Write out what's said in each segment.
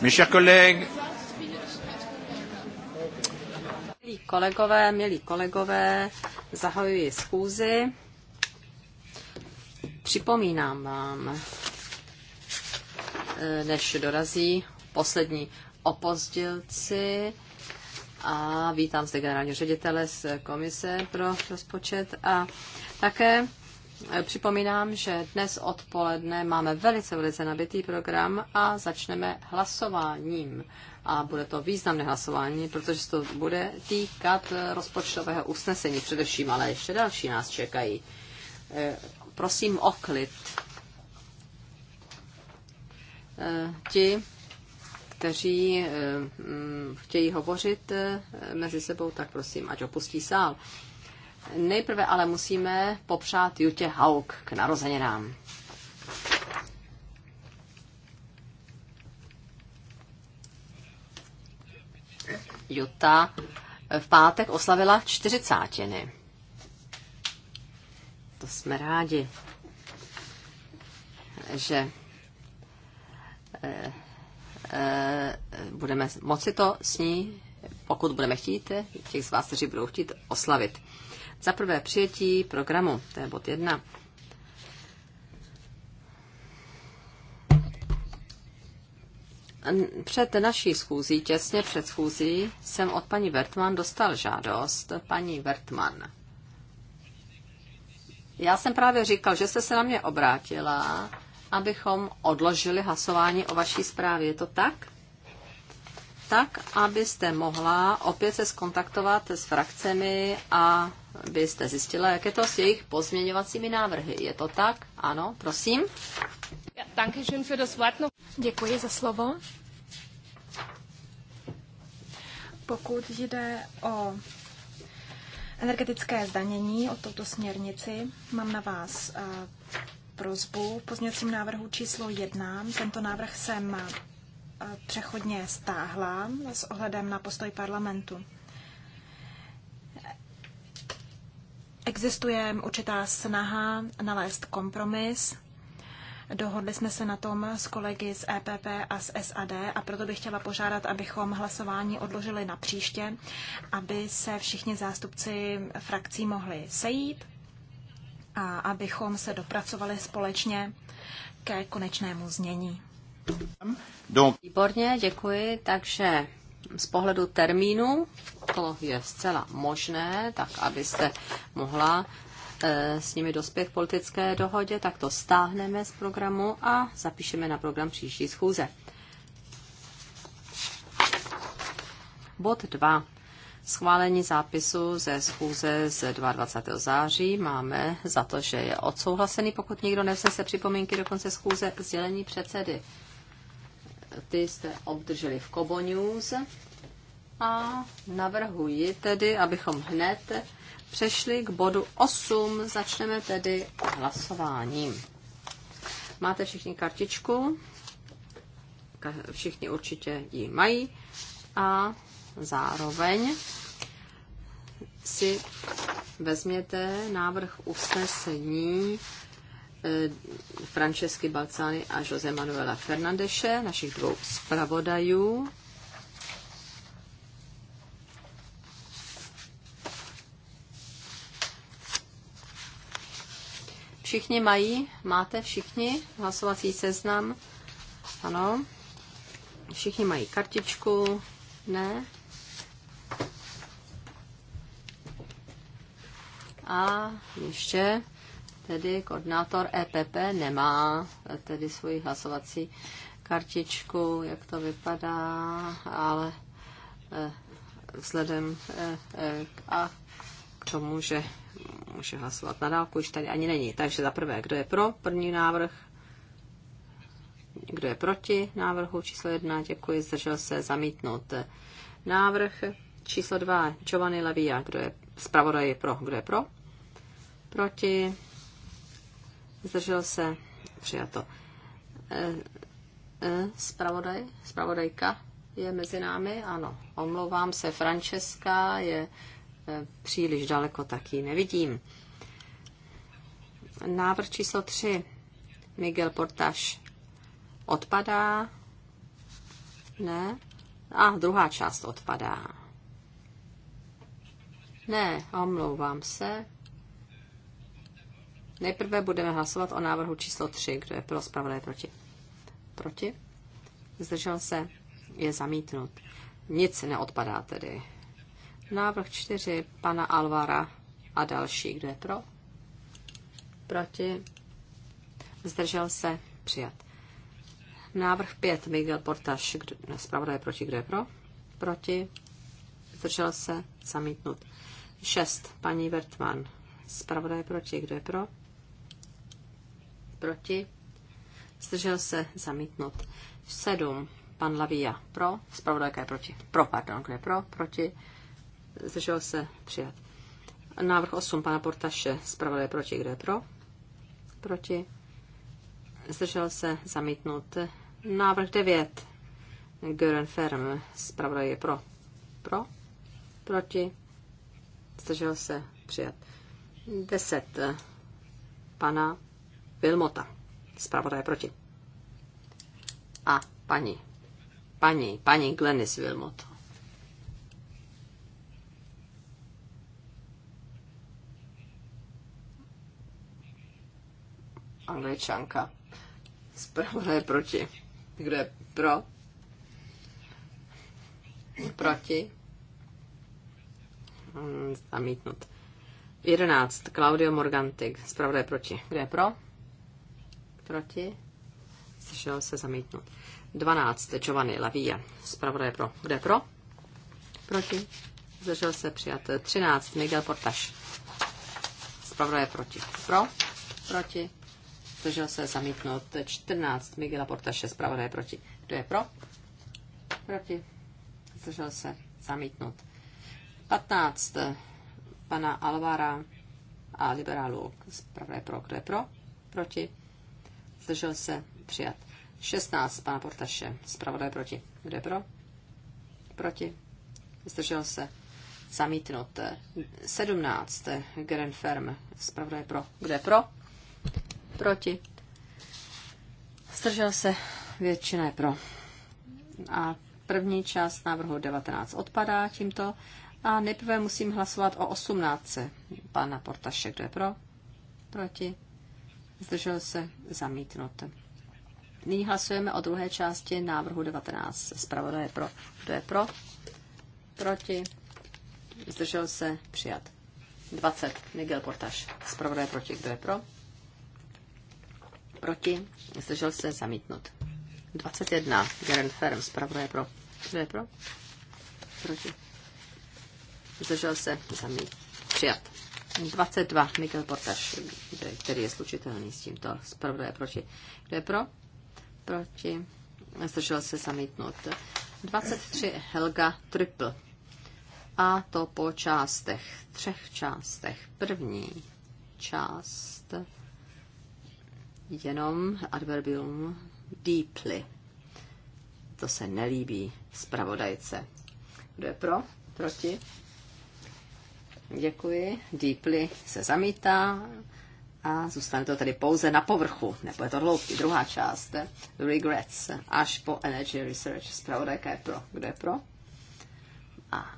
Mes chers collègues, Milí kolegové, milí kolegové, zahajuji schůzi. Připomínám vám, než dorazí poslední opozdělci, a vítám zde generálního ředitele z Komise pro rozpočet a také Připomínám, že dnes odpoledne máme velice, velice nabitý program a začneme hlasováním. A bude to významné hlasování, protože se to bude týkat rozpočtového usnesení především, ale ještě další nás čekají. Eh, prosím o klid. Eh, ti, kteří eh, chtějí hovořit mezi sebou, tak prosím, ať opustí sál. Nejprve ale musíme popřát Jutě Hauk k narozeninám. Juta v pátek oslavila čtyřicátiny. To jsme rádi, že e, e, budeme moci to s ní, pokud budeme chtít, těch z vás, kteří budou chtít, oslavit. Za prvé přijetí programu, to je bod jedna. Před naší schůzí, těsně před schůzí, jsem od paní Vertman dostal žádost. Paní Vertman. Já jsem právě říkal, že jste se na mě obrátila, abychom odložili hlasování o vaší zprávě. Je to tak? tak abyste mohla opět se skontaktovat s frakcemi a byste zjistila, jak je to s jejich pozměňovacími návrhy. Je to tak? Ano, prosím. Děkuji za slovo. Pokud jde o energetické zdanění, o touto směrnici, mám na vás eh, prozbu v pozměňovacím návrhu číslo 1. Tento návrh jsem přechodně stáhla s ohledem na postoj parlamentu. Existuje určitá snaha nalézt kompromis. Dohodli jsme se na tom s kolegy z EPP a z SAD a proto bych chtěla požádat, abychom hlasování odložili na příště, aby se všichni zástupci frakcí mohli sejít a abychom se dopracovali společně ke konečnému znění. Výborně, děkuji. Takže z pohledu termínu to je zcela možné, tak abyste mohla eh, s nimi dospět k politické dohodě, tak to stáhneme z programu a zapíšeme na program příští schůze. Bod 2. Schválení zápisu ze schůze z 22. září máme za to, že je odsouhlasený, pokud nikdo nevznese připomínky do konce schůze, sdělení předsedy ty jste obdrželi v Kobo News a navrhuji tedy, abychom hned přešli k bodu 8. Začneme tedy hlasováním. Máte všichni kartičku? Všichni určitě ji mají. A zároveň si vezměte návrh usnesení Eh, Francesky Balcány a Jose Manuela Fernandeše, našich dvou zpravodajů. Všichni mají, máte všichni hlasovací seznam? Ano. Všichni mají kartičku? Ne. A ještě tedy koordinátor EPP nemá tedy svoji hlasovací kartičku, jak to vypadá, ale eh, vzhledem eh, eh, a k tomu, že může hlasovat na dálku, už tady ani není. Takže za prvé, kdo je pro první návrh? Kdo je proti návrhu číslo jedna? Děkuji, zdržel se zamítnout návrh. Číslo dva, Giovanni Lavia, kdo je zpravodaj je pro, kdo je pro? Proti, zdržel se, přijato. Spravodaj, e, e, spravodajka je mezi námi, ano. Omlouvám se, Francesca je e, příliš daleko, taky nevidím. Návrh číslo 3. Miguel Portaš odpadá. Ne. A druhá část odpadá. Ne, omlouvám se. Nejprve budeme hlasovat o návrhu číslo 3. Kdo je pro, zpravodaj proti? Proti? Zdržel se? Je zamítnut. Nic neodpadá tedy. Návrh 4 pana Alvara a další. Kdo je pro? Proti? Zdržel se? Přijat. Návrh 5 Miguel Portaš. Zpravodaj proti. Kdo je pro? Proti? Zdržel se? Zamítnut. 6 paní Vertman. Zpravodaj proti. Kdo je pro? proti, zdržel se, zamítnut. 7, pan Lavia, pro, zpravodajka je proti, pro, pardon, kdo je pro, proti, zdržel se, přijat. Návrh 8, pana Portaše, zpravodaj je proti, Kdo je pro, proti, zdržel se, zamítnut. Návrh 9, Gören Ferm, zpravodaj je pro, pro, proti, zdržel se, přijat. 10 pana Vilmota. Zpravodaj proti. A paní. Paní, paní Glenis Vilmot. Angličanka. Zpravodaj proti. Kdo je pro? Proti? Hmm, zamítnut. 11. Claudio Morgantig. Zpravodaj proti. Kdo je pro? proti, Slyšel se zamítnout. 12. Čovany Lavíje. zpravodaj pro. Kde pro? Proti, zdržel se přijat. 13. Miguel Portaš, zpravodaj proti. Pro? Proti, zdržel se zamítnout. 14. Miguel Portaše, zpravodaj proti. Kdo je pro? Proti, zdržel se zamítnout. 15. Pana Alvara a liberálů, zpravodaj pro. Kdo je pro? Proti, zdržel se, přijat. 16 pana Portaše, zpravodaj proti. Kdo je pro? Proti. Zdržel se, zamítnut. 17 Grenferm, zpravodaj pro. Kdo je pro? Proti. Zdržel se, většina je pro. A první část návrhu 19 odpadá tímto. A nejprve musím hlasovat o 18. Pana Portaše, kdo je pro? Proti zdržel se, zamítnut. Nyní hlasujeme o druhé části návrhu 19. Zpravodaje pro. Kdo je pro? Proti? Zdržel se? Přijat. 20. Miguel Portaž. Zpravodaje proti. Kdo je pro? Proti? Zdržel se? Zamítnut. 21. Garen Ferm. Zpravodaje pro. Kdo je pro? Proti? Zdržel se? zamítnut. Přijat. 22 Mikkel Portaš, který je slučitelný s tímto zpravodaje proti. Kdo je pro? Proti. Zdržel se samitnout. 23 Helga Triple. A to po částech, třech částech. První část jenom adverbium deeply. To se nelíbí zpravodajce. Kdo je pro? Proti? Děkuji. Deeply se zamítá a zůstane to tedy pouze na povrchu, nebo je to hloubky. Druhá část, regrets, až po energy research. Spravodajka je pro. Kdo je pro? A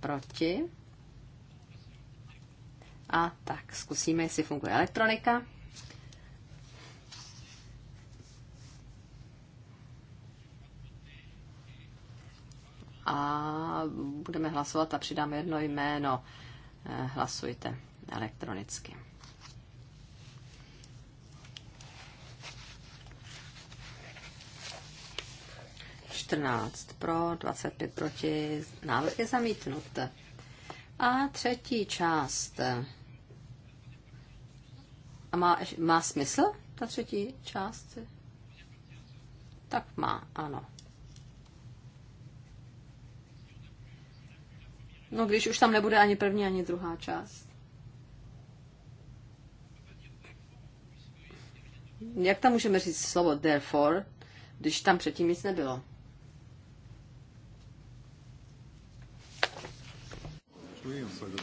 proti. A tak, zkusíme, jestli funguje elektronika. a budeme hlasovat a přidáme jedno jméno. Eh, hlasujte elektronicky. pro, 25 proti, návrh je zamítnut. A třetí část. A má, má smysl ta třetí část? Tak má, ano. No, když už tam nebude ani první, ani druhá část. Jak tam můžeme říct slovo therefore, když tam předtím nic nebylo?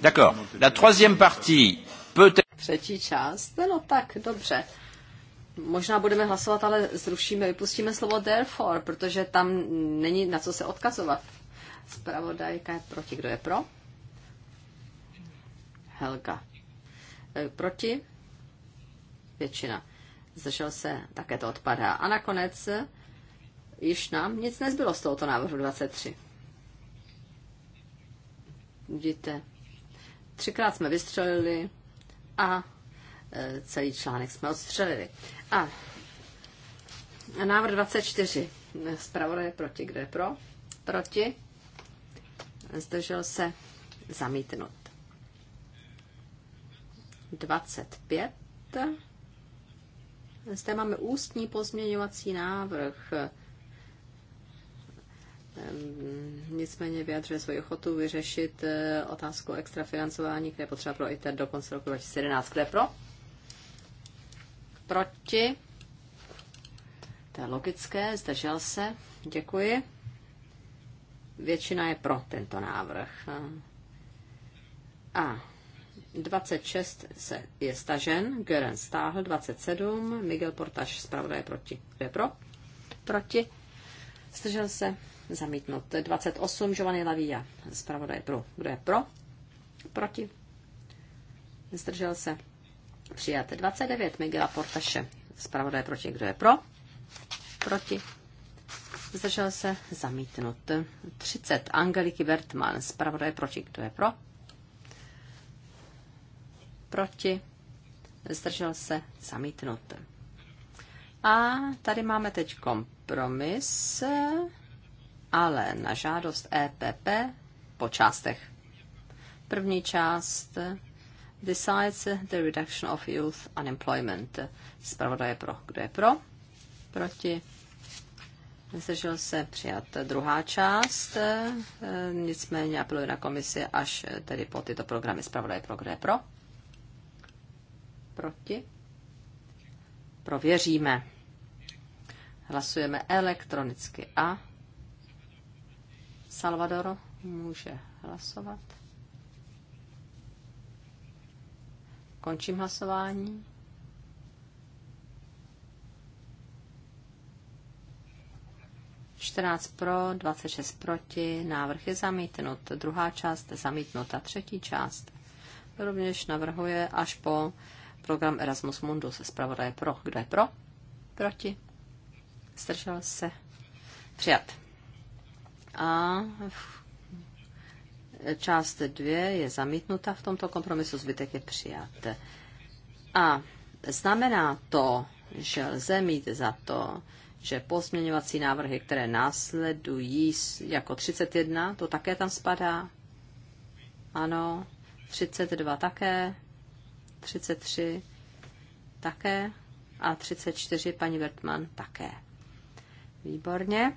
D'accord. La troisième partie peut Třetí část. No, no tak, dobře. Možná budeme hlasovat, ale zrušíme, vypustíme slovo therefore, protože tam není na co se odkazovat. Spravodajka je proti. Kdo je pro? Helga. Eh, proti? Většina. Zdržel se, také to odpadá. A nakonec eh, již nám nic nezbylo z tohoto návrhu 23. Vidíte, třikrát jsme vystřelili a eh, celý článek jsme odstřelili. A návrh 24. Zpravodaj je proti. Kdo je pro? Proti zdržel se, zamítnut. 25. Zde máme ústní pozměňovací návrh. Ehm, nicméně vyjadřuje svoji ochotu vyřešit eh, otázku extrafinancování, které je potřeba pro ITER do konce roku 2011. Kde pro? Proti? To je logické, zdržel se. Děkuji většina je pro tento návrh. A 26 se je stažen, Gören stáhl, 27, Miguel Portaš zpravodaje proti. je pro? Proti. stažel se zamítnut. 28, Giovanni Lavia, zpravodaje pro. Kdo je pro? Proti. Zdržel se přijat. 29, Miguel Portaše, zpravodaj proti. Kdo je pro? Proti zdržel se, zamítnut. 30 Angeliky Bertman, zpravodaj proti, kdo je pro? Proti, zdržel se, zamítnut. A tady máme teď kompromis, ale na žádost EPP po částech. První část decides the reduction of youth unemployment. Zpravodaj je pro. Kdo je pro? Proti? Zdržel se přijat druhá část, eh, nicméně apeluje na komisi až eh, tedy po tyto programy zpravodaj pro kde pro. Proti. Prověříme. Hlasujeme elektronicky a Salvador může hlasovat. Končím hlasování. 14 pro, 26 proti, návrh je zamítnut. Druhá část zamítnuta. Třetí část rovněž navrhuje až po program Erasmus Mundus. Zpravodaj pro. Kdo je pro? Proti? Zdržel se? Přijat. A část dvě je zamítnuta v tomto kompromisu, zbytek je přijat. A znamená to, že lze mít za to, že pozměňovací návrhy, které následují jako 31, to také tam spadá. Ano, 32 také, 33 také a 34 paní Wertmann také. Výborně.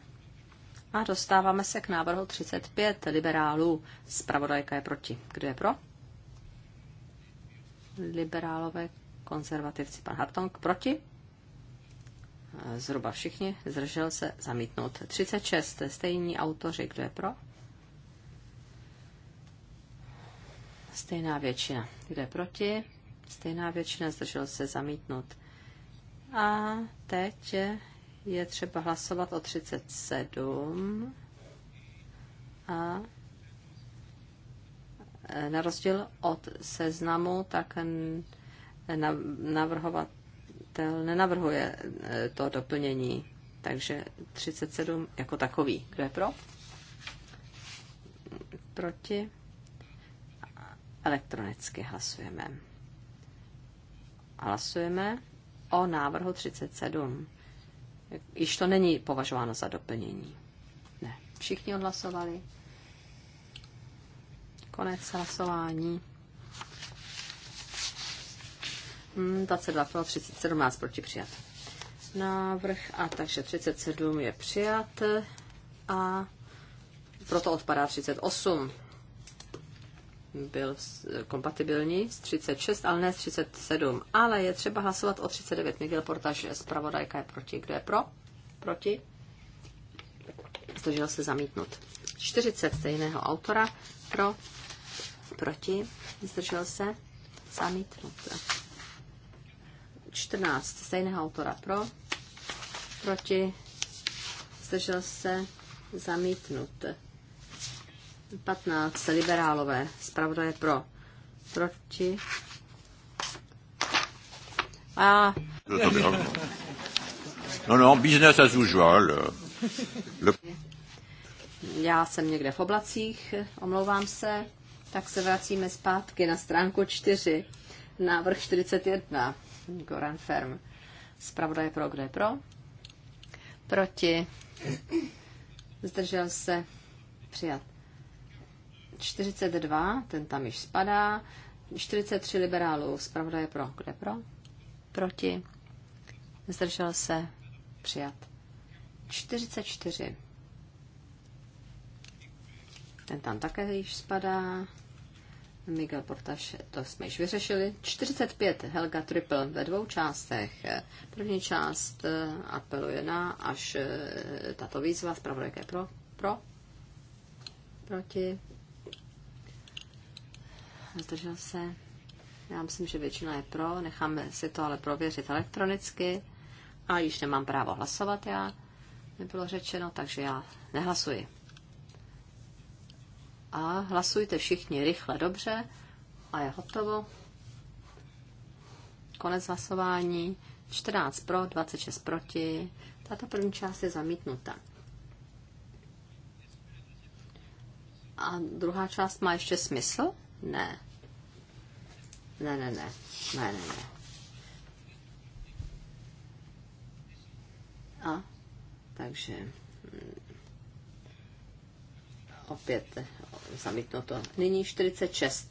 A dostáváme se k návrhu 35 liberálů. Zpravodajka je proti. Kdo je pro? Liberálové konzervativci. Pan Hartong proti? zhruba všichni, zdržel se zamítnout. 36, stejní autoři, kdo je pro? Stejná většina. Kdo je proti? Stejná většina, zdržel se zamítnout. A teď je třeba hlasovat o 37 a e, na rozdíl od seznamu, tak navrhovat navrhovatel nenavrhuje e, to doplnění, takže 37 jako takový. Kdo je pro? Proti? Elektronicky hlasujeme. Hlasujeme o návrhu 37. Již to není považováno za doplnění. Ne. Všichni odhlasovali. Konec hlasování. 22 pro, 30, 17 proti přijat. Návrh a takže 37 je přijat a proto odpadá 38. Byl kompatibilní s 36, ale ne s 37. Ale je třeba hlasovat o 39. Miguel Portaž, zpravodajka je proti. Kdo je pro? Proti? Zdržel se zamítnut. 40 stejného autora. Pro? Proti? Zdržel se? Zamítnut. 14 stejného autora pro, proti, zdržel se, zamítnut. 15 liberálové, zpravodaje pro, proti. A... No, no, business as usual. Le... Já jsem někde v oblacích, omlouvám se, tak se vracíme zpátky na stránku 4, návrh 41. Goran Ferm. Zpravodaj pro, kdo je pro? Proti. Zdržel se. Přijat. 42, ten tam již spadá. 43 liberálů. Zpravodaj pro, kdo je pro? Proti. Zdržel se. Přijat. 44. Ten tam také již spadá. Miguel Portaš, to jsme již vyřešili. 45 Helga Triple ve dvou částech. První část eh, apeluje na až eh, tato výzva, z je pro, pro, proti, zdržel se. Já myslím, že většina je pro, necháme si to ale prověřit elektronicky. A již nemám právo hlasovat já, nebylo řečeno, takže já nehlasuji a hlasujte všichni rychle, dobře a je hotovo. Konec hlasování. 14 pro, 26 proti. Tato první část je zamítnuta. A druhá část má ještě smysl? Ne. Ne, ne, ne. Ne, ne, ne. A takže mm, opět zamítnuto. Nyní 46.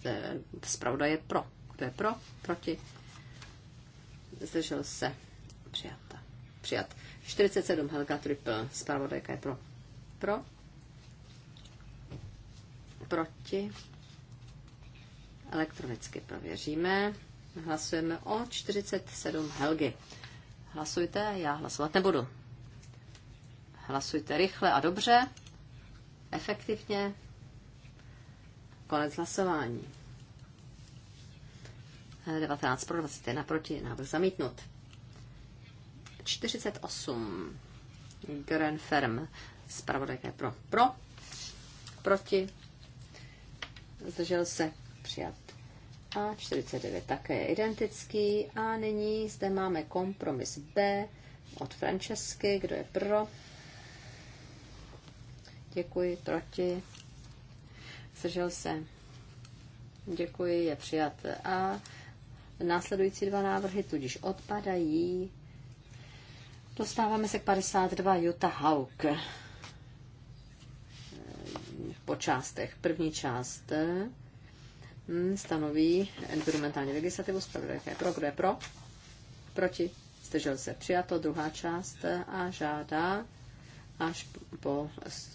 Spravda eh, je pro. Kdo je pro? Proti? Zdržel se. Přijata. Přijat. 47. Helga Triple. Zpravodajka je pro. Pro. Proti. Elektronicky prověříme. Hlasujeme o 47 Helgy. Hlasujte, já hlasovat nebudu. Hlasujte rychle a dobře, efektivně. Konec hlasování. 19 pro 21 proti, návrh zamítnut. 48. Grenferm Firm. Spravodajka je pro. Pro. Proti. Zdržel se. Přijat. A 49 také je identický. A nyní zde máme kompromis B od Francesky. Kdo je pro? Děkuji. Proti zdržel se. Děkuji, je přijat. A následující dva návrhy tudíž odpadají. Dostáváme se k 52 Juta Hauk. Po částech. První část hm, stanoví environmentální legislativu, spravedlivé pro, kdo je pro, proti, zdržel se přijato, druhá část a žádá až po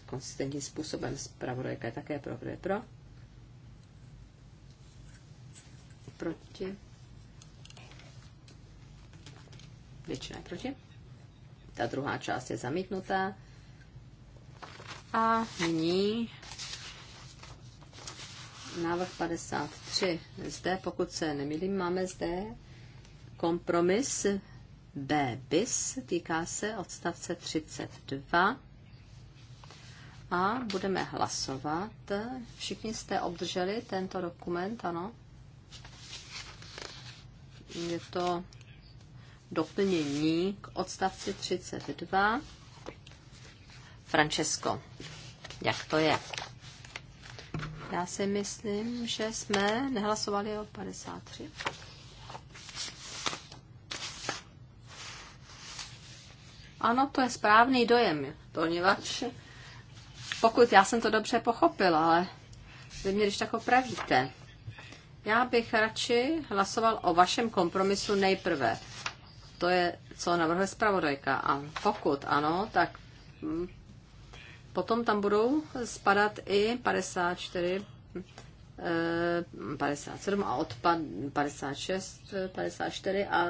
konsistentním způsobem zpravodajka je také pro, kdo je pro. Proti. Většina je proti. Ta druhá část je zamítnutá. A nyní návrh 53. Zde, pokud se nemýlím, máme zde kompromis B bis, týká se odstavce 32 a budeme hlasovat. Všichni jste obdrželi tento dokument, ano? Je to doplnění k odstavci 32. Francesco, jak to je? Já si myslím, že jsme nehlasovali o 53. Ano, to je správný dojem, poněvadž pokud já jsem to dobře pochopil, ale vy mě když tak opravíte. Já bych radši hlasoval o vašem kompromisu nejprve. To je, co navrhuje zpravodajka. A pokud ano, tak hm, potom tam budou spadat i 54 57 a odpad 56, 54 a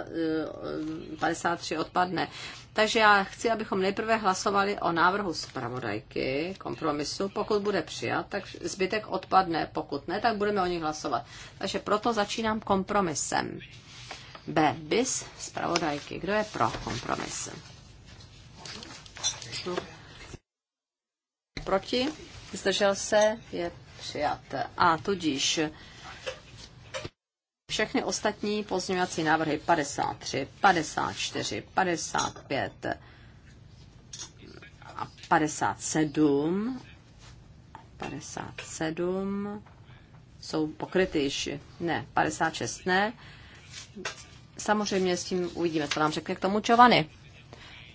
53 eh, odpadne. Takže já chci, abychom nejprve hlasovali o návrhu zpravodajky, kompromisu. Pokud bude přijat, tak zbytek odpadne. Pokud ne, tak budeme o nich hlasovat. Takže proto začínám kompromisem. B. Bis zpravodajky. Kdo je pro kompromis? Proti? Zdržel se? Je přijat. A tudíž všechny ostatní pozměňovací návrhy 53, 54, 55 a 57 57 jsou pokryty již. Ne, 56 ne. Samozřejmě s tím uvidíme, co nám řekne k tomu Čovany.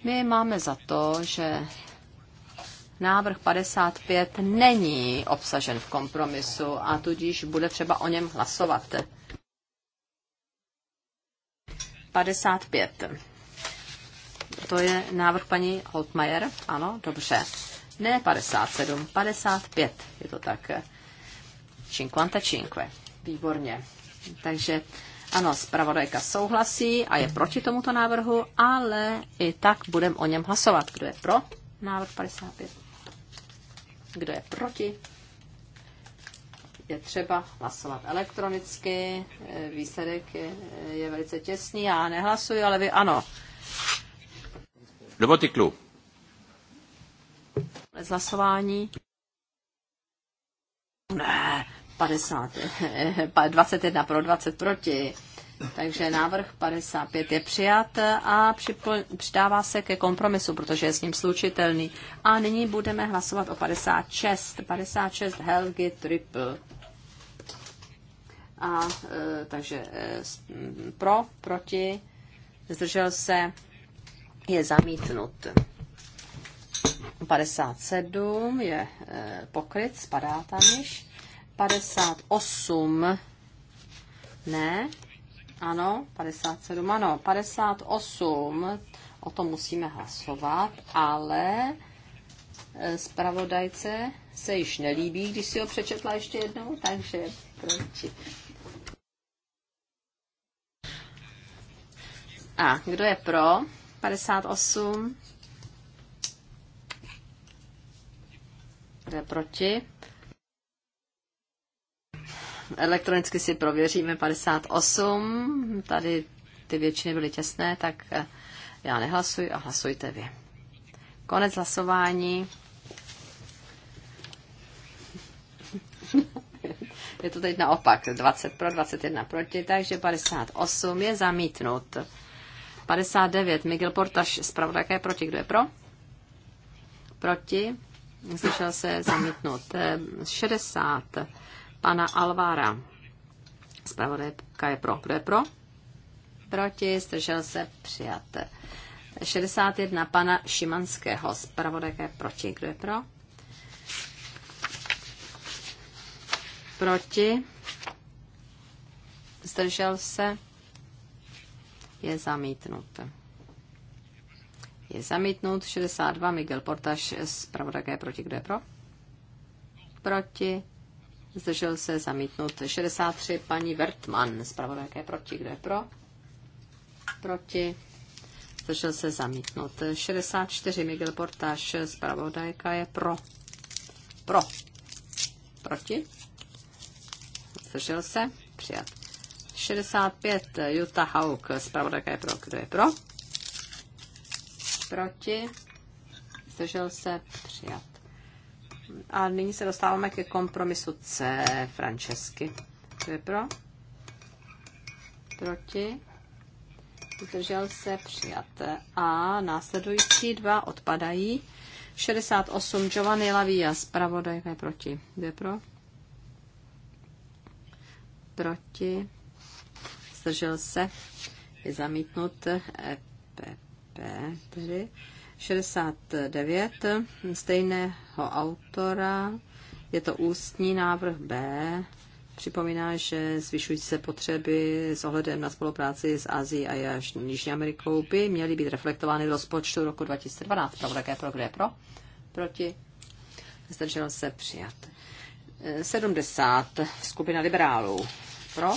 My máme za to, že návrh 55 není obsažen v kompromisu a tudíž bude třeba o něm hlasovat. 55. To je návrh paní Holtmajer? Ano, dobře. Ne 57, 55 je to tak. Cinquanta cinque. Výborně. Takže ano, zpravodajka souhlasí a je proti tomuto návrhu, ale i tak budeme o něm hlasovat. Kdo je pro návrh 55? Kdo je proti? Je třeba hlasovat elektronicky. Výsledek je, je velice těsný. Já nehlasuji, ale vy ano. Do botiklu. Bez hlasování. Ne, 50, 21 pro, 20 proti. Takže návrh 55 je přijat a přidává se ke kompromisu, protože je s ním slučitelný. A nyní budeme hlasovat o 56. 56 Helgi Triple. A e, takže e, pro, proti, zdržel se, je zamítnut. 57 je e, pokryt, spadá tam již. 58 ne, ano, 57, ano, 58, o tom musíme hlasovat, ale e, zpravodajce se již nelíbí, když si ho přečetla ještě jednou, takže proč? A kdo je pro? 58. Kdo je proti? Elektronicky si prověříme 58. Tady ty většiny byly těsné, tak eh, já nehlasuji a hlasujte vy. Konec hlasování. Je to teď naopak, 20 pro, 21 proti, takže 58 je zamítnut. 59, Miguel Portaš, zpravodajka je proti, kdo je pro? Proti, slyšel se zamítnut. 60, eh, pana Alvára. Zpravodajka je pro. Kdo je pro? Proti, zdržel se, přijat. 61 pana Šimanského. Zpravodajka je proti. Kdo je pro? Proti. Zdržel se. Je zamítnut. Je zamítnut. 62 Miguel Portaš. Zpravodajka je proti. Kdo je pro? Proti zdržel se zamítnout 63, paní Vertman, zpravodajka je proti, kdo je pro? Proti, zdržel se zamítnout 64, Miguel Portáš, zpravodajka je pro. Pro. Proti? Zdržel se? Přijat. 65, Jutta Hauk, zpravodajka je pro, kdo je pro? Proti? Zdržel se? Přijat. A nyní se dostáváme ke kompromisu C Francesky. Kdo je pro? Proti? Udržel se přijat. A následující dva odpadají. 68 Giovanni Lavia, zpravodajka je proti. Kdo pro? Proti. Zdržel se. Je zamítnut EPP tedy. 69 stejného autora. Je to ústní návrh B. Připomíná, že zvyšují se potřeby s ohledem na spolupráci s Azií a Jižní Amerikou by měly být reflektovány v rozpočtu roku 2012. Pro také pro kde pro? Proti? Zdržel se přijat. 70. Skupina liberálů. Pro?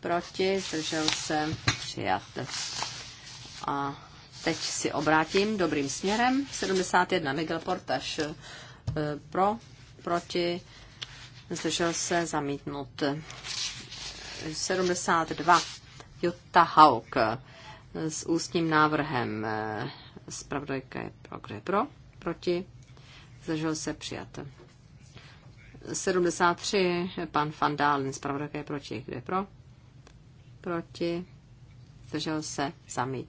Proti? Zdržel se přijat. A Teď si obrátím dobrým směrem. 71 Miguel Portaš eh, pro, proti, zdržel se zamítnut. 72 Jutta Hauk eh, s ústním návrhem. Spravdojka eh, je pro, kde je pro, proti, zdržel se přijat. 73 pan Van Dalen, zpravodajka je proti, kde je pro, proti, zdržel se,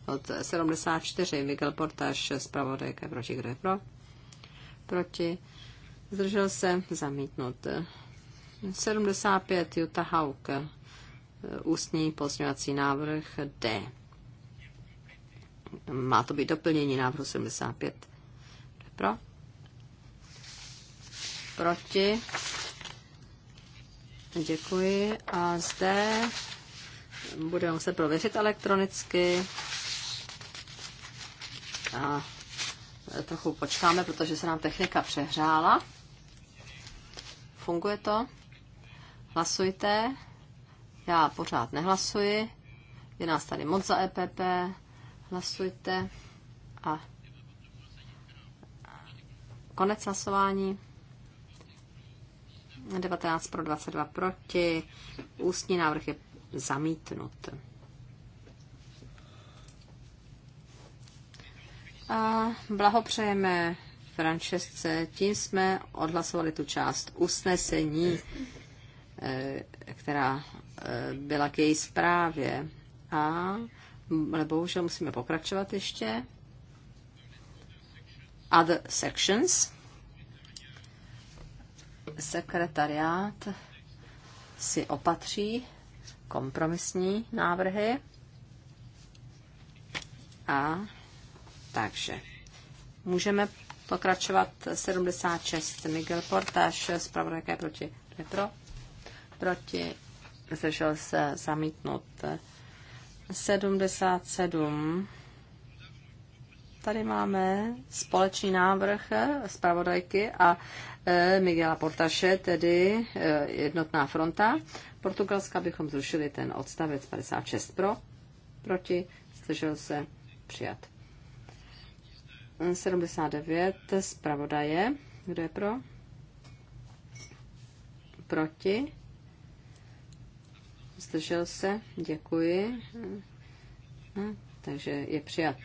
Od 74, Miguel Portaž, Pravodek proti, kdo je pro, proti, zdržel se, zamítnut. 75, Jutta Hauk, ústní pozměňovací návrh D. Má to být doplnění návrhu 75. Pro? Proti? Děkuji. A zde budeme muset prověřit elektronicky. A trochu počkáme, protože se nám technika přehrála. Funguje to? Hlasujte. Já pořád nehlasuji. Je nás tady moc za EPP. Hlasujte. A konec hlasování. 19 pro 22 proti. Ústní návrh je zamítnut. A blahopřejeme Francesce. Tím jsme odhlasovali tu část usnesení, eh, která eh, byla k její zprávě. A ale bohužel musíme pokračovat ještě. Other sections. Sekretariát si opatří kompromisní návrhy. A takže můžeme pokračovat 76 Miguel Portáš, zpravodajka proti pro, proti, zdržel se zamítnout 77. Tady máme společný návrh zpravodajky a e, Miguela Portaše, tedy e, jednotná fronta. Portugalska bychom zrušili ten odstavec 56 pro, proti, zdržel se, přijat. 79 zpravodaje, kdo je pro? Proti, zdržel se, děkuji. Hm, takže je přijat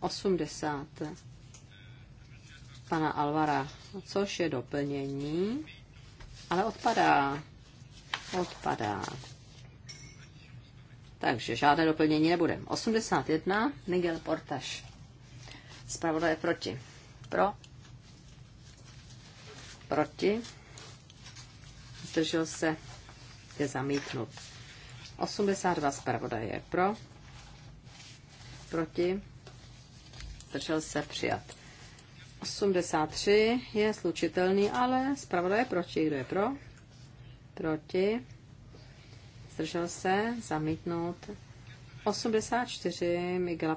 80 eh, pana Alvara, což je doplnění, ale odpadá odpadá. Takže žádné doplnění nebude. 81, Miguel Portaš. Zpravodaj je proti. Pro. Proti. Zdržel se. Je zamítnut. 82 zpravodaj je pro. Proti. Zdržel se přijat. 83 je slučitelný, ale zpravodaj je proti. Kdo je pro? proti, zdržel se, zamítnout. 84 Miguela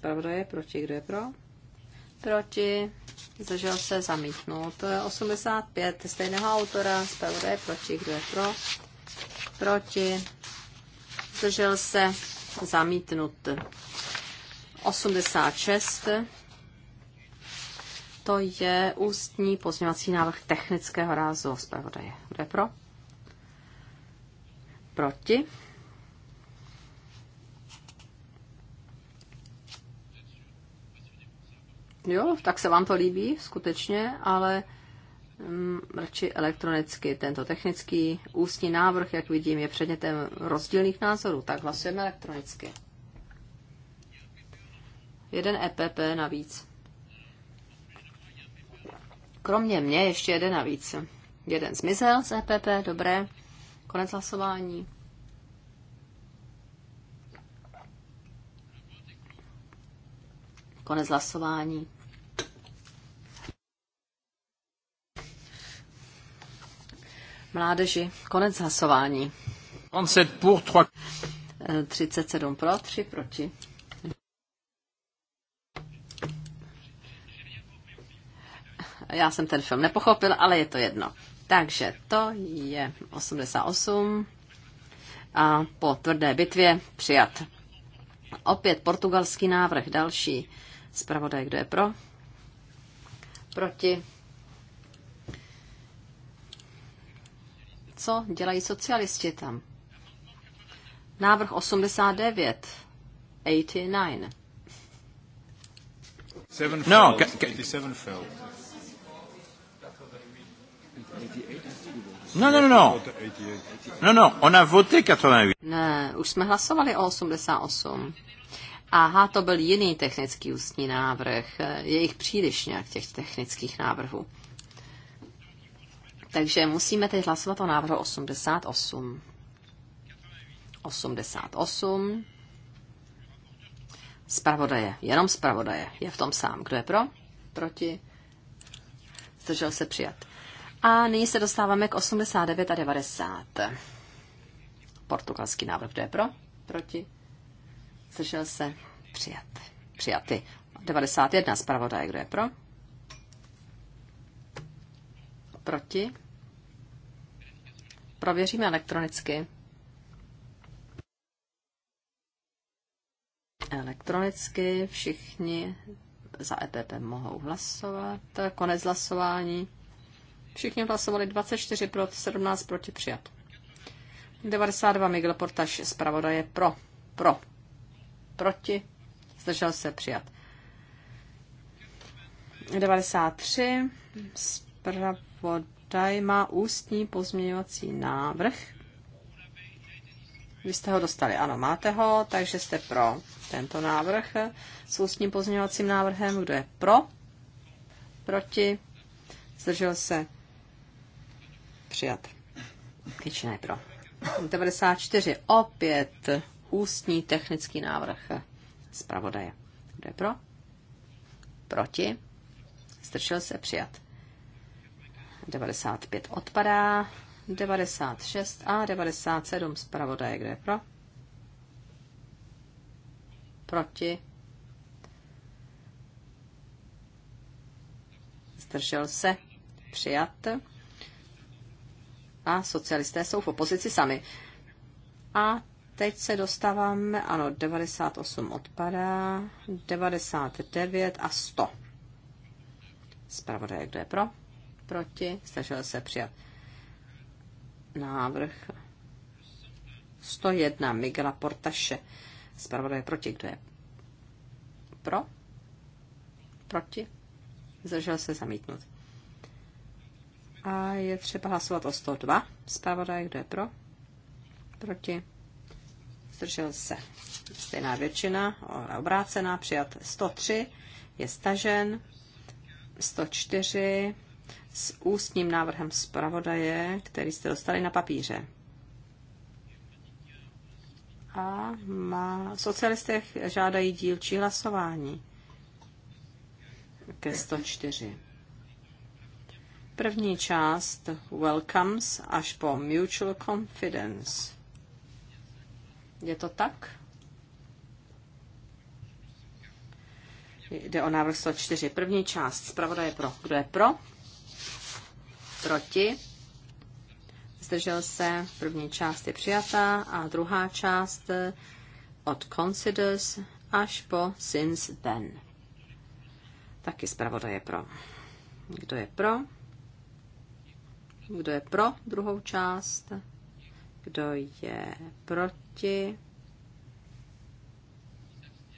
pravda je proti, kdo je pro? Proti, zdržel se, zamítnout. 85 stejného autora, zpravda je proti, kdo je pro? Proti, zdržel se, zamítnut. 86 to je ústní pozměvací návrh technického rázu zpravodaje. Kdo je pro? Proti? Jo, tak se vám to líbí, skutečně, ale mm, radši elektronicky. Tento technický ústní návrh, jak vidím, je předmětem rozdílných názorů, tak hlasujeme elektronicky. Jeden EPP navíc. Kromě mě ještě jeden navíc. Jeden zmizel z EPP, dobré. Konec hlasování. Konec hlasování. Mládeži, konec hlasování. 37 eh, pro, 3 proti. Já jsem ten film nepochopil, ale je to jedno. Takže to je 88 a po tvrdé bitvě přijat. Opět portugalský návrh, další. Zpravodaj, kdo je pro? Proti? Co dělají socialisti tam? Návrh 89. 89. No, fell. No, no, no, no. No, no, ona voté 88. Ne, už jsme hlasovali o 88. Aha, to byl jiný technický ústní návrh. Je jich příliš nějak těch technických návrhů. Takže musíme teď hlasovat o návrhu 88. 88. Spravodaje, jenom spravodaje. Je v tom sám. Kdo je pro? Proti? Zdržel se přijat. A nyní se dostáváme k 89 a 90. Portugalský návrh, kdo je pro? Proti? Zdržel se? Přijat. Přijaty. 91 zpravodaj, kdo je pro? Proti? Prověříme elektronicky. Elektronicky všichni za EPP mohou hlasovat. Konec hlasování. Všichni hlasovali 24 pro, 17 proti přijat. 92 Miguel Portaš, zpravodaje pro, pro, proti, zdržel se přijat. 93 zpravodaj má ústní pozměňovací návrh. Vy jste ho dostali, ano, máte ho, takže jste pro tento návrh s ústním pozměňovacím návrhem. Kdo je pro? Proti? Zdržel se? přijat. Většina pro. 94. Opět ústní technický návrh zpravodaje. Kdo je pro? Proti? Strčil se přijat. 95 odpadá. 96 a 97 zpravodaje. Kdo je pro? Proti? Zdržel se přijat a socialisté jsou v opozici sami. A teď se dostáváme, ano, 98 odpadá, 99 a 100. Zpravodaj, kdo je pro? Proti? Stačil se přijat návrh 101 Miguela Portaše. Zpravodaj proti, kdo je pro? Proti? Zdržel se zamítnout. A je třeba hlasovat o 102. Zpravodaj, kdo je pro? Proti? Zdržel se. Stejná většina, obrácená, přijat 103, je stažen. 104 s ústním návrhem zpravodaje, který jste dostali na papíře. A má, socialisté žádají dílčí hlasování ke 104. První část Welcomes až po Mutual Confidence. Je to tak? Jde o návrh 104. První část. Zpravoda je pro. Kdo je pro? Proti? Zdržel se. První část je přijatá a druhá část od Considers až po Since Then. Taky zpravoda je pro. Kdo je pro? Kdo je pro druhou část? Kdo je proti?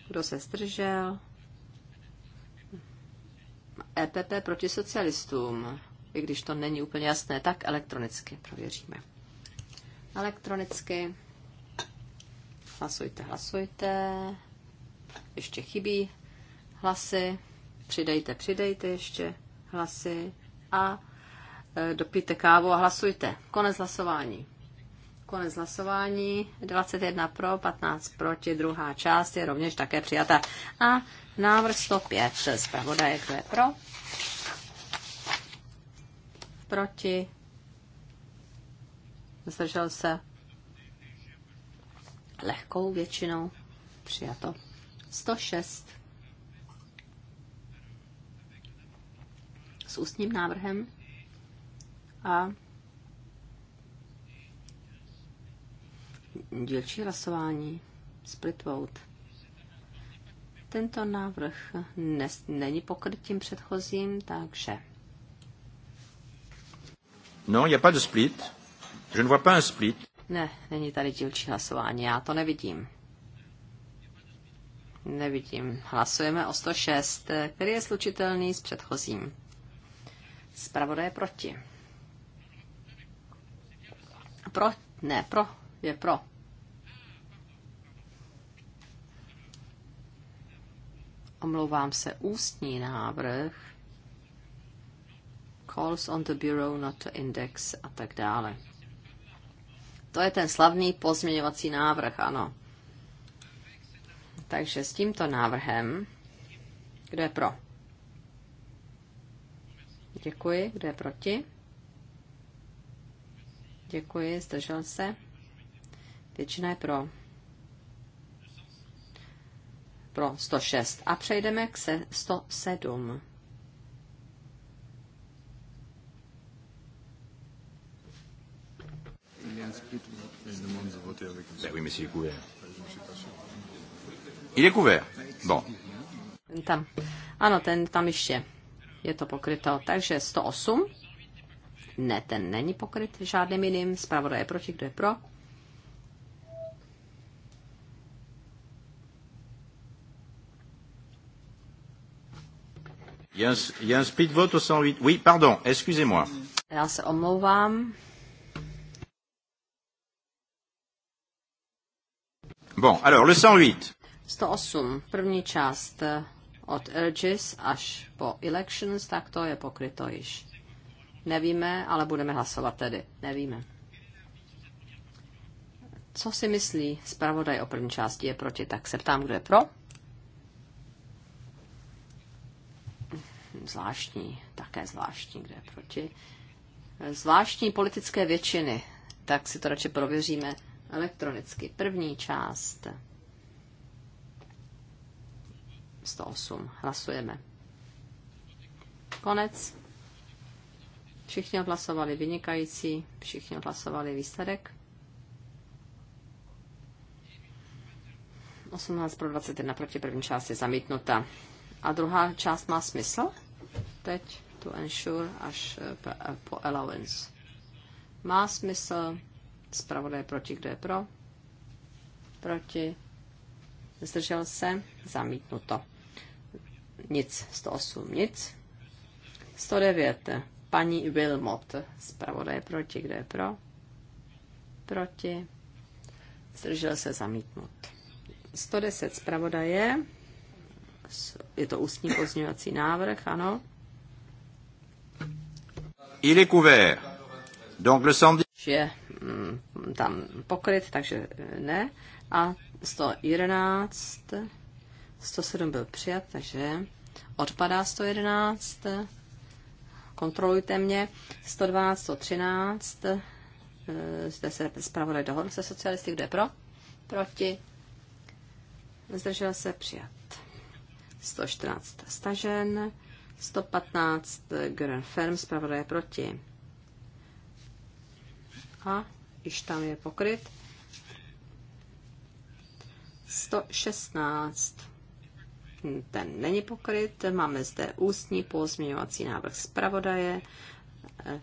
Kdo se zdržel? EPP proti socialistům. I když to není úplně jasné, tak elektronicky prověříme. Elektronicky. Hlasujte, hlasujte. Ještě chybí hlasy. Přidejte, přidejte ještě hlasy. A Eh, dopijte kávu a hlasujte. Konec hlasování. Konec hlasování. 21 pro, 15 proti. Druhá část je rovněž také přijata. A návrh 105. pravodaje, kdo je pro? Proti. Zdržel se lehkou většinou. Přijato. 106. S ústním návrhem a dílčí hlasování, split vote. Tento návrh nes, není pokryt tím předchozím, takže. No, je pas de split. Je ne vois pas un split. Ne, není tady dílčí hlasování, já to nevidím. Nevidím. Hlasujeme o 106, který je slučitelný s předchozím. Spravodaj je proti. Pro, ne, pro, je pro. Omlouvám se, ústní návrh. Calls on the Bureau not the index a tak dále. To je ten slavný pozměňovací návrh, ano. Takže s tímto návrhem, kdo je pro? Děkuji, kdo je proti? Děkuji, zdržel se. Většina je pro. Pro 106. A přejdeme k 107. Ben oui, mais c'est Il est couvert. Bon. Tam. Ano, ten tam ještě je to pokryto. Takže 108 ne, ten není pokryt žádným jiným. Zpravodaj je proti, kdo je pro? Il y a un speed vote au 108. Oui, pardon, excusez-moi. Já se omlouvám. Bon, alors le 108. 108, první část eh, od urges až po elections, tak to je pokryto již. Nevíme, ale budeme hlasovat tedy. Nevíme. Co si myslí zpravodaj o první části? Je proti, tak se ptám, kdo je pro. Zvláštní, také zvláštní, kdo je proti. Zvláštní politické většiny, tak si to radši prověříme elektronicky. První část. 108. Hlasujeme. Konec. Všichni odhlasovali vynikající, všichni odhlasovali výsledek. 18 pro 21 proti první část je zamítnuta. A druhá část má smysl? Teď to ensure až eh, po allowance. Má smysl. Zpravodaj proti, kdo je pro? Proti. Zdržel se? Zamítnuto. Nic. 108. Nic. 109 paní Wilmot. Zpravodaj proti, kdo je pro? Proti. Zdržel se zamítnut. 110 zpravodaje. Je to ústní pozměňovací návrh, ano. Il est couvert. Donc le 110... Je mm, tam pokryt, takže eh, ne. A 111, 107 byl přijat, takže odpadá 111 kontrolujte mě. 112, 113, eh, zde se zpravodaj dohodl se socialisty, kdo je pro? Proti. Zdržel se přijat. 114 stažen, 115 Grand Firm, zpravodaj proti. A již tam je pokryt. 116 ten není pokryt. Máme zde ústní pozměňovací návrh zpravodaje eh,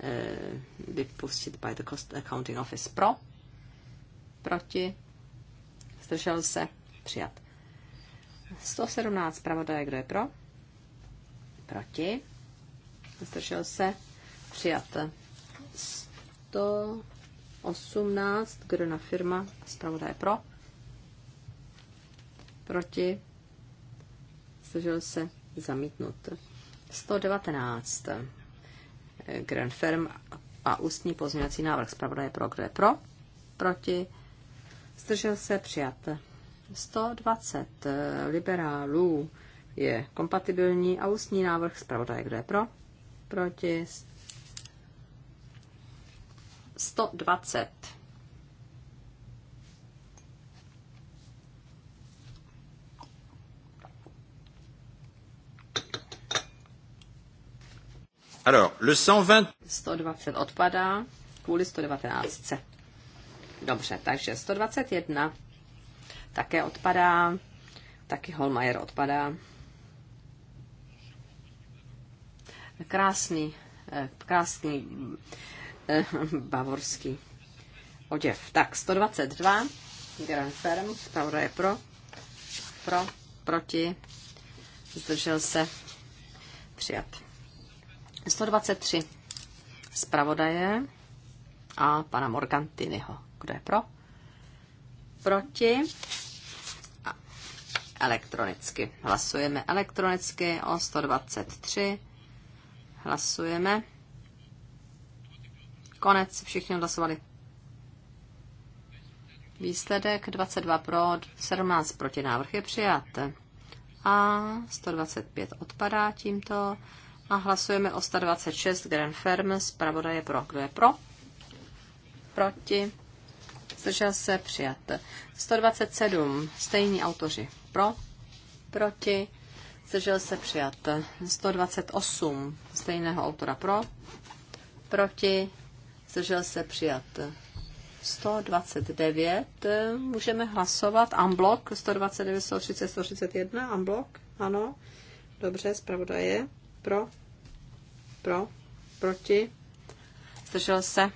eh, vypustit by the cost accounting office pro, proti, zdržel se, přijat. 117 zpravodaje, kdo je pro, proti, zdržel se, přijat. 118, kdo na firma, zpravodaje pro, proti, snažil se, zamítnout 119. Eh, Grand Firm a ústní pozměňovací návrh zpravodaje pro, kdo je pro, proti, zdržel se, přijat. 120 eh, liberálů je kompatibilní a ústní návrh zpravodaje, kdo je pro, proti, 120 Alors, le 120... 120 odpadá kvůli 119. Dobře, takže 121 také odpadá, taky Holmeier odpadá. Krásný, eh, krásný eh, bavorský oděv. Tak, 122, Grand ferm, Tauro je pro, pro, proti, zdržel se, přijat. 123 zpravodaje a pana Morgantinyho. Kdo je pro? Proti? A elektronicky. Hlasujeme elektronicky o 123. Hlasujeme. Konec. Všichni hlasovali. Výsledek 22 pro, 17 proti návrh je přijat. A 125 odpadá tímto. A hlasujeme o 126 Grand Firm. Zpravoda pro. Kdo je pro? Proti. Zdržel se přijat. 127. Stejní autoři. Pro. Proti. Zdržel se přijat. 128. Stejného autora pro. Proti. Zdržel se přijat. 129. Můžeme hlasovat. Amblok. 129, 130, 131. Amblok. Ano. Dobře, zpravodaje. Pro? Pro? Proti? Zdržel se?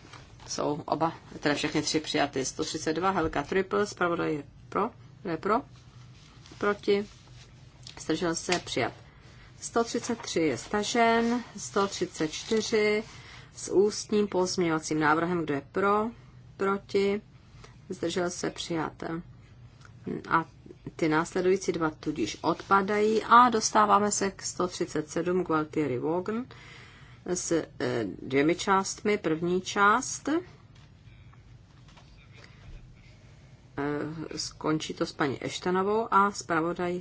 Jsou oba, teda všechny tři přijaty. 132, Helga Triple, zpravodaj je pro, je pro, proti, zdržel se, přijat. 133 je stažen, 134 s ústním pozměňovacím návrhem, kdo je pro, proti, zdržel se, přijat. A ty následující dva tudíž odpadají a dostáváme se k 137 Gualtieri Wogen s eh, dvěmi částmi. První část eh, skončí to s paní Eštanovou a zpravodaj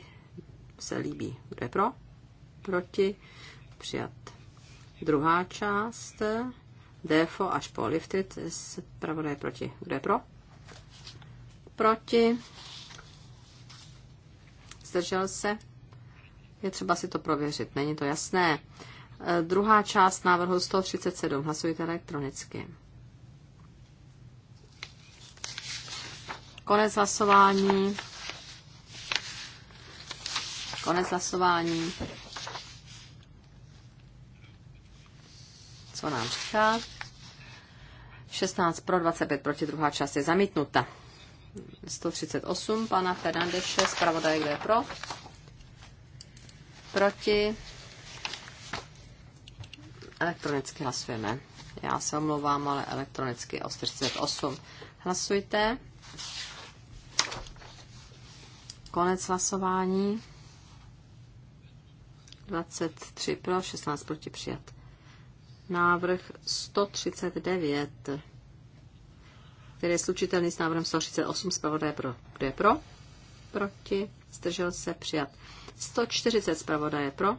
se líbí. Kdo je pro? Proti? Přijat. Druhá část DFO až po lifted zpravodaj proti. Kdo je pro? Proti? zdržel se. Je třeba si to prověřit, není to jasné. E, druhá část návrhu 137. Hlasujte elektronicky. Konec hlasování. Konec hlasování. Co nám říká? 16 pro, 25 proti, druhá část je zamítnuta. 138 pana Fernandeše, zpravodaj, kdo je pro? Proti? Elektronicky hlasujeme. Já se omlouvám, ale elektronicky o 48. Hlasujte. Konec hlasování. 23 pro, 16 proti přijat. Návrh 139 který je slučitelný s návrhem 138 zpravodaje pro. Kdo je pro? Proti. Zdržel se přijat. 140 zpravodaje pro.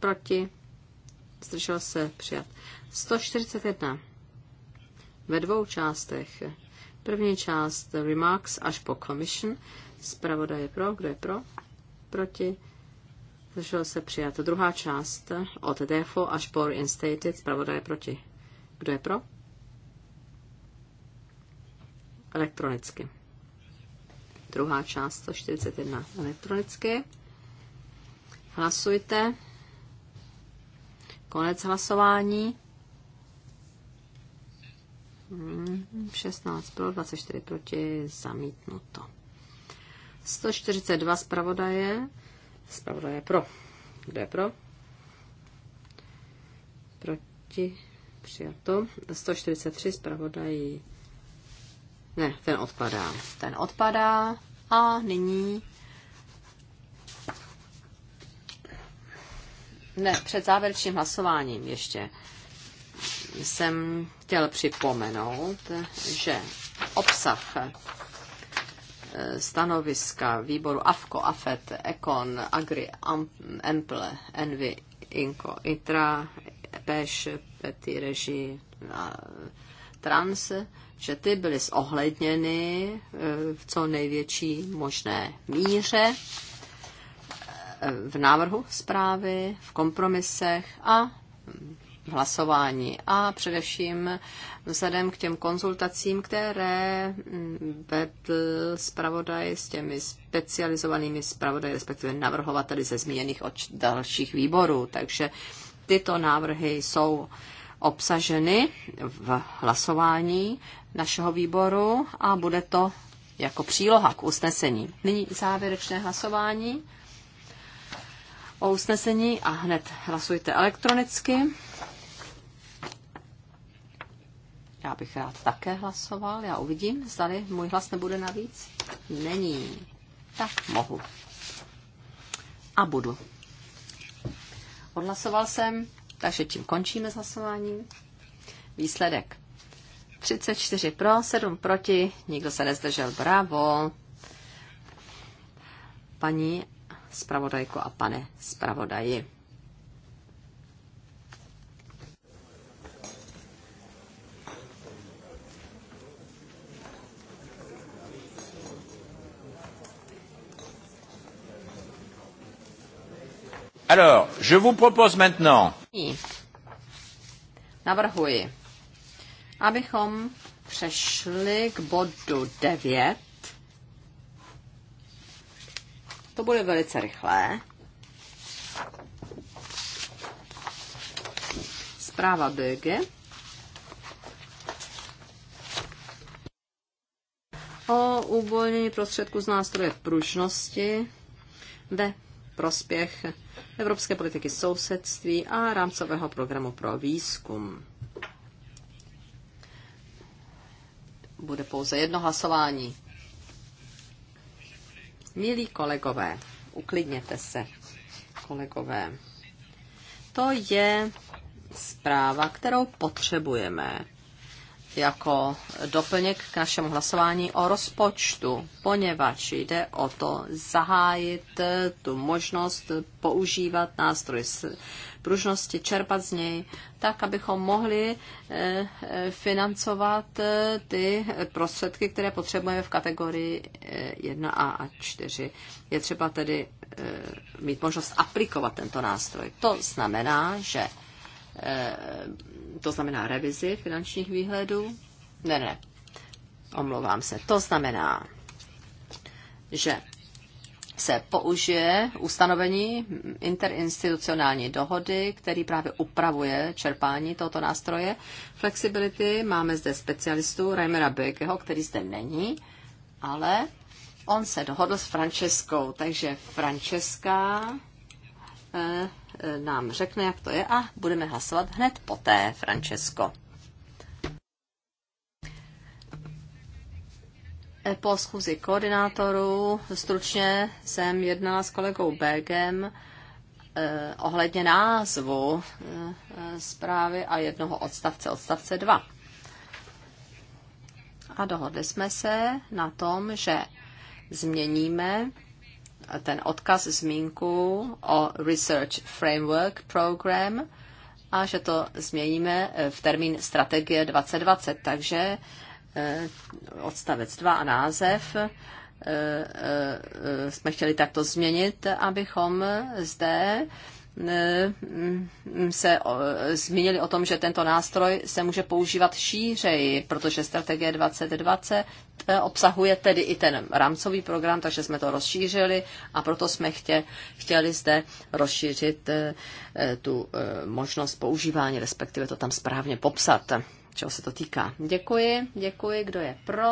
Proti. Zdržel se přijat. 141. Ve dvou částech. První část Remarks až po Commission. Zpravodaje pro. Kdo je pro? Proti. Zdržel se přijat. Druhá část od DEFO až po Reinstated. Zpravodaje proti. Kdo je pro? elektronicky. Druhá část 141 elektronicky. Hlasujte. Konec hlasování. 16 hmm, pro, 24 proti, zamítnuto. 142 zpravodaje. Zpravodaje pro. Kdo je pro? Proti, přijato. 143 zpravodají ne, ten odpadá. Ten odpadá a nyní... Ne, před závěrečným hlasováním ještě jsem chtěl připomenout, že obsah eh, stanoviska výboru Afco, AFET, EKON, AGRI, EMPLE, ENVI, Inco, ITRA, PEŠ, PETI, REŽI, TRANS, že ty byly zohledněny e, v co největší možné míře e, v návrhu zprávy, v kompromisech a v hlasování. A především vzhledem k těm konzultacím, které vedl zpravodaj s těmi specializovanými zpravodaji, respektive navrhovateli ze zmíněných od dalších výborů. Takže tyto návrhy jsou obsaženy v hlasování našeho výboru a bude to jako příloha k usnesení. Nyní závěrečné hlasování o usnesení a hned hlasujte elektronicky. Já bych rád také hlasoval. Já uvidím, zda můj hlas nebude navíc. Není. Tak mohu. A budu. Odhlasoval jsem takže tím končíme s hlasováním. Výsledek. 34 pro, 7 proti, nikdo se nezdržel. Bravo. Paní zpravodajko a pane zpravodaji. Alors, je vous propose maintenant Navrhuji, abychom přešli k bodu 9. To bude velice rychlé. Zpráva Böge. O uvolnění prostředku z nástroje pružnosti ve prospěch evropské politiky sousedství a rámcového programu pro výzkum. Bude pouze jedno hlasování. Milí kolegové, uklidněte se, kolegové. To je zpráva, kterou potřebujeme jako doplněk k našemu hlasování o rozpočtu, poněvadž jde o to zahájit eh, tu možnost používat nástroj pružnosti, čerpat z něj, tak, abychom mohli eh, eh, financovat ty prostředky, které potřebujeme v kategorii 1a a 4. Je třeba tedy mít možnost aplikovat tento nástroj. To znamená, že Eh, to znamená revizi finančních výhledů. Ne, ne, omlouvám se. To znamená, že se použije ustanovení interinstitucionální dohody, který právě upravuje čerpání tohoto nástroje flexibility. Máme zde specialistu Reimera Bökeho, který zde není, ale on se dohodl s Franceskou, takže Francesca eh, Eh, nám řekne, jak to je a budeme hlasovat hned poté, Francesco. Eh, po schůzi koordinátorů stručně jsem jednala s kolegou Bergem eh, ohledně názvu eh, zprávy a jednoho odstavce, odstavce 2. A dohodli jsme se na tom, že změníme ten odkaz, zmínku o Research Framework Program a že to změníme eh, v termín strategie 2020. Takže eh, odstavec 2 a název eh, jsme chtěli takto změnit, abychom zde Eh, se eh, zmínili o tom, že tento nástroj se může používat šířeji, protože strategie 2020 eh, obsahuje tedy i ten rámcový program, takže jsme to rozšířili a proto jsme chtě, chtěli zde rozšířit tu možnost používání, respektive to tam správně popsat, čeho se to týká. Děkuji, děkuji, kdo je pro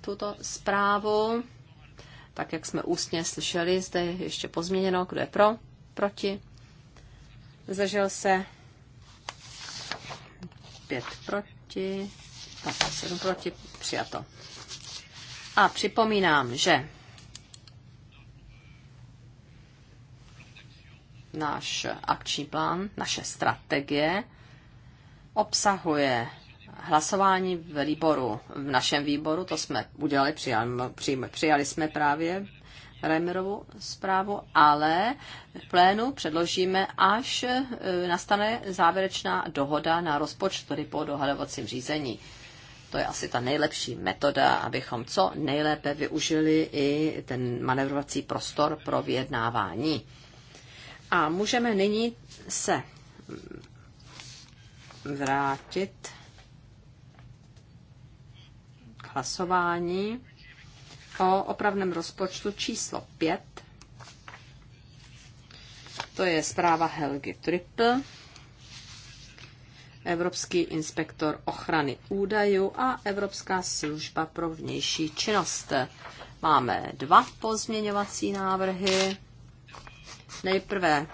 tuto zprávu. Tak jak jsme ústně slyšeli, zde ještě pozměněno, kdo je pro proti, zdržel se, 5 proti, 7 proti, přijato. A připomínám, že náš akční plán, naše strategie obsahuje hlasování v výboru, v našem výboru, to jsme udělali, přijali, přijali jsme právě Reimerovu zprávu, ale v plénu předložíme, až e, nastane závěrečná dohoda na rozpočtu, tedy po dohadovacím řízení. To je asi ta nejlepší metoda, abychom co nejlépe využili i ten manevrovací prostor pro vyjednávání. A můžeme nyní se vrátit k hlasování o opravném rozpočtu číslo 5. To je zpráva Helgy Triple, Evropský inspektor ochrany údajů a Evropská služba pro vnější činnost. Máme dva pozměňovací návrhy. Nejprve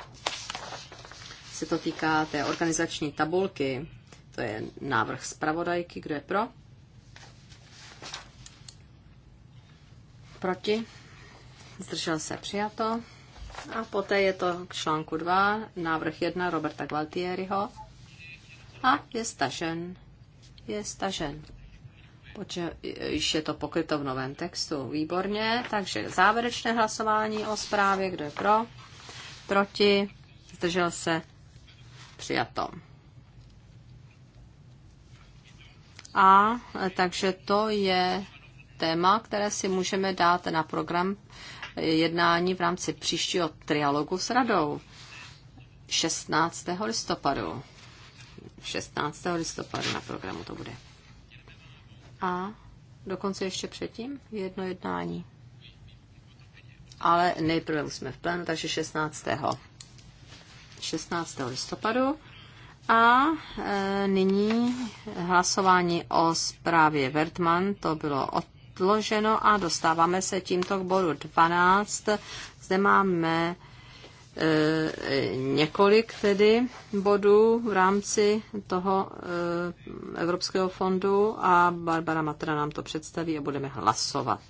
se to týká té organizační tabulky. To je návrh zpravodajky. Kdo je pro? proti, zdržel se přijato. A poté je to k článku 2, návrh 1 Roberta Gualtieriho. A je stažen. Je stažen. Poče, již je to pokryto v novém textu. Výborně. Takže závěrečné hlasování o zprávě. Kdo je pro? Proti? Zdržel se? Přijato. A takže to je téma, které si můžeme dát na program jednání v rámci příštího trialogu s radou 16. listopadu. 16. listopadu na programu to bude. A dokonce ještě předtím jedno jednání. Ale nejprve jsme v plénu, takže 16. 16. listopadu. A e, nyní hlasování o zprávě Vertman, to bylo od předloženo a dostáváme se tímto k bodu 12. Zde máme e, několik tedy bodů v rámci toho e, Evropského fondu a Barbara Matra nám to představí a budeme hlasovat.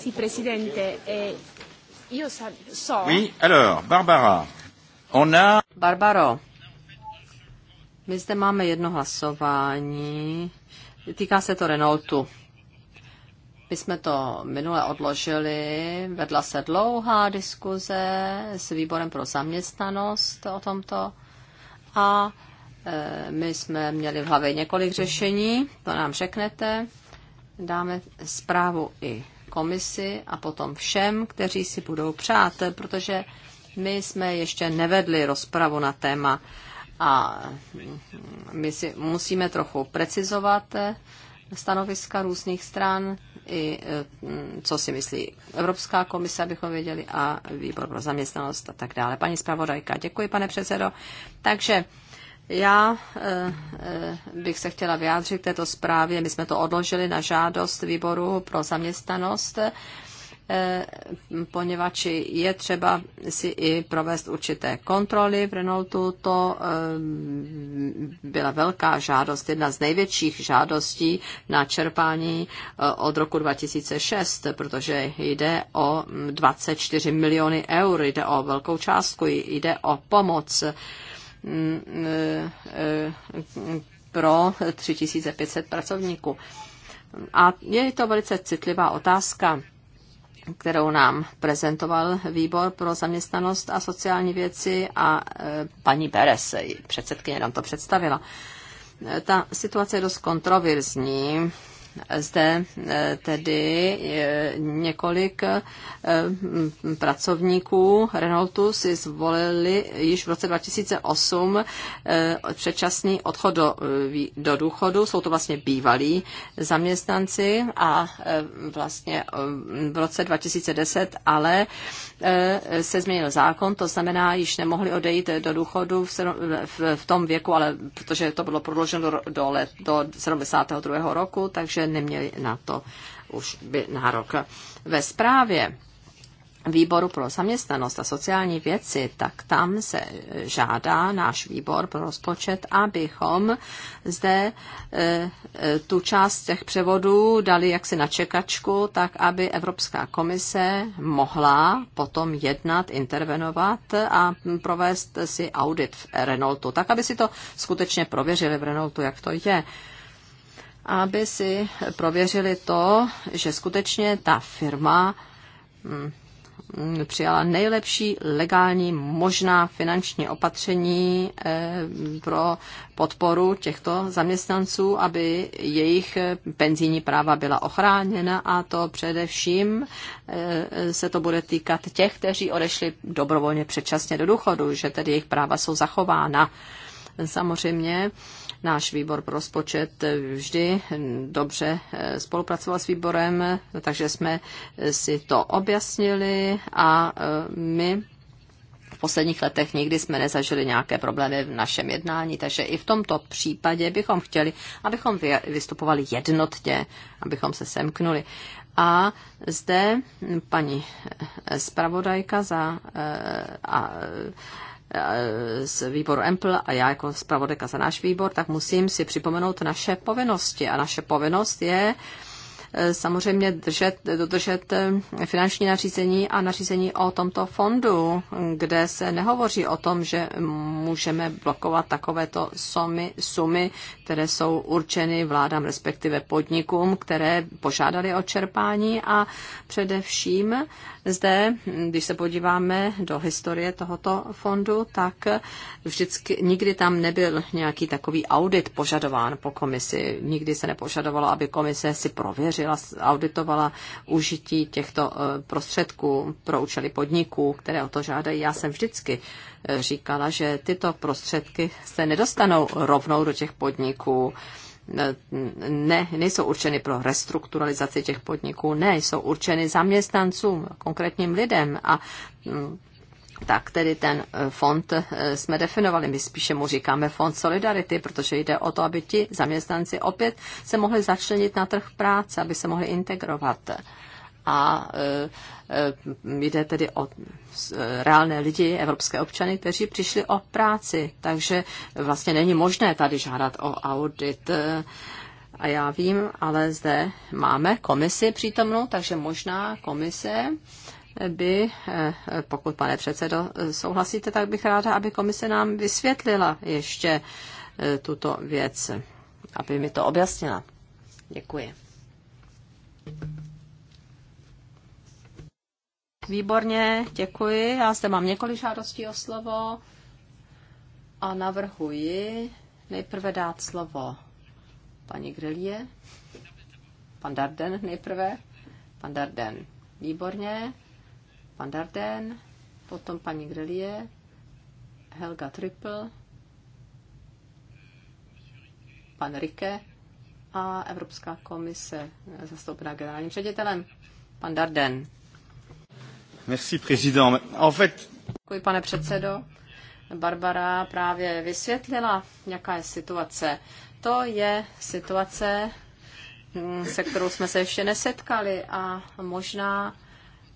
Sì, Presidente, eh, Oui, alors, Barbara, on a... Barbaro, my zde máme jedno hlasování. Týká se to Renaultu. My jsme to minule odložili, vedla se dlouhá diskuze s výborem pro zaměstnanost o tomto a e, my jsme měli v hlavě několik řešení, to nám řeknete. Dáme zprávu i komisi a potom všem, kteří si budou přát, protože my jsme ještě nevedli rozpravu na téma a my si musíme trochu precizovat stanoviska různých stran, i e, co si myslí Evropská komise, abychom věděli, a výbor pro zaměstnanost a tak dále. Paní zpravodajka, děkuji, pane předsedo. Takže já eh, eh, bych se chtěla vyjádřit k této zprávě. My jsme to odložili na žádost výboru pro zaměstnanost, eh, poněvadž je třeba si i provést určité kontroly v Renaultu. To byla velká žádost, jedna z největších žádostí na čerpání od roku 2006, protože jde o 24 miliony eur, jde o velkou částku, jde o pomoc pro 3500 pracovníků. A je to velice citlivá otázka, kterou nám prezentoval výbor pro zaměstnanost a sociální věci a e, paní Beres, předsedkyně nám to představila. E, ta situace je dost kontroverzní zde eh, tedy několik eh, pracovníků Renaultu si zvolili již v roce 2008 eh, předčasný odchod do, do důchodu. Jsou to vlastně bývalí zaměstnanci a vlastně v roce 2010 ale se změnil zákon, to znamená, již nemohli odejít do důchodu v, tom věku, ale protože to bylo prodlouženo do, do, let, do 72. roku, takže protože neměli na to už by nárok. Ve zprávě výboru pro zaměstnanost a sociální věci, tak tam se žádá náš výbor pro rozpočet, abychom zde e, e, tu část těch převodů dali jaksi na čekačku, tak aby Evropská komise mohla potom jednat, intervenovat a provést si audit v Renaultu, tak aby si to skutečně prověřili v Renaultu, jak to je aby si prověřili to, že skutečně ta firma mm, mm, přijala nejlepší legální možná finanční opatření eh, pro podporu těchto zaměstnanců, aby jejich penzijní práva byla ochráněna a to především eh, se to bude týkat těch, kteří odešli dobrovolně předčasně do důchodu, že tedy jejich práva jsou zachována. Samozřejmě Náš výbor pro rozpočet vždy dobře eh, spolupracoval s výborem, takže jsme eh, si to objasnili a eh, my v posledních letech nikdy jsme nezažili nějaké problémy v našem jednání, takže i v tomto případě bychom chtěli, abychom vystupovali jednotně, abychom se semknuli. A zde paní zpravodajka za a, a z výboru EMPL a já jako zpravodajka za náš výbor, tak musím si připomenout naše povinnosti. A naše povinnost je eh, samozřejmě držet, dodržet eh, finanční nařízení a nařízení o tomto fondu, kde se nehovoří o tom, že můžeme blokovat takovéto sumy, sumy které jsou určeny vládám, respektive podnikům, které požádali o čerpání a především zde, když se podíváme do historie tohoto fondu, tak vždycky, nikdy tam nebyl nějaký takový audit požadován po komisi. Nikdy se nepožadovalo, aby komise si prověřila, auditovala užití těchto eh, prostředků pro účely podniků, které o to žádají. Já jsem vždycky eh, říkala, že tyto prostředky se nedostanou rovnou do těch podniků ne, nejsou určeny pro restrukturalizaci těch podniků, ne, jsou určeny zaměstnancům, konkrétním lidem a mm, tak tedy ten eh, fond eh, jsme definovali. My spíše mu říkáme fond solidarity, protože jde o to, aby ti zaměstnanci opět se mohli začlenit na trh práce, aby se mohli integrovat a e, e, jde tedy o e, reálné lidi, evropské občany, kteří přišli o práci. Takže vlastně není možné tady žádat o audit. A já vím, ale zde máme komisi přítomnou, takže možná komise by, pokud pane předsedo souhlasíte, tak bych ráda, aby komise nám vysvětlila ještě tuto věc, aby mi to objasnila. Děkuji výborně, děkuji. Já zde mám několik žádostí o slovo a navrhuji nejprve dát slovo paní Grilie, pan Darden nejprve, pan Darden, výborně, pan Darden, potom paní Grilie, Helga Triple, pan Rike a Evropská komise zastoupená generálním ředitelem, pan Darden. Merci, président. En fait... Děkuji, pane předsedo. Barbara právě vysvětlila, jaká je situace. To je situace, mm, se kterou jsme se ještě nesetkali a možná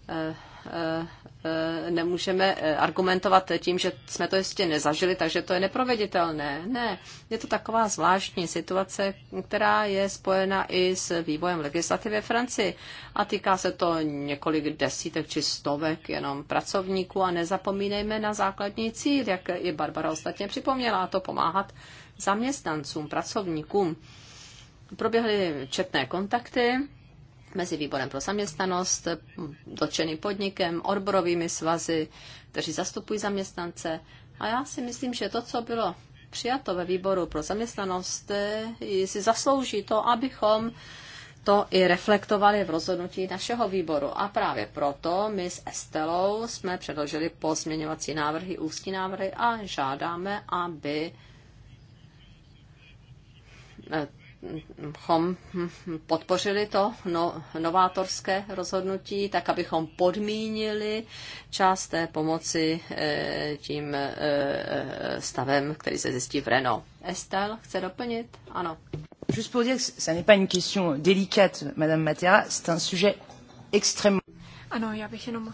eh, eh, Eh, nemůžeme eh, argumentovat tím, že jsme to ještě nezažili, takže to je neproveditelné. Ne, je to taková zvláštní situace, která je spojena i s vývojem legislativy Francii a týká se to několik desítek či stovek jenom pracovníků a nezapomínejme na základní cíl, jak i Barbara ostatně připomněla, to pomáhat zaměstnancům, pracovníkům. Proběhly četné kontakty mezi výborem pro zaměstnanost, dotčeným podnikem, odborovými svazy, kteří zastupují zaměstnance. A já si myslím, že to, co bylo přijato ve výboru pro zaměstnanost, eh, si zaslouží to, abychom to i reflektovali v rozhodnutí našeho výboru. A právě proto my s Estelou jsme předložili pozměňovací návrhy, ústní návrhy a žádáme, aby eh, abychom podpořili to no, novátorské rozhodnutí, tak abychom podmínili část té pomoci eh, tím eh, eh, stavem, který se zjistí v Renault. Estelle chce doplnit? Ano. Juste pour dire que ça n'est pas une question délicate, Madame Matera, c'est un sujet extrêmement... Ano, já bych jenom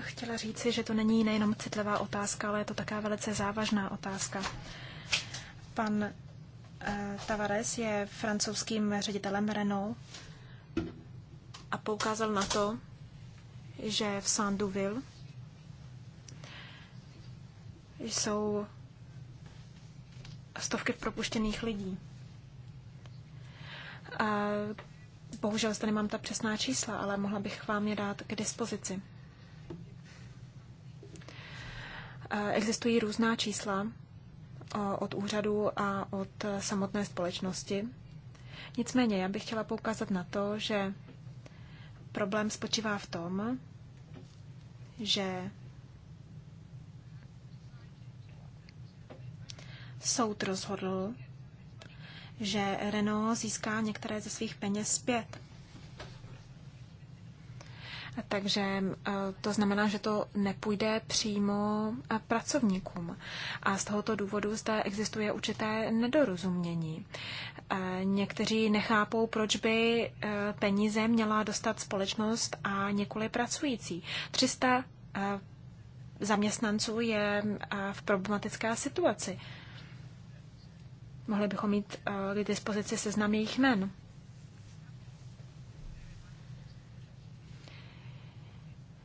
chtěla říci, že to není nejenom citlivá otázka, ale je to taková velice závažná otázka. Pan Eh, Tavares je francouzským ředitelem Renault a poukázal na to, že v Sanduville jsou stovky propuštěných lidí. A bohužel zde nemám ta přesná čísla, ale mohla bych vám je dát k dispozici. Eh, existují různá čísla od úřadu a od samotné společnosti. Nicméně já bych chtěla poukázat na to, že problém spočívá v tom, že soud rozhodl, že Renault získá některé ze svých peněz zpět. Takže eh, to znamená, že to nepůjde přímo eh, pracovníkům. A z tohoto důvodu zde existuje určité nedorozumění. Eh, někteří nechápou, proč by peníze měla dostat společnost a několik pracující. 300 zaměstnanců je v problematické situaci. Mohli bychom mít k dispozici seznam jejich jmen.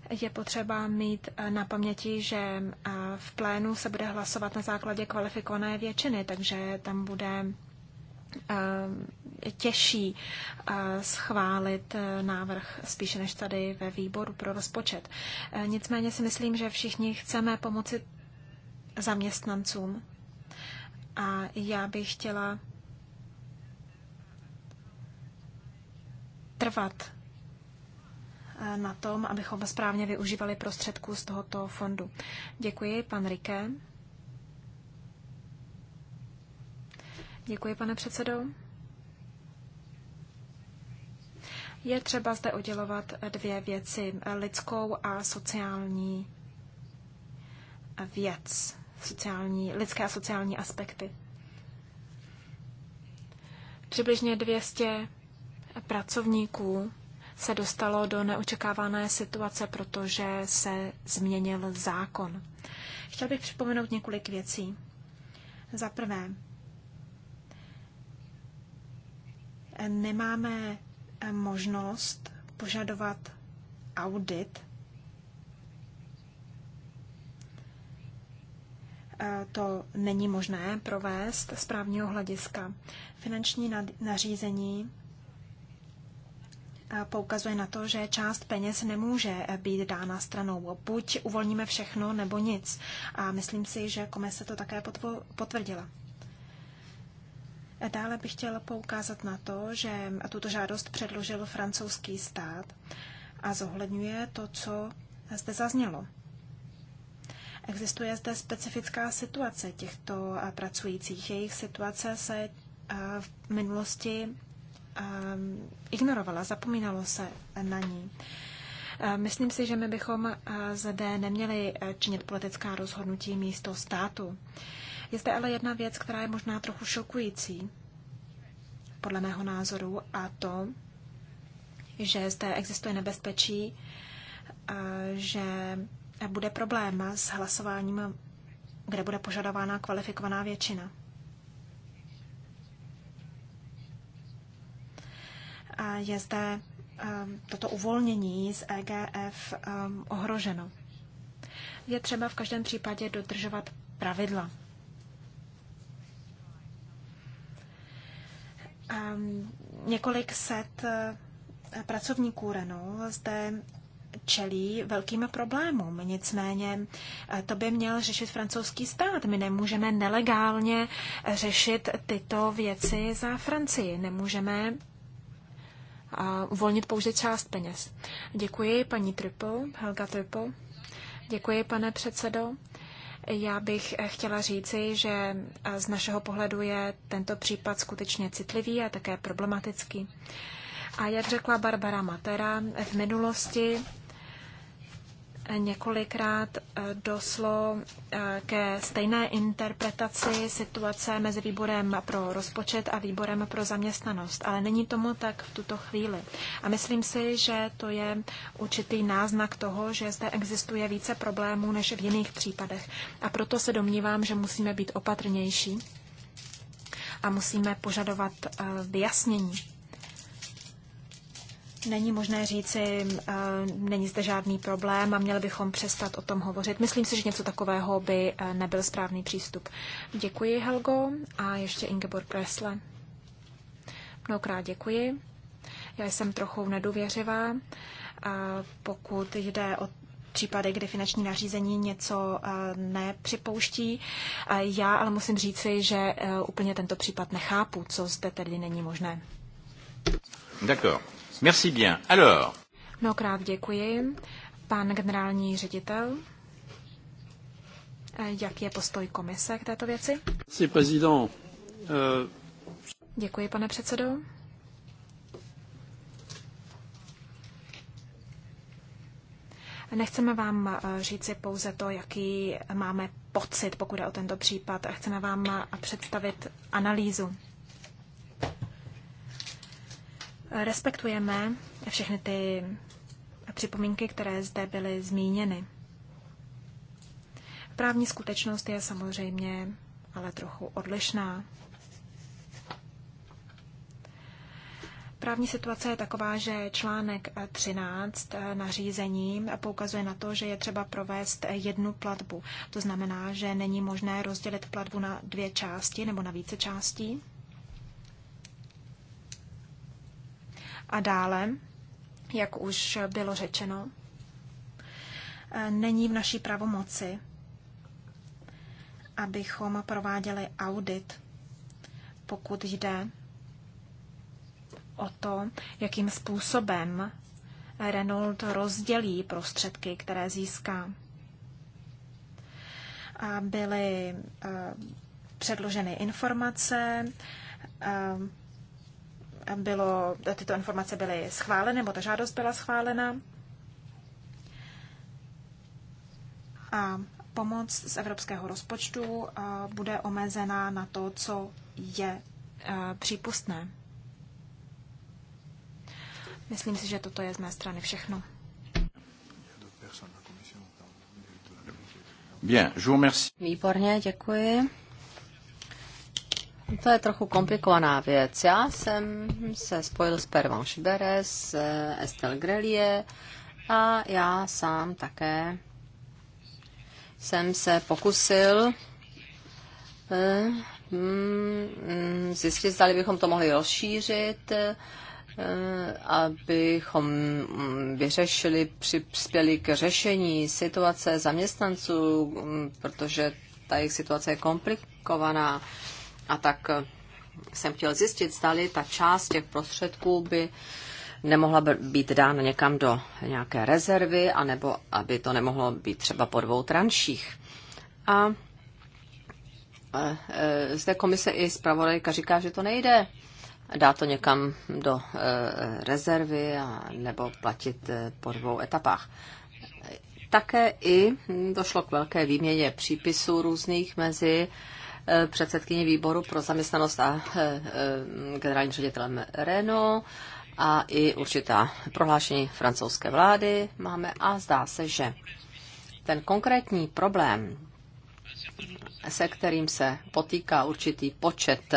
Je potřeba mít eh, na paměti, že eh, v plénu se bude hlasovat na základě kvalifikované většiny, takže tam bude eh, těžší schválit návrh spíše než tady ve výboru pro rozpočet. Nicméně si myslím, že všichni chceme pomoci zaměstnancům. A já bych chtěla trvat na tom, abychom správně využívali prostředků z tohoto fondu. Děkuji, pan Rike. Děkuji, pane předsedo. Je třeba zde oddělovat dvě věci, lidskou a sociální věc, sociální, lidské a sociální aspekty. Přibližně 200 pracovníků se dostalo do neočekávané situace, protože se změnil zákon. Chtěl bych připomenout několik věcí. Za prvé, nemáme možnost požadovat audit to není možné provést z právního hlediska. Finanční nařízení poukazuje na to, že část peněz nemůže být dána stranou. Buď uvolníme všechno, nebo nic. A myslím si, že komise to také potvrdila. Dále bych chtěla poukázat na to, že tuto žádost předložil francouzský stát a zohledňuje to, co zde zaznělo. Existuje zde specifická situace těchto pracujících. Jejich situace se v minulosti Ehm, ignorovala, zapomínalo se na ní. Ehm, myslím si, že my bychom eh, zde neměli eh, činit politická rozhodnutí místo státu. Je zde ale jedna věc, která je možná trochu šokující, podle mého názoru, a to, že zde existuje nebezpečí, eh, že bude problém s hlasováním, kde bude požadována kvalifikovaná většina. je zde ehm, toto uvolnění z EGF ehm, ohroženo. Je třeba v každém případě dodržovat pravidla. Ehm, několik set eh, pracovníků Renault zde čelí velkým problémům. Nicméně eh, to by měl řešit francouzský stát. My nemůžeme nelegálně eh, řešit tyto věci za Francii. Nemůžeme uvolnit pouze část peněz. Děkuji paní Triple, Helga Triple. Děkuji, pane předsedo. Já bych chtěla říci, že eh, z našeho pohledu je tento případ skutečně citlivý a také problematický. A jak řekla Barbara Matera, v minulosti několikrát eh, doslo eh, ke stejné interpretaci situace mezi výborem pro rozpočet a výborem pro zaměstnanost, ale není tomu tak v tuto chvíli. A myslím si, že to je určitý náznak toho, že zde existuje více problémů než v jiných případech. A proto se domnívám, že musíme být opatrnější a musíme požadovat eh, vyjasnění. Není možné říci, eh, není zde žádný problém a měli bychom přestat o tom hovořit. Myslím si, že něco takového by eh, nebyl správný přístup. Děkuji, Helgo, a ještě Ingeborg Presle. Mnohokrát děkuji. Já jsem trochu nedůvěřivá, eh, pokud jde o případy, kde finanční nařízení něco nepřipouští. Já ale musím říci, že úplně tento případ nechápu, co zde tedy není možné. Děkuji. Merci bien. Alors. Mnohokrát děkuji. Pan generální ředitel, eh, jak je postoj komise k této věci? Merci, président. Eh, děkuji, pane předsedo. Nechceme vám eh, říci pouze to, jaký máme pocit, pokud je o tento případ. Chceme vám představit analýzu. Respektujeme všechny ty připomínky, které zde byly zmíněny. Právní skutečnost je samozřejmě ale trochu odlišná. Právní situace je taková, že článek 13 nařízení poukazuje na to, že je třeba provést jednu platbu. To znamená, že není možné rozdělit platbu na dvě části nebo na více částí. A dále, jak už bylo řečeno, e, není v naší pravomoci, abychom prováděli audit, pokud jde o to, jakým způsobem Renault rozdělí prostředky, které získá. A byly e, předloženy informace, e, bylo, tyto informace byly schváleny, nebo ta žádost byla schválena. A pomoc z evropského rozpočtu bude omezená na to, co je přípustné. Myslím si, že toto je z mé strany všechno. Bien, je vous remercie. Výborně, děkuji. To je trochu komplikovaná věc. Já jsem se spojil s Šibere, s Estel Grelie a já sám také jsem se pokusil eh, hm, zjistit, zda bychom to mohli rozšířit, eh, abychom vyřešili, přispěli k řešení situace zaměstnanců, hm, protože ta jejich situace je komplikovaná. A tak eh, jsem chtěl zjistit, zdali ta část těch prostředků by nemohla být dána někam do nějaké rezervy, anebo aby to nemohlo být třeba po dvou tranších. A eh, eh, zde komise i zpravodajka říká, že to nejde. Dá to někam do rezervy a, nebo platit po dvou etapách. Také i došlo k velké výměně přípisů různých mezi předsedkyně výboru pro zaměstnanost a e, e, generálním ředitelem Reno a i určitá prohlášení francouzské vlády máme a zdá se, že ten konkrétní problém, se kterým se potýká určitý počet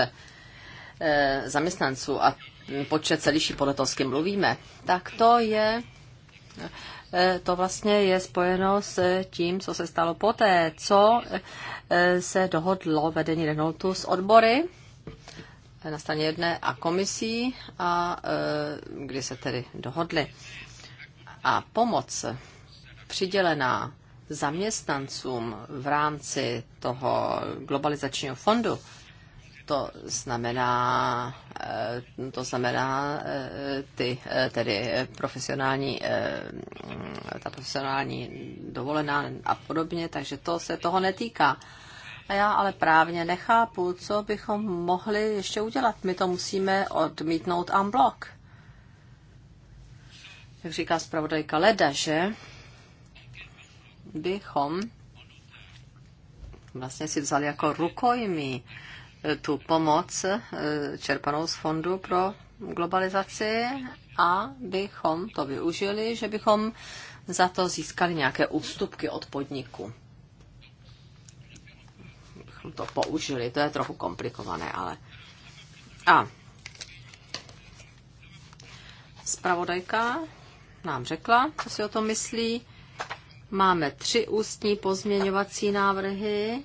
e, zaměstnanců a počet se liší podle toho, s kým mluvíme, tak to je Eh, to vlastně je spojeno s tím, co se stalo poté, co eh, se dohodlo vedení Renaultu s odbory eh, na straně jedné a komisí, a kdy se tedy dohodli. A pomoc přidělená zaměstnancům v rámci toho globalizačního fondu to znamená, eh, to znamená eh, ty eh, tedy profesionální, ta profesionální dovolená a podobně, takže to se toho netýká. A já ale právně nechápu, co bychom mohli ještě udělat. My to musíme odmítnout unblock. Jak říká zpravodajka Leda, že bychom vlastně si vzali jako rukojmí tu pomoc eh, čerpanou z Fondu pro globalizaci a bychom to využili, že bychom za to získali nějaké ústupky od podniku. Bychom to použili, to je trochu komplikované, ale. A zpravodajka nám řekla, co si o tom myslí. Máme tři ústní pozměňovací návrhy,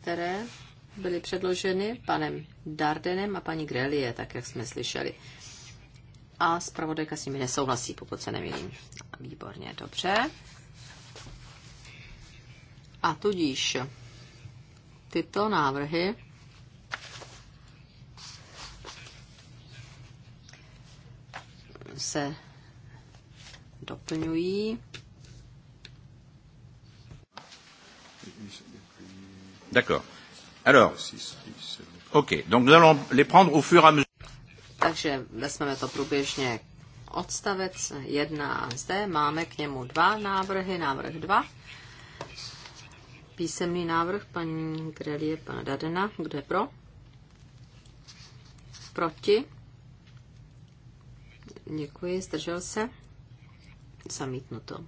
které byly předloženy panem Dardenem a paní Grelie, tak jak jsme slyšeli. A zpravodajka s nimi nesouhlasí, pokud se nemýlím. Výborně, dobře. A tudíž tyto návrhy se doplňují. D'accord. Alors, OK, donc nous allons les prendre au fur et à mesure. Takže vezmeme to průběžně odstavec 1 a zde máme k němu dva návrhy. Návrh 2, písemný návrh paní Grelie, pana Dadena, kdo je pro? Proti? Děkuji, zdržel se. Zamítnuto.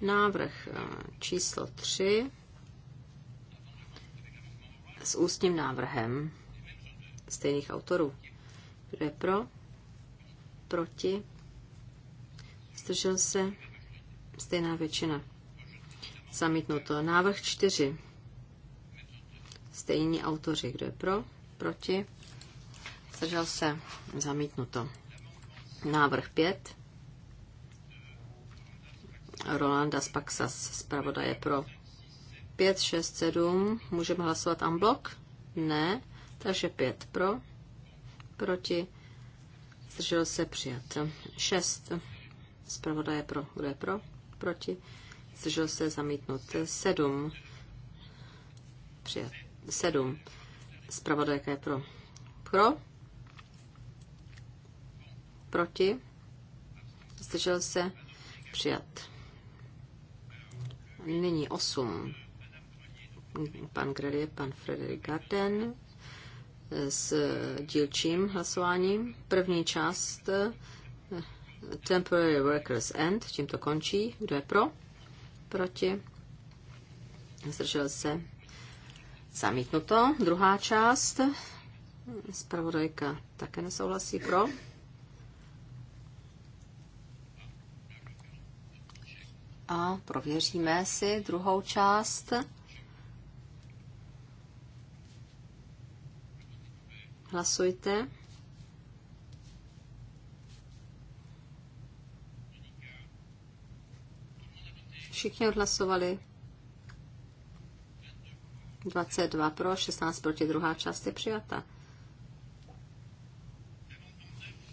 Návrh eh, číslo 3, s ústním návrhem stejných autorů. Kdo je pro? Proti? Zdržel se? Stejná většina. Zamítnuto. Návrh čtyři Stejní autoři. Kdo je pro? Proti? Zdržel se? Zamítnuto. Návrh pět Rolanda Spaxas, zpravodaje pro 5, 6, 7. Můžeme hlasovat unblock? Ne. Takže 5 pro, proti, zdržel se přijat. 6. Zpravoda je pro, kdo je pro, proti, zdržel se zamítnut. 7. Přijat. 7. Zpravodajka je pro. Pro? Proti? Zdržel se? Přijat. Nyní 8 pan Gredie, pan Frederik Garden eh, s dílčím hlasováním. První část eh, Temporary Workers End, tím to končí. Kdo je pro? Proti? Zdržel se? Zamítnuto. Druhá část. Spravodajka také nesouhlasí pro. A prověříme si druhou část. Hlasujte. Všichni odhlasovali. 22 pro, 16 proti, druhá část je přijata.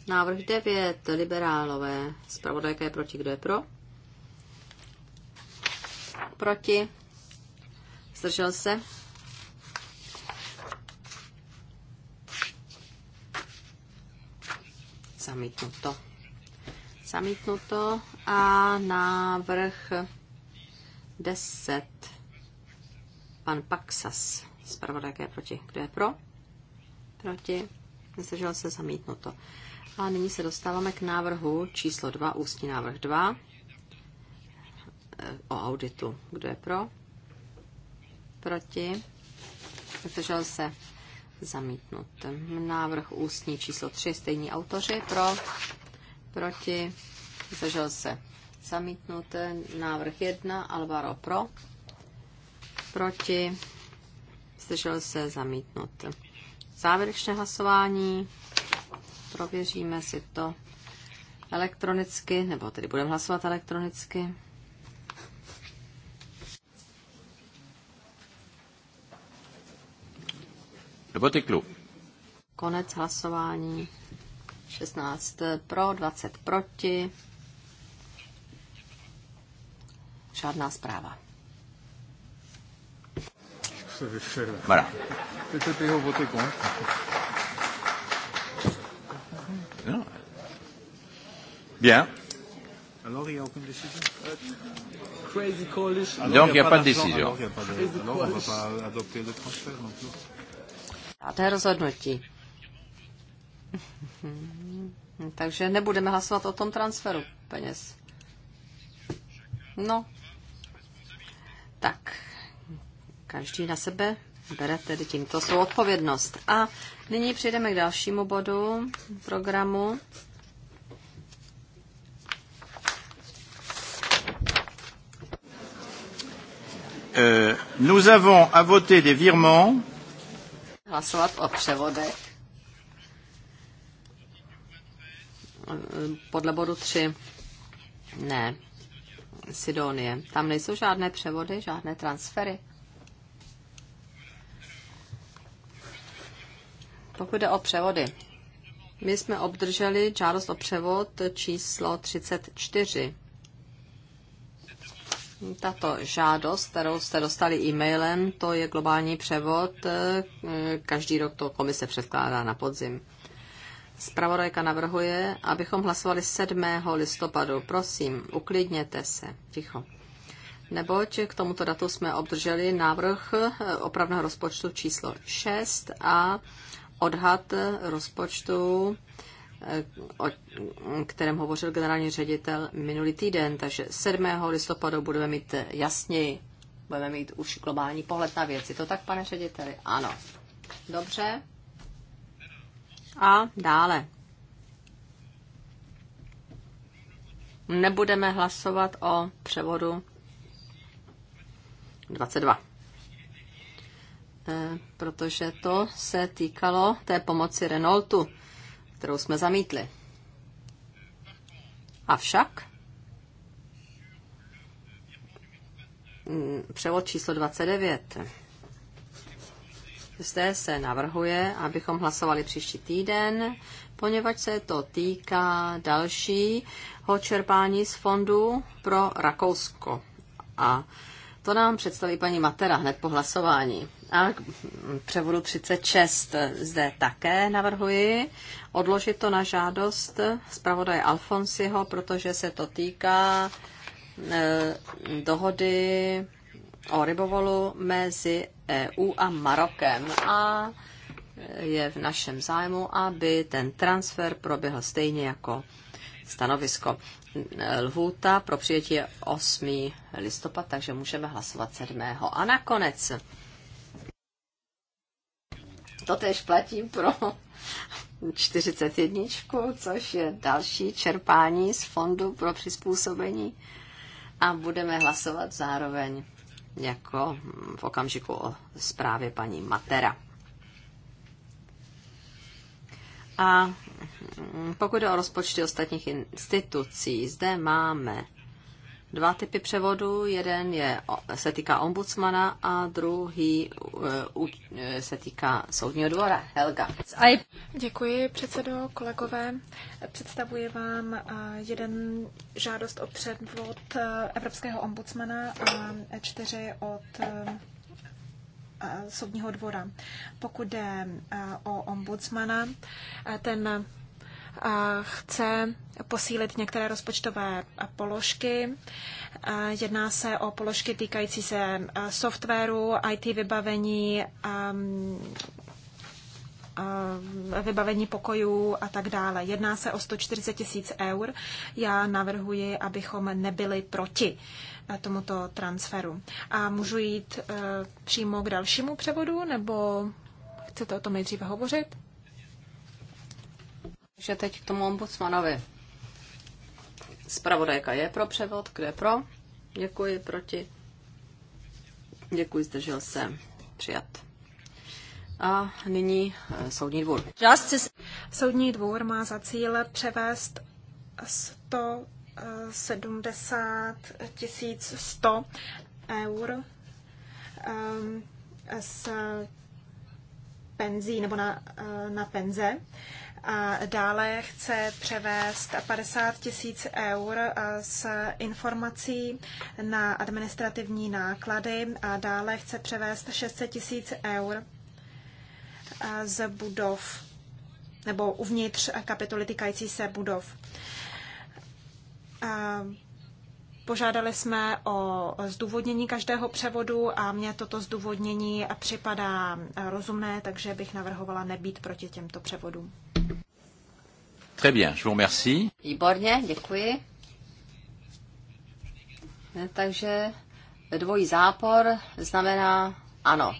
Návrh 9, liberálové. Spravodajka je proti, kdo je pro? Proti. Zdržel se? Zamítnuto. Zamítnuto a návrh 10. Pan Paxas. Zpravodajka je proti. Kdo je pro? Proti. Zdržel se zamítnuto. A nyní se dostáváme k návrhu číslo 2, ústní návrh 2 eh, o auditu. Kdo je pro? Proti? Zdržel se zamítnut. Návrh ústní číslo 3, stejní autoři, pro, proti, zdržel se zamítnut. Návrh 1, Alvaro pro, proti, zdržel se zamítnut. Závěrečné hlasování, prověříme si to elektronicky, nebo tedy budeme hlasovat elektronicky. Le Konec hlasování. 16 pro, 20 proti. Žádná zpráva. Voilà. PPP au voté Bien. Crazy coalition. Donc il n'y a pas de décision. Alors, il a pas de... on ne va pas adopter le transfert non plus žádné rozhodnutí. Takže nebudeme hlasovat o tom transferu peněz. No, tak každý na sebe bere tedy tímto svou odpovědnost. A nyní přejdeme k dalšímu bodu programu. Uh, nous avons à voter des virements hlasovat o převodech. Podle bodu 3. Ne. Sidonie. Tam nejsou žádné převody, žádné transfery. Pokud jde o převody, my jsme obdrželi žádost o převod číslo 34. Tato žádost, kterou jste dostali e-mailem, to je globální převod. E, každý rok to komise předkládá na podzim. Spravodajka navrhuje, abychom hlasovali 7. listopadu. Prosím, uklidněte se. Ticho. Neboť k tomuto datu jsme obdrželi návrh e, opravného rozpočtu číslo 6 a odhad rozpočtu o kterém hovořil generální ředitel minulý týden. Takže 7. listopadu budeme mít jasněji, budeme mít už globální pohled na věci. To tak, pane řediteli? Ano. Dobře. A dále. Nebudeme hlasovat o převodu 22 eh, protože to se týkalo té pomoci Renaultu kterou jsme zamítli. Avšak mm, převod číslo 29. Zde se navrhuje, abychom hlasovali příští týden, poněvadž se to týká dalšího čerpání z fondu pro Rakousko. A to nám představí paní Matera hned po hlasování. A k převodu 36 zde také navrhuji odložit to na žádost zpravodaje Alfonsiho, protože se to týká e, dohody o rybovolu mezi EU a Marokem. A je v našem zájmu, aby ten transfer proběhl stejně jako stanovisko lhůta pro přijetí je 8. listopad, takže můžeme hlasovat 7. A nakonec, to tež platí pro 41, což je další čerpání z fondu pro přizpůsobení a budeme hlasovat zároveň jako v okamžiku o zprávě paní Matera. A pokud jde o rozpočty ostatních institucí, zde máme dva typy převodu. Jeden je, se týká ombudsmana a druhý eh, eh, se týká soudního dvora. Helga. Děkuji, předsedo, kolegové. Představuji vám eh, jeden žádost o předvod Evropského ombudsmana a čtyři od soudního dvora. Pokud jde o ombudsmana, ten chce posílit některé rozpočtové položky. Jedná se o položky týkající se softwaru, IT vybavení, Eh, vybavení pokojů a tak dále. Jedná se o 140 tisíc eur. Já navrhuji, abychom nebyli proti eh, tomuto transferu. A můžu jít eh, přímo k dalšímu převodu, nebo chcete o tom nejdříve hovořit? Takže teď k tomu ombudsmanovi. Spravodajka je pro převod, kde pro? Děkuji, proti. Děkuji, zdržel se. Přijat. A nyní eh, Soudní dvůr. Justice. Soudní dvůr má za cíl převést 170 100 eh, eur um, z penzí nebo na, eh, na penze. A dále chce převést 50 tisíc eur s informací na administrativní náklady a dále chce převést 600 tisíc eur z budov nebo uvnitř kapitoly týkající se budov. Požádali jsme o zdůvodnění každého převodu a mně toto zdůvodnění připadá rozumné, takže bych navrhovala nebýt proti těmto převodům. Très bien, je vous remercie. Výborně, děkuji. Takže dvojí zápor znamená ano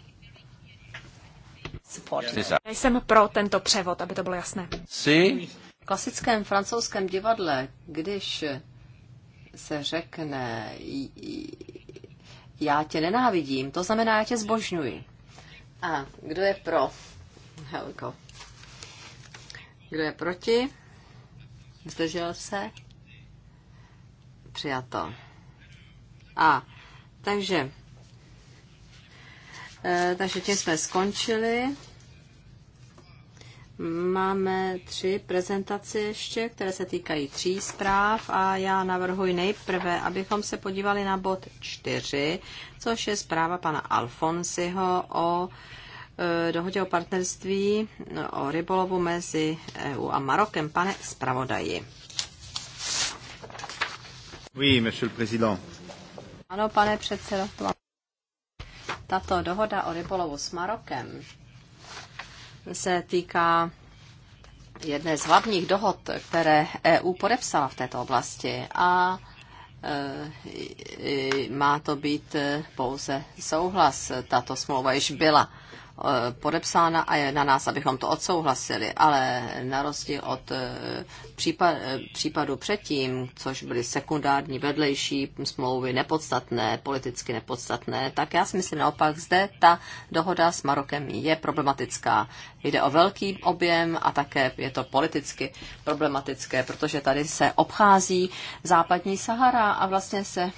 support. Já jsem pro tento převod, aby to bylo jasné. Si? V klasickém francouzském divadle, když se řekne já tě nenávidím, to znamená já tě zbožňuji. A kdo je pro? Helko. Kdo je proti? Zdržel se? Přijato. A takže Eh, takže tím jsme skončili. Máme tři prezentace ještě, které se týkají tří zpráv a já navrhuji nejprve, abychom se podívali na bod čtyři, což je zpráva pana Alfonsiho o e, dohodě o partnerství o rybolovu mezi EU a Marokem. Pane zpravodaji. Oui, monsieur le président. Ano, pane předsedo. Tato dohoda o rybolovu s Marokem se týká jedné z hlavních dohod, které EU podepsala v této oblasti a e, e, má to být e, pouze souhlas. Tato smlouva již byla Eh, podepsána a je na nás, abychom to odsouhlasili, ale na rozdíl od eh, případ, eh, případu předtím, což byly sekundární, vedlejší smlouvy, nepodstatné, politicky nepodstatné, tak já si myslím naopak, zde ta dohoda s Marokem je problematická. Jde o velký objem a také je to politicky problematické, protože tady se obchází západní Sahara a vlastně se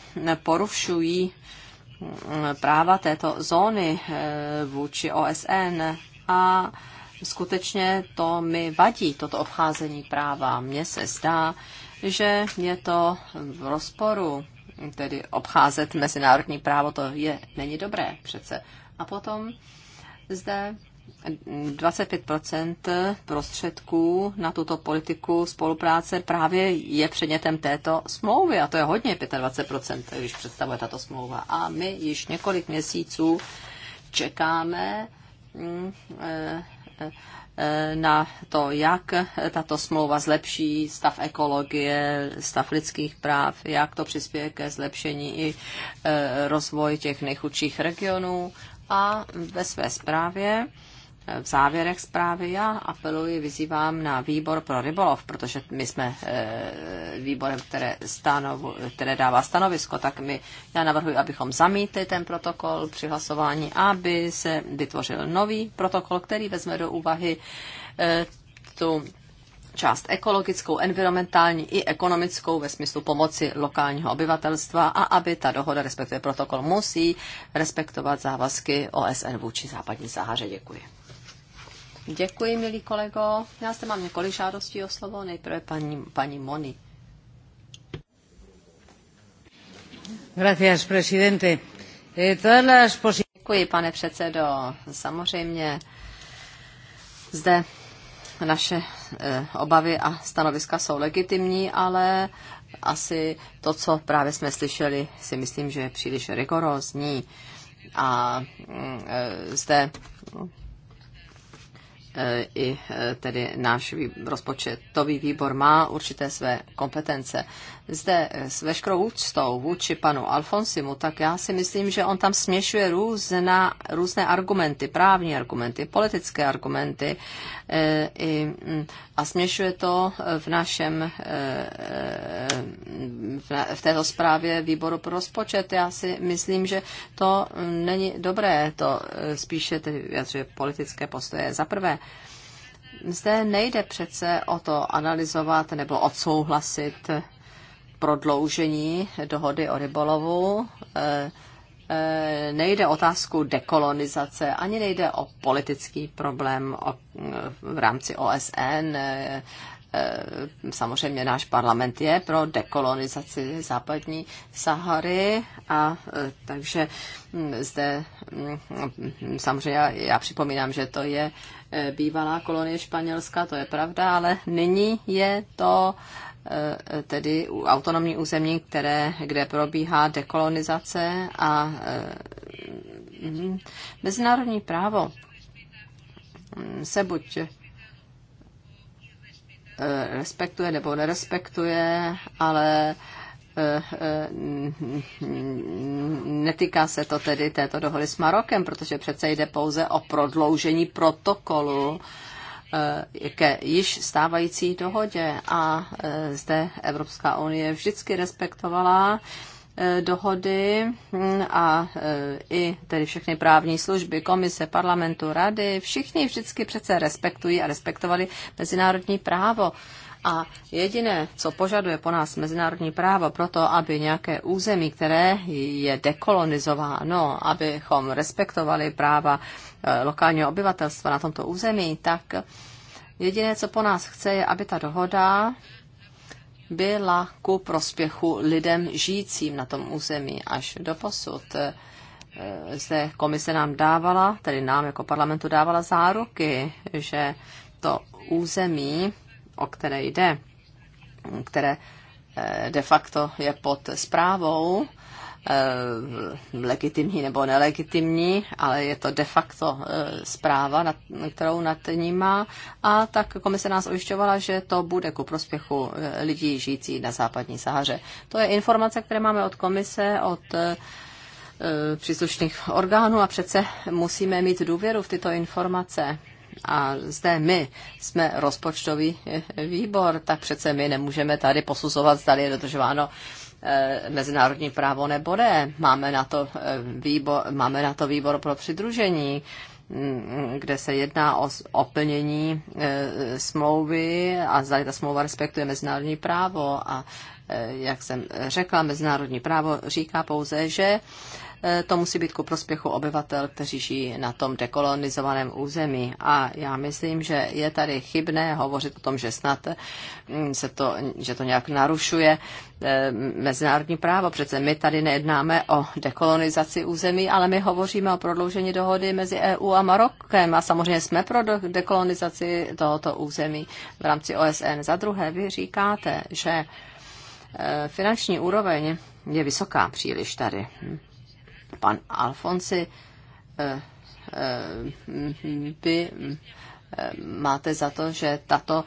porušují práva této zóny eh, vůči OSN a skutečně to mi vadí, toto obcházení práva. Mně se zdá, že je to v rozporu, tedy obcházet mezinárodní právo, to je, není dobré přece. A potom zde 25 prostředků na tuto politiku spolupráce právě je předmětem této smlouvy a to je hodně 25 když představuje tato smlouva. A my již několik měsíců čekáme mm, e, e, na to, jak tato smlouva zlepší stav ekologie, stav lidských práv, jak to přispěje ke zlepšení i e, rozvoji těch nejchudších regionů. A ve své zprávě v závěrech zprávy já apeluji, vyzývám na výbor pro rybolov, protože my jsme eh, výborem, které, stanovu, které dává stanovisko, tak my, já navrhuji, abychom zamítli ten protokol při hlasování, aby se vytvořil nový protokol, který vezme do úvahy eh, tu část ekologickou, environmentální i ekonomickou ve smyslu pomoci lokálního obyvatelstva a aby ta dohoda, respektive protokol, musí respektovat závazky OSN vůči západní Sahaře. Děkuji. Děkuji, milí kolego. Já se mám několik žádostí o slovo. Nejprve paní, paní Moni. Gracias, presidente. Eh, todas las Děkuji, pane předsedo. Samozřejmě zde naše eh, obavy a stanoviska jsou legitimní, ale asi to, co právě jsme slyšeli, si myslím, že je příliš rigorózní. A mm, eh, zde Eh, i eh, tedy náš rozpočtový výbor má určité své kompetence zde eh, s veškerou úctou vůči panu Alfonsimu, tak já si myslím, že on tam směšuje různá, různé argumenty, právní argumenty, politické argumenty e, i, mm, a směšuje to v našem, e, v, na, v této zprávě výboru pro rozpočet. Já si myslím, že to není dobré, to spíše tedy vyjadřuje politické postoje. Za prvé, zde nejde přece o to analyzovat nebo odsouhlasit prodloužení dohody o rybolovu. Eh, eh, nejde otázku dekolonizace, ani nejde o politický problém v rámci OSN. Eh, samozřejmě náš parlament je pro dekolonizaci západní Sahary a takže hm, zde hm, samozřejmě já připomínám, že to je bývalá kolonie Španělska, to je pravda, ale nyní je to Eh, tedy autonomní území, které, kde probíhá dekolonizace a eh, mhm, mezinárodní právo mm, se buď eh, respektuje nebo nerespektuje, ale netýká se to tedy této dohody s Marokem, protože přece jde pouze o prodloužení protokolu Eh, ke již stávající dohodě a eh, zde Evropská unie vždycky respektovala eh, dohody hm, a i tedy všechny právní služby, komise, parlamentu, rady, všichni vždycky přece respektují a respektovali mezinárodní právo. A jediné, co požaduje po nás mezinárodní právo proto, aby nějaké území, které je dekolonizováno, abychom respektovali práva eh, lokálního obyvatelstva na tomto území, tak jediné, co po nás chce, je, aby ta dohoda byla ku prospěchu lidem žijícím na tom území až do posud eh, zde komise nám dávala, tedy nám jako parlamentu dávala záruky, že to území o které jde, které eh, de facto je pod zprávou, eh, legitimní nebo nelegitimní, ale je to de facto eh, zpráva, kterou nad ní má. A tak komise nás ujišťovala, že to bude ku prospěchu lidí žijící na západní Sahaře. To je informace, které máme od komise, od příslušných orgánů a přece musíme mít důvěru v tyto informace a zde my jsme rozpočtový výbor, tak přece my nemůžeme tady posuzovat, zda je dodržováno eh, mezinárodní právo nebo ne. Máme na to eh, výbor, máme na to výbor pro přidružení, mm, kde se jedná o oplnění eh, smlouvy a zda ta smlouva respektuje mezinárodní právo a jak jsem řekla, mezinárodní právo říká pouze, že Eh, to musí být ku prospěchu obyvatel, kteří žijí na tom dekolonizovaném území. A já myslím, že je tady chybné hovořit o tom, že snad mm, se to, že to nějak narušuje eh, mezinárodní právo. Přece my tady nejednáme o dekolonizaci území, ale my hovoříme o prodloužení dohody mezi EU a Marokem a samozřejmě jsme pro dekolonizaci tohoto území v rámci OSN. Za druhé, vy říkáte, že eh, finanční úroveň je vysoká příliš tady. Hm pan Alfonsi by eh, eh, hm, eh, máte za to, že tato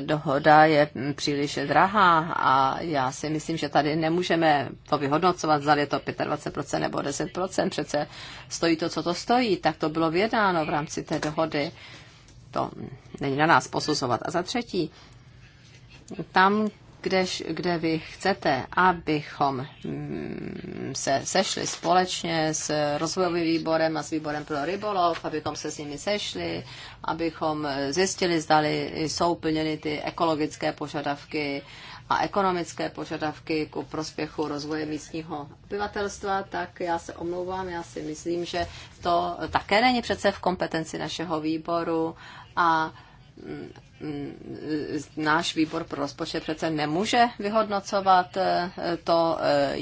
dohoda je příliš drahá a já si myslím, že tady nemůžeme to vyhodnocovat, zda je to 25% nebo 10%, přece stojí to, co to stojí, tak to bylo vědáno v rámci té dohody. To není na nás posuzovat. A za třetí, tam, kdež, kde vy chcete, abychom mm, se sešli společně s rozvojovým výborem a s výborem pro rybolov, abychom se s nimi sešli, abychom zjistili, zdali jsou plněny ty ekologické požadavky a ekonomické požadavky ku prospěchu rozvoje místního obyvatelstva, tak já se omlouvám, já si myslím, že to také není přece v kompetenci našeho výboru a mm, Mm, náš výbor pro rozpočet přece nemůže vyhodnocovat eh, to, eh,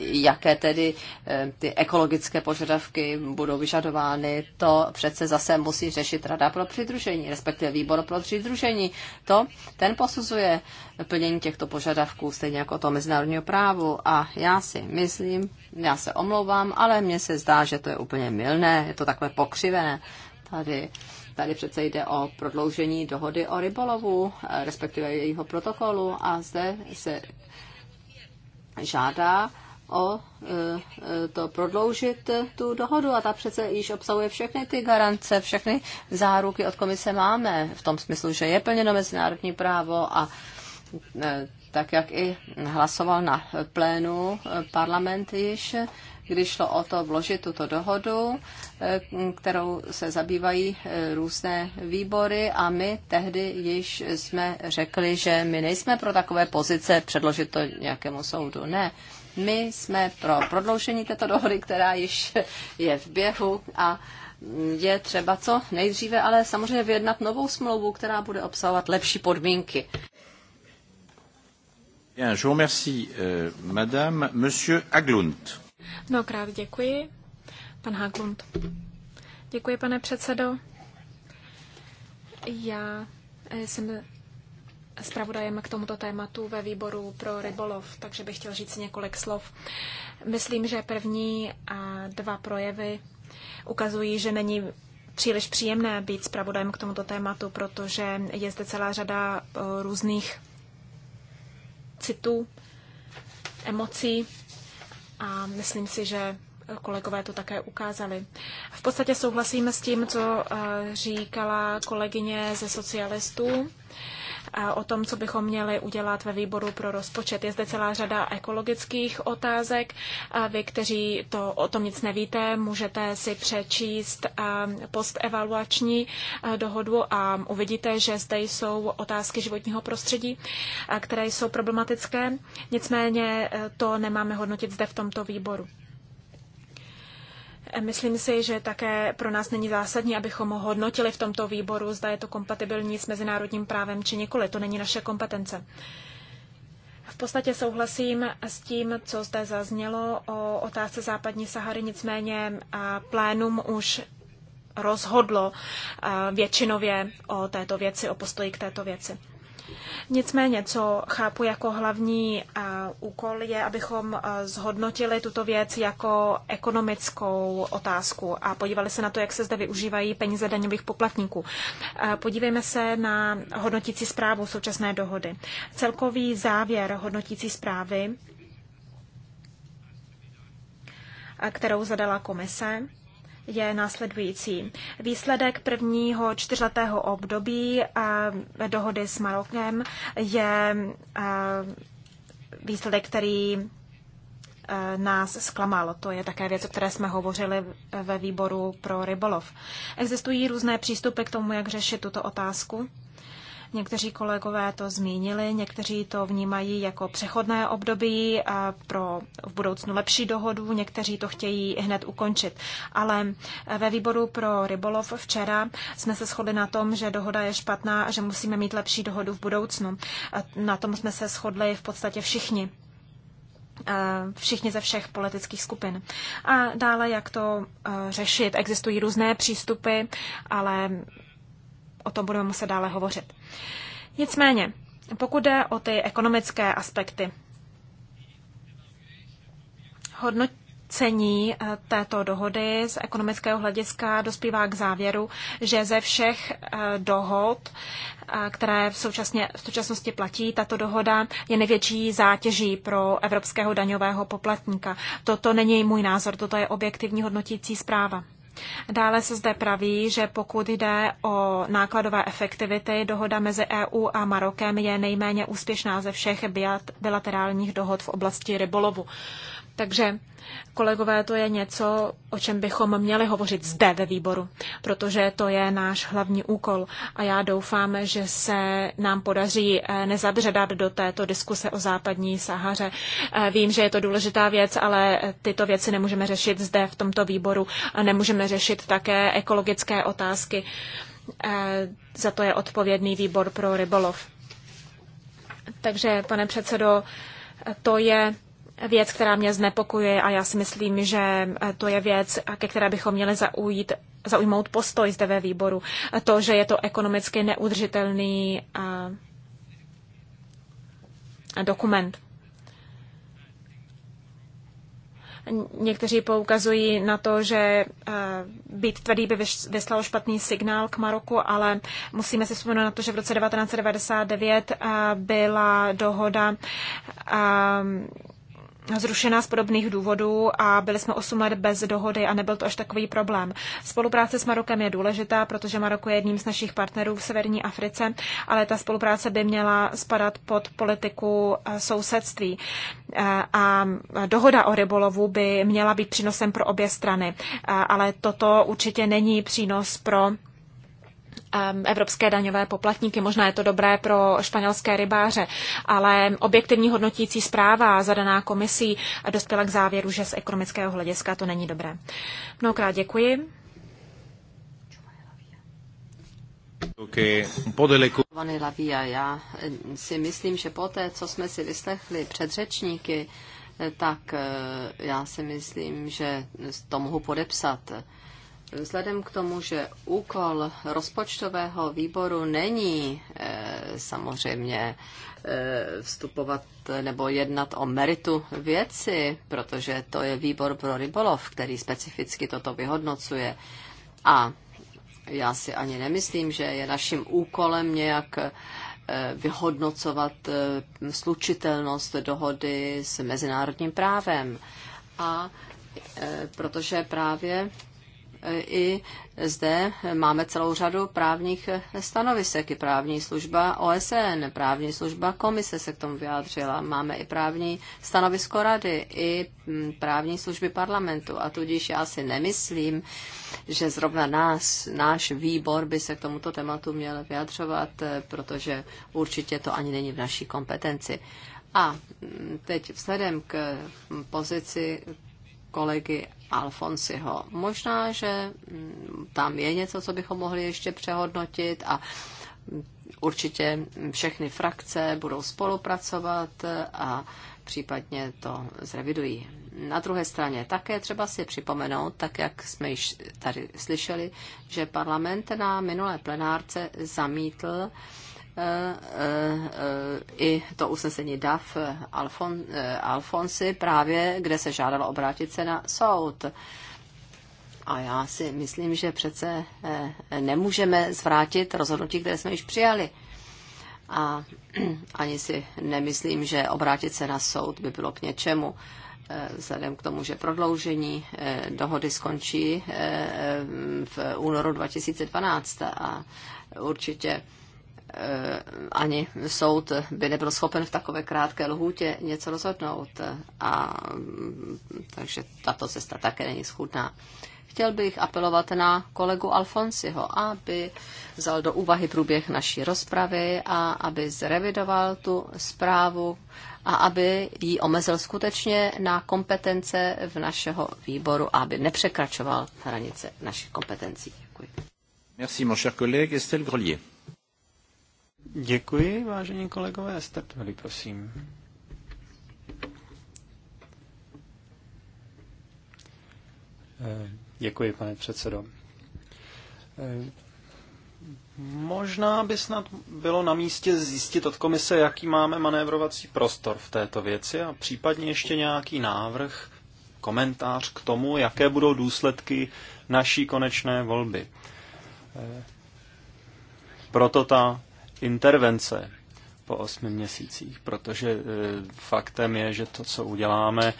jaké tedy eh, ty ekologické požadavky budou vyžadovány. To přece zase musí řešit Rada pro přidružení, respektive výbor pro přidružení. To ten posuzuje plnění těchto požadavků, stejně jako to mezinárodního právu. A já si myslím, já se omlouvám, ale mně se zdá, že to je úplně milné, je to takové pokřivené tady Tady přece jde o prodloužení dohody o rybolovu, eh, respektive jejího protokolu a zde se žádá o eh, to prodloužit tu dohodu a ta přece již obsahuje všechny ty garance, všechny záruky od komise máme v tom smyslu, že je plněno mezinárodní právo a eh, tak jak i hlasoval na plénu parlament již když šlo o to vložit tuto dohodu, eh, kterou se zabývají eh, různé výbory a my tehdy již jsme řekli, že my nejsme pro takové pozice předložit to nějakému soudu. Ne, my jsme pro prodloužení této dohody, která již je v běhu a je třeba co nejdříve, ale samozřejmě vyjednat novou smlouvu, která bude obsahovat lepší podmínky. Bien, je vous remercie, euh, madame, monsieur Aglund. Mnohokrát děkuji. Pan Haglund. Děkuji, pane předsedo. Já eh, jsem zpravodajem k tomuto tématu ve výboru pro rybolov, takže bych chtěl říct několik slov. Myslím, že první a dva projevy ukazují, že není příliš příjemné být zpravodajem k tomuto tématu, protože je zde celá řada eh, různých citů, emocí, a myslím si, že kolegové to také ukázali. V podstatě souhlasíme s tím, co eh, říkala kolegyně ze socialistů o tom, co bychom měli udělat ve výboru pro rozpočet. Je zde celá řada ekologických otázek. Vy, kteří to, o tom nic nevíte, můžete si přečíst postevaluační dohodu a uvidíte, že zde jsou otázky životního prostředí, které jsou problematické. Nicméně e, to nemáme hodnotit zde v tomto výboru. Myslím si, že také pro nás není zásadní, abychom ho hodnotili v tomto výboru, zda je to kompatibilní s mezinárodním právem či nikoli. To není naše kompetence. V podstatě souhlasím s tím, co zde zaznělo o otázce západní Sahary, nicméně plénum už rozhodlo většinově o této věci, o postoji k této věci. Nicméně, co chápu jako hlavní eh, úkol, je, abychom eh, zhodnotili tuto věc jako ekonomickou otázku a podívali se na to, jak se zde využívají peníze daňových poplatníků. Eh, podívejme se na hodnotící zprávu současné dohody. Celkový závěr hodnotící zprávy, kterou zadala komise, je následující. Výsledek prvního čtyřletého období eh, dohody s Marokem je eh, výsledek, který eh, nás zklamalo. To je také věc, o které jsme hovořili ve výboru pro rybolov. Existují různé přístupy k tomu, jak řešit tuto otázku. Někteří kolegové to zmínili, někteří to vnímají jako přechodné období pro v budoucnu lepší dohodu, někteří to chtějí hned ukončit. Ale eh, ve výboru pro rybolov včera jsme se shodli na tom, že dohoda je špatná a že musíme mít lepší dohodu v budoucnu. Na tom jsme se shodli v podstatě všichni eh, všichni ze všech politických skupin. A dále, jak to eh, řešit. Existují různé přístupy, ale o tom budeme muset dále hovořit. Nicméně, pokud jde o ty ekonomické aspekty, hodnocení eh, této dohody z ekonomického hlediska dospívá k závěru, že ze všech eh, dohod, eh, které v, současně, v současnosti platí, tato dohoda je největší zátěží pro evropského daňového poplatníka. Toto není můj názor, toto je objektivní hodnotící zpráva. Dále se zde praví, že pokud jde o nákladové efektivity, dohoda mezi EU a Marokem je nejméně úspěšná ze všech bilaterálních dohod v oblasti rybolovu. Takže, kolegové, to je něco, o čem bychom měli hovořit zde ve výboru, protože to je náš hlavní úkol a já doufám, že se nám podaří eh, nezabředat do této diskuse o západní Sahaře. Eh, vím, že je to důležitá věc, ale eh, tyto věci nemůžeme řešit zde v tomto výboru a nemůžeme řešit také ekologické otázky. Za to je odpovědný výbor pro rybolov. Takže, pane předsedo, to je věc, která mě znepokuje a já si myslím, že eh, to je věc, ke které bychom měli zaujít, zaujmout postoj zde ve výboru. To, že je to ekonomicky neudržitelný eh, dokument. Někteří poukazují na to, že eh, být tvrdý by vyslal špatný signál k Maroku, ale musíme si vzpomenout na to, že v roce 1999 byla dohoda zrušena z podobných důvodů a byli jsme 8 let bez dohody a nebyl to až takový problém. Spolupráce s Marokem je důležitá, protože Maroko je jedním z našich partnerů v severní Africe, ale ta spolupráce by měla spadat pod politiku eh, sousedství. Eh, a dohoda o rybolovu by měla být přínosem pro obě strany, eh, ale toto určitě není přínos pro evropské daňové poplatníky. Možná je to dobré pro španělské rybáře, ale objektivní hodnotící zpráva zadaná komisí dospěla k závěru, že z ekonomického hlediska to není dobré. Mnohokrát děkuji. Okay. Lavia, já eh, si myslím, že po té, co jsme si vyslechli předřečníky, eh, tak eh, já si myslím, že to mohu podepsat Vzhledem k tomu, že úkol rozpočtového výboru není eh, samozřejmě eh, vstupovat nebo jednat o meritu věci, protože to je výbor pro rybolov, který specificky toto vyhodnocuje. A já si ani nemyslím, že je naším úkolem nějak eh, vyhodnocovat slučitelnost dohody s mezinárodním právem. A protože právě i zde máme celou řadu právních stanovisek, i právní služba OSN, právní služba komise se k tomu vyjádřila, máme i právní stanovisko rady, i mm, právní služby parlamentu a tudíž já si nemyslím, že zrovna nás, náš výbor by se k tomuto tématu měl vyjadřovat, eh, protože určitě to ani není v naší kompetenci. A mm, teď vzhledem k pozici kolegy Alfonsiho. Možná, že mm, tam je něco, co bychom mohli ještě přehodnotit a mm, určitě všechny frakce budou spolupracovat a případně to zrevidují. Na druhé straně také třeba si připomenout, tak jak jsme již tady slyšeli, že parlament na minulé plenárce zamítl Eh, eh, eh, i to usnesení DAF Alfon, Alfonsi právě, kde se žádalo obrátit se na soud. A já si myslím, že přece nemůžeme zvrátit rozhodnutí, které jsme již přijali. A ani si nemyslím, že obrátit se na soud by bylo k něčemu vzhledem k tomu, že prodloužení dohody skončí v únoru 2012 a určitě Eh, ani soud by nebyl schopen v takové krátké lhůtě něco rozhodnout. A, mm, takže tato cesta také není schudná. Chtěl bych apelovat na kolegu Alfonsiho, aby vzal do úvahy průběh naší rozpravy a aby zrevidoval tu zprávu a aby ji omezil skutečně na kompetence v našeho výboru a aby nepřekračoval hranice našich kompetencí. Děkuji. Merci, mon cher collègue Estelle Děkuji, vážení kolegové. Startovali, prosím. Eh, děkuji, pane předsedo. Eh, možná by snad bylo na místě zjistit od komise, jaký máme manévrovací prostor v této věci a případně ještě nějaký návrh, komentář k tomu, jaké budou důsledky naší konečné volby. Eh, proto ta intervence po osmi měsících, protože e, faktem je, že to, co uděláme, e,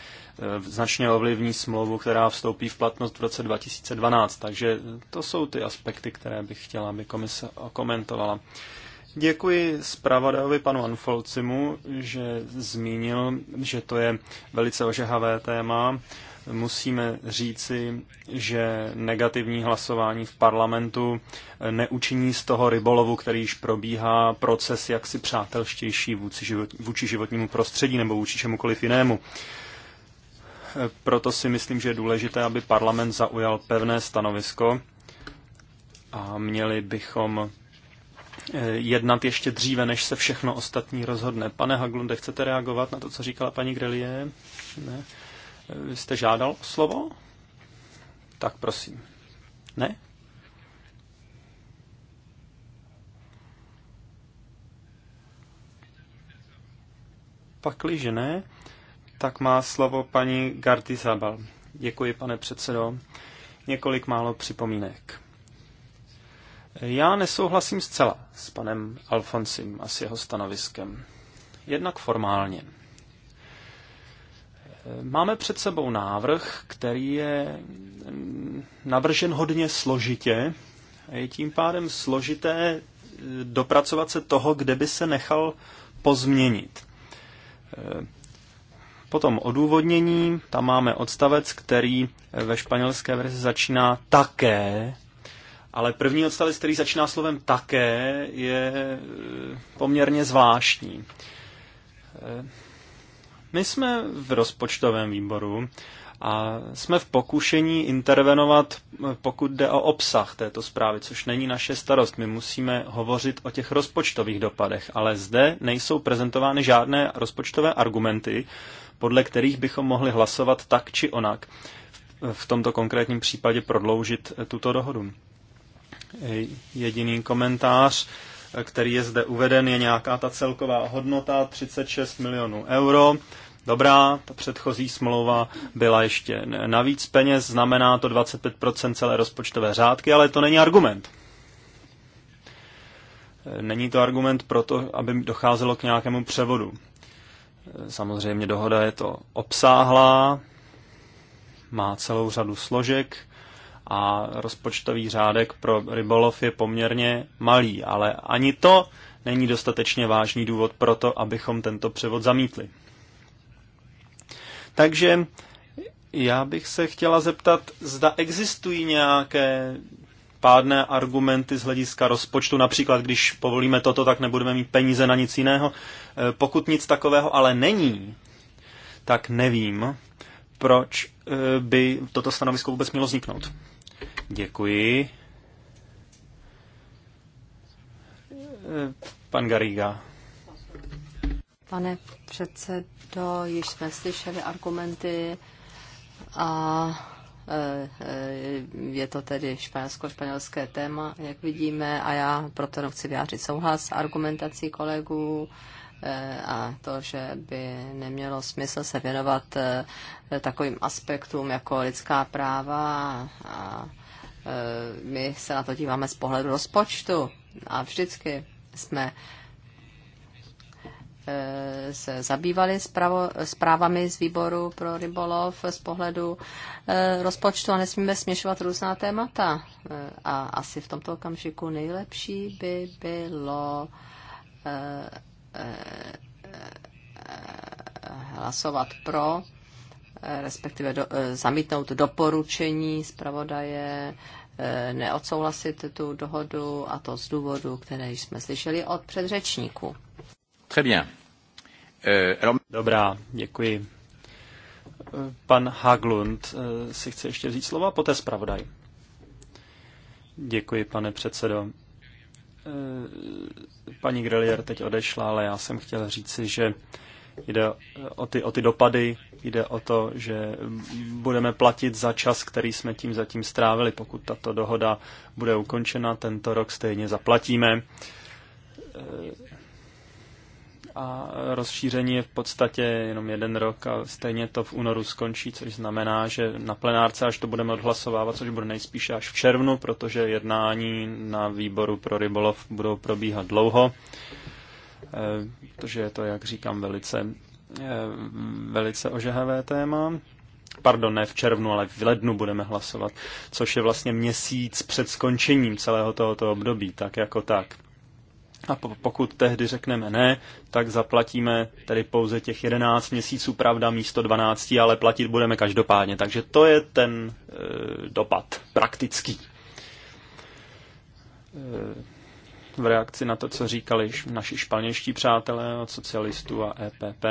značně ovlivní smlouvu, která vstoupí v platnost v roce 2012. Takže e, to jsou ty aspekty, které bych chtěla, aby komise komentovala. Děkuji zpravodajovi panu Anfolcimu, že zmínil, že to je velice ožehavé téma musíme říci, že negativní hlasování v parlamentu neučiní z toho rybolovu, který již probíhá proces jaksi přátelštější vůči, život, vůči životnímu prostředí nebo vůči čemukoliv jinému. Proto si myslím, že je důležité, aby parlament zaujal pevné stanovisko a měli bychom eh, jednat ještě dříve, než se všechno ostatní rozhodne. Pane Haglunde, chcete reagovat na to, co říkala paní Grelie? Ne? Vy eh, jste žádal o slovo? Tak prosím. Ne? Pakliže ne, tak má slovo paní Zabal. Děkuji, pane předsedo. Několik málo připomínek. Já nesouhlasím zcela s panem Alfonsim a s jeho stanoviskem. Jednak formálně. Máme před sebou návrh, který je navržen hodně složitě. a Je tím pádem složité eh, dopracovat se toho, kde by se nechal pozměnit. Eh, potom odůvodnění, tam máme odstavec, který eh, ve španělské verzi začíná také, ale první odstavec, který začíná slovem také, je poměrně zvláštní. My jsme v rozpočtovém výboru a jsme v pokušení intervenovat, eh, pokud jde o obsah této zprávy, což není naše starost. My musíme hovořit o těch rozpočtových dopadech, ale zde nejsou prezentovány žádné rozpočtové argumenty, podle kterých bychom mohli hlasovat tak či onak. V tomto konkrétním případě prodloužit eh, tuto dohodu. Eh, jediný komentář který je zde uveden, je nějaká ta celková hodnota 36 milionů euro. Dobrá, ta předchozí smlouva byla ještě navíc peněz, znamená to 25% celé rozpočtové řádky, ale to není argument. Není to argument pro to, aby docházelo k nějakému převodu. Samozřejmě dohoda je to obsáhlá, má celou řadu složek, a rozpočtový řádek pro rybolov je poměrně malý, ale ani to není dostatečně vážný důvod pro to, abychom tento převod zamítli. Takže já bych se chtěla zeptat, zda existují nějaké pádné argumenty z hlediska rozpočtu, například když povolíme toto, tak nebudeme mít peníze na nic jiného. E, pokud nic takového ale není, tak nevím, proč e, by toto stanovisko vůbec mělo vzniknout. Děkuji. Pan Gariga. Pane předsedo, již jsme slyšeli argumenty a eh, eh, je to tedy španělsko-španělské téma, jak vidíme, a já proto chci vyjádřit souhlas s argumentací kolegů a to, že by nemělo smysl se věnovat eh, takovým aspektům jako lidská práva a eh, my se na to díváme z pohledu rozpočtu a vždycky jsme eh, se zabývali s zprávami z výboru pro rybolov z pohledu rozpočtu a nesmíme směšovat různá témata. A asi v tomto okamžiku nejlepší by bylo hlasovat pro, respektive do, eh, zamítnout doporučení zpravodaje, eh, neodsouhlasit tu dohodu a to z důvodu, které jsme slyšeli od předřečníků. Eh, Dobrá, děkuji. Pan Haglund si chce ještě vzít slova, poté zpravodaj. Děkuji, pane předsedo. Eh, paní Grelier teď odešla, ale já jsem chtěl říci, že jde o ty, o ty dopady, jde o to, že budeme platit za čas, který jsme tím zatím strávili. Pokud tato dohoda bude ukončena tento rok, stejně zaplatíme eh, a rozšíření je v podstatě jenom jeden rok a stejně to v únoru skončí, což znamená, že na plenárce až to budeme odhlasovávat, což bude nejspíše až v červnu, protože jednání na výboru pro rybolov budou probíhat dlouho, eh, protože je to, jak říkám, velice, eh, velice ožehavé téma. Pardon, ne v červnu, ale v lednu budeme hlasovat, což je vlastně měsíc před skončením celého tohoto období, tak jako tak. A pokud tehdy řekneme ne, tak zaplatíme tedy pouze těch 11 měsíců, pravda, místo 12, ale platit budeme každopádně. Takže to je ten e, dopad praktický. E, v reakci na to, co říkali naši španělští přátelé od socialistů a EPP.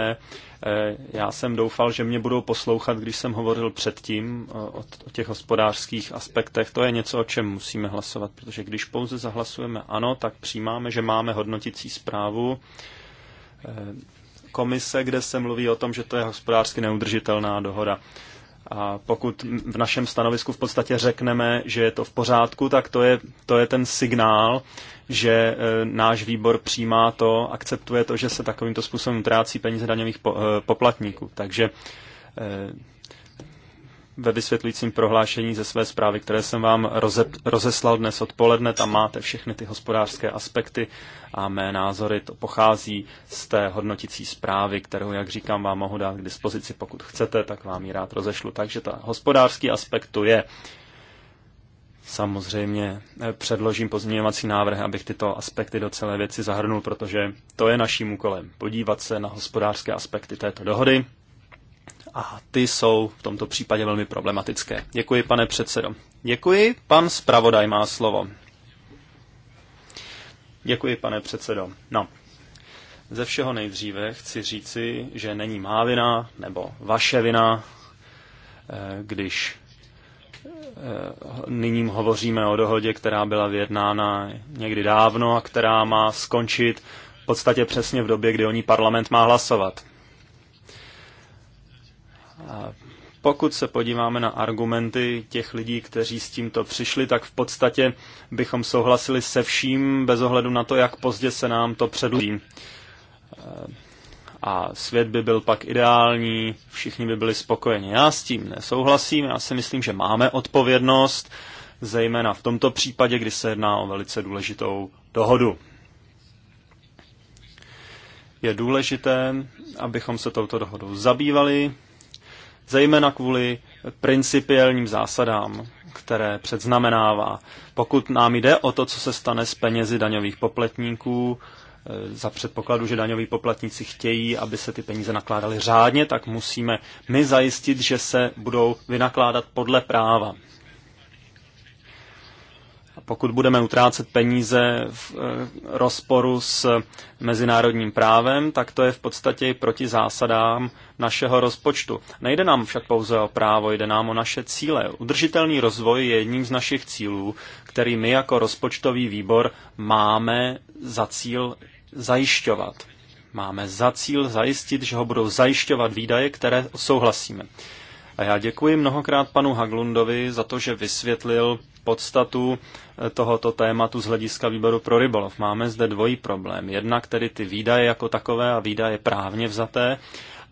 Eh, já jsem doufal, že mě budou poslouchat, když jsem hovořil předtím eh, o, těch hospodářských aspektech. To je něco, o čem musíme hlasovat, protože když pouze zahlasujeme ano, tak přijímáme, že máme hodnotící zprávu eh, komise, kde se mluví o tom, že to je hospodářsky neudržitelná dohoda. A pokud v našem stanovisku v podstatě řekneme, že je to v pořádku, tak to je, to je ten signál, že e, náš výbor přijímá to, akceptuje to, že se takovýmto způsobem utrácí peníze daňových po, e, poplatníků. Takže e, ve vysvětlujícím prohlášení ze své zprávy, které jsem vám roze, rozeslal dnes odpoledne. Tam máte všechny ty hospodářské aspekty a mé názory. To pochází z té hodnotící zprávy, kterou, jak říkám, vám mohu dát k dispozici. Pokud chcete, tak vám ji rád rozešlu. Takže ta hospodářský aspekt tu je. Samozřejmě eh, předložím pozměňovací návrh, abych tyto aspekty do celé věci zahrnul, protože to je naším úkolem podívat se na hospodářské aspekty této dohody a ty jsou v tomto případě velmi problematické. Děkuji, pane předsedo. Děkuji, pan zpravodaj má slovo. Děkuji, pane předsedo. No, ze všeho nejdříve chci říci, že není má vina nebo vaše vina, eh, když eh, nyní hovoříme o dohodě, která byla vyjednána někdy dávno a která má skončit v podstatě přesně v době, kdy o ní parlament má hlasovat pokud se podíváme na argumenty těch lidí, kteří s tímto přišli, tak v podstatě bychom souhlasili se vším bez ohledu na to, jak pozdě se nám to předlí. A svět by byl pak ideální, všichni by byli spokojeni. Já s tím nesouhlasím, já si myslím, že máme odpovědnost, zejména v tomto případě, kdy se jedná o velice důležitou dohodu. Je důležité, abychom se touto dohodou zabývali, zejména kvůli principiálním zásadám, které předznamenává. Pokud nám jde o to, co se stane s penězi daňových poplatníků, e, za předpokladu, že daňoví poplatníci chtějí, aby se ty peníze nakládaly řádně, tak musíme my zajistit, že se budou vynakládat podle práva. Pokud budeme utrácet peníze v eh, rozporu s mezinárodním právem, tak to je v podstatě i proti zásadám našeho rozpočtu. Nejde nám však pouze o právo, jde nám o naše cíle. Udržitelný rozvoj je jedním z našich cílů, který my jako rozpočtový výbor máme za cíl zajišťovat. Máme za cíl zajistit, že ho budou zajišťovat výdaje, které souhlasíme. A já děkuji mnohokrát panu Haglundovi za to, že vysvětlil podstatu eh, tohoto tématu z hlediska výboru pro rybolov. Máme zde dvojí problém. Jednak tedy ty výdaje jako takové a výdaje právně vzaté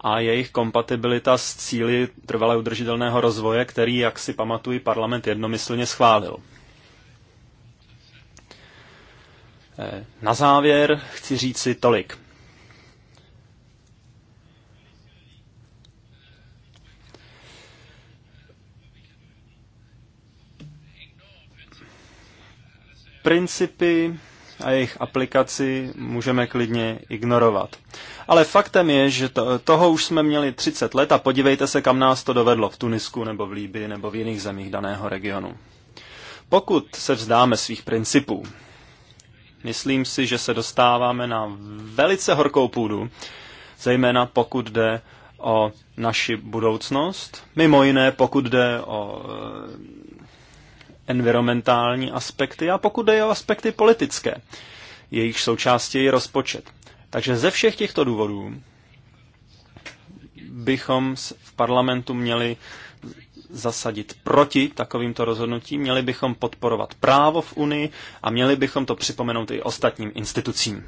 a jejich kompatibilita s cíly trvale udržitelného rozvoje, který, jak si pamatují, parlament jednomyslně schválil. Eh, na závěr chci říct si tolik. Principy a jejich aplikaci můžeme klidně ignorovat. Ale faktem je, že to, toho už jsme měli 30 let a podívejte se, kam nás to dovedlo v Tunisku nebo v Líbii nebo v jiných zemích daného regionu. Pokud se vzdáme svých principů, myslím si, že se dostáváme na velice horkou půdu, zejména pokud jde o naši budoucnost, mimo jiné pokud jde o environmentální aspekty a pokud jde o aspekty politické, jejich součástí je rozpočet. Takže ze všech těchto důvodů bychom v parlamentu měli zasadit proti takovýmto rozhodnutím, měli bychom podporovat právo v Unii a měli bychom to připomenout i ostatním institucím.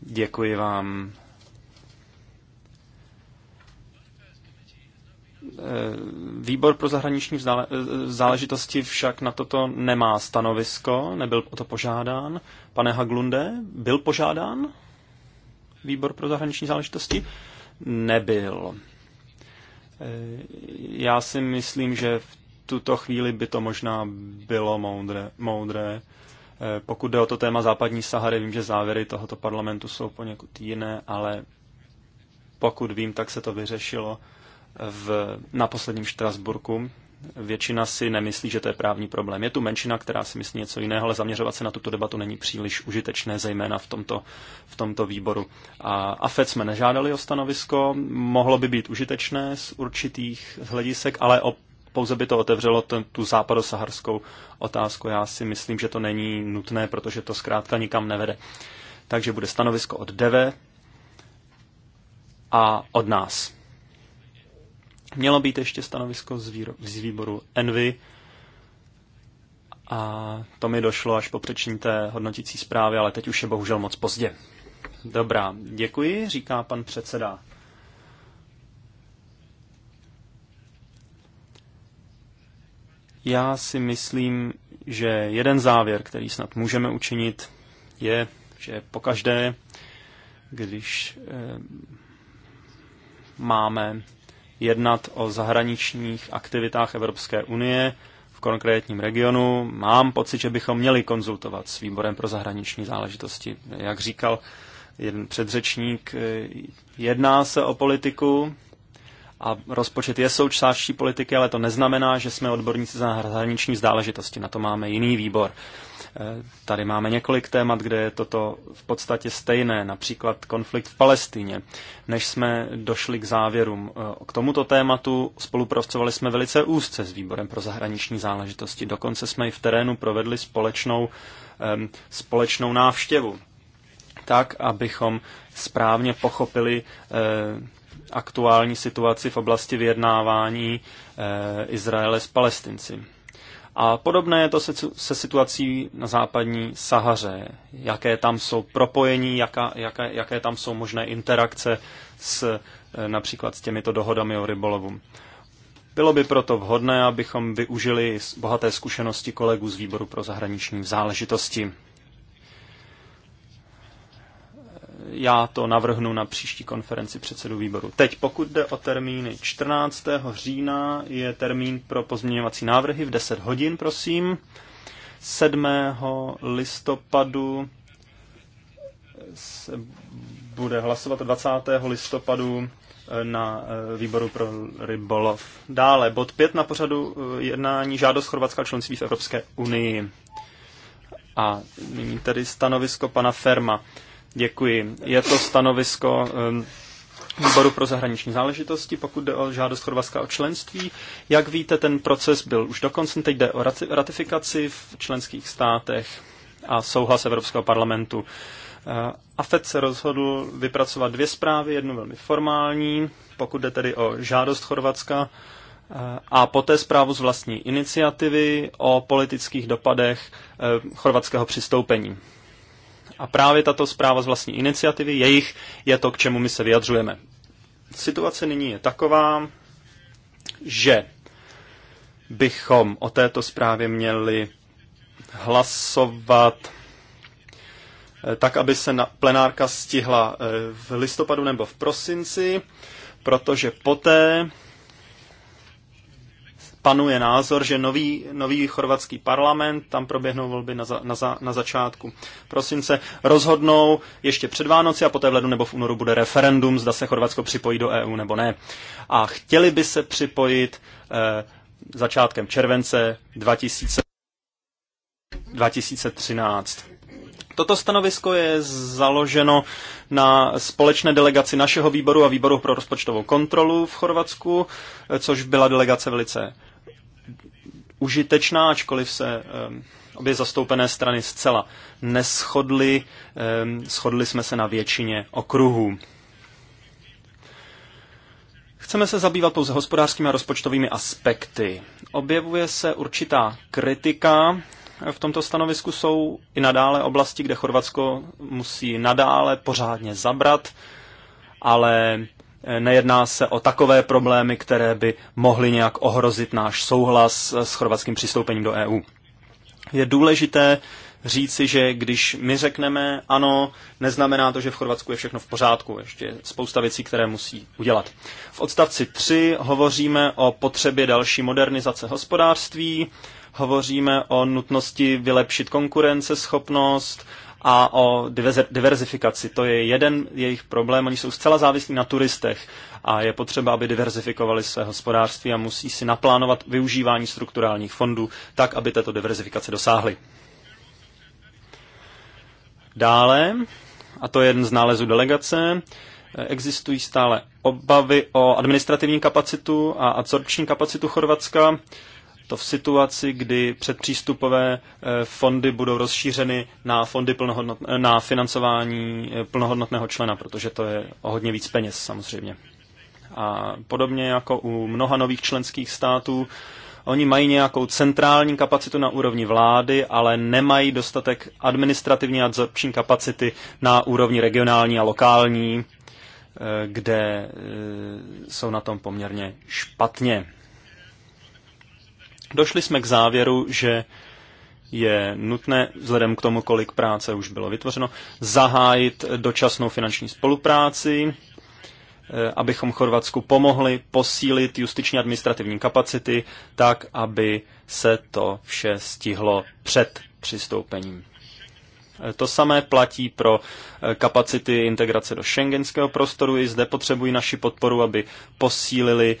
Děkuji vám Výbor pro zahraniční záležitosti však na toto nemá stanovisko, nebyl o to požádán. Pane Haglunde, byl požádán výbor pro zahraniční záležitosti? Nebyl. E, já si myslím, že v tuto chvíli by to možná bylo moudré. moudré. E, pokud jde o to téma západní Sahary, vím, že závěry tohoto parlamentu jsou poněkud jiné, ale pokud vím, tak se to vyřešilo v, na posledním Štrasburku. Většina si nemyslí, že to je právní problém. Je tu menšina, která si myslí něco jiného, ale zaměřovat se na tuto debatu není příliš užitečné, zejména v tomto, v tomto výboru. A AFED jsme nežádali o stanovisko, mohlo by být užitečné z určitých hledisek, ale o pouze by to otevřelo ten, tu západosaharskou otázku. Já si myslím, že to není nutné, protože to zkrátka nikam nevede. Takže bude stanovisko od DEVE a od nás. Mělo být ještě stanovisko z, výro- z výboru Envy a to mi došlo až po přečtení té hodnotící zprávy, ale teď už je bohužel moc pozdě. Dobrá, děkuji, říká pan předseda. Já si myslím, že jeden závěr, který snad můžeme učinit, je, že pokaždé, když eh, máme jednat o zahraničních aktivitách Evropské unie v konkrétním regionu. Mám pocit, že bychom měli konzultovat s výborem pro zahraniční záležitosti. Jak říkal jeden předřečník, jedná se o politiku a rozpočet je součástí politiky, ale to neznamená, že jsme odborníci za zahraniční záležitosti. Na to máme jiný výbor. Tady máme několik témat, kde je toto v podstatě stejné, například konflikt v Palestíně. Než jsme došli k závěrům eh, k tomuto tématu, spolupracovali jsme velice úzce s Výborem pro zahraniční záležitosti. Dokonce jsme i v terénu provedli společnou, společnou návštěvu, tak, abychom správně pochopili eh, aktuální situaci v oblasti vyjednávání eh, Izraele s Palestinci. A podobné je to se, se situací na západní Sahaře. Jaké tam jsou propojení, jaka, jaké, jaké tam jsou možné interakce s e, například s těmito dohodami o rybolovu. Bylo by proto vhodné, abychom využili bohaté zkušenosti kolegů z výboru pro zahraniční záležitosti. já to navrhnu na příští konferenci předsedů výboru. Teď, pokud jde o termíny, 14. října je termín pro pozměňovací návrhy v 10 hodin, prosím. 7. listopadu se bude hlasovat 20. listopadu eh, na eh, výboru pro rybolov. Dále, bod 5 na pořadu eh, jednání žádost Chorvatska členství v Evropské unii. A nyní tedy stanovisko pana Ferma. Děkuji. Je to stanovisko ehm, výboru pro zahraniční záležitosti, pokud jde o žádost Chorvatska o členství. Jak víte, ten proces byl už dokončen, teď jde o ratifikaci v členských státech a souhlas Evropského parlamentu. Eh, AFED se rozhodl vypracovat dvě zprávy, jednu velmi formální, pokud jde tedy o žádost Chorvatska, eh, a poté zprávu z vlastní iniciativy o politických dopadech eh, chorvatského přistoupení. A právě tato zpráva z vlastní iniciativy, jejich, je to, k čemu my se vyjadřujeme. Situace nyní je taková, že bychom o této zprávě měli hlasovat eh, tak, aby se na plenárka stihla eh, v listopadu nebo v prosinci, protože poté panuje názor, že nový, nový chorvatský parlament, tam proběhnou volby na, za, na, za, na začátku prosince, rozhodnou ještě před Vánoci a poté v lednu nebo v únoru bude referendum, zda se Chorvatsko připojí do EU nebo ne. A chtěli by se připojit eh, začátkem července 2000, 2013. Toto stanovisko je založeno na společné delegaci našeho výboru a výboru pro rozpočtovou kontrolu v Chorvatsku, eh, což byla delegace velice užitečná, ačkoliv se ehm, obě zastoupené strany zcela neschodly, ehm, shodli jsme se na většině okruhů. Chceme se zabývat pouze hospodářskými a rozpočtovými aspekty. Objevuje se určitá kritika. V tomto stanovisku jsou i nadále oblasti, kde Chorvatsko musí nadále pořádně zabrat, ale Nejedná se o takové problémy, které by mohly nějak ohrozit náš souhlas s chorvatským přistoupením do EU. Je důležité říci, že když my řekneme ano, neznamená to, že v Chorvatsku je všechno v pořádku. Ještě spousta věcí, které musí udělat. V odstavci 3 hovoříme o potřebě další modernizace hospodářství, hovoříme o nutnosti vylepšit konkurenceschopnost, a o diverzifikaci. To je jeden jejich problém. Oni jsou zcela závislí na turistech a je potřeba, aby diverzifikovali své hospodářství a musí si naplánovat využívání strukturálních fondů tak, aby této diverzifikace dosáhly. Dále, a to je jeden z nálezů delegace, existují stále obavy o administrativní kapacitu a absorpční kapacitu Chorvatska. To v situaci, kdy předpřístupové eh, fondy budou rozšířeny na fondy plnohodnot, na financování eh, plnohodnotného člena, protože to je o hodně víc peněz samozřejmě. A podobně jako u mnoha nových členských států, Oni mají nějakou centrální kapacitu na úrovni vlády, ale nemají dostatek administrativní a dozorční kapacity na úrovni regionální a lokální, eh, kde jsou na tom poměrně špatně. Došli jsme k závěru, že je nutné, vzhledem k tomu, kolik práce už bylo vytvořeno, zahájit dočasnou finanční spolupráci, eh, abychom Chorvatsku pomohli posílit justiční administrativní kapacity tak, aby se to vše stihlo před přistoupením. Eh, to samé platí pro eh, kapacity integrace do šengenského prostoru. I zde potřebují naši podporu, aby posílili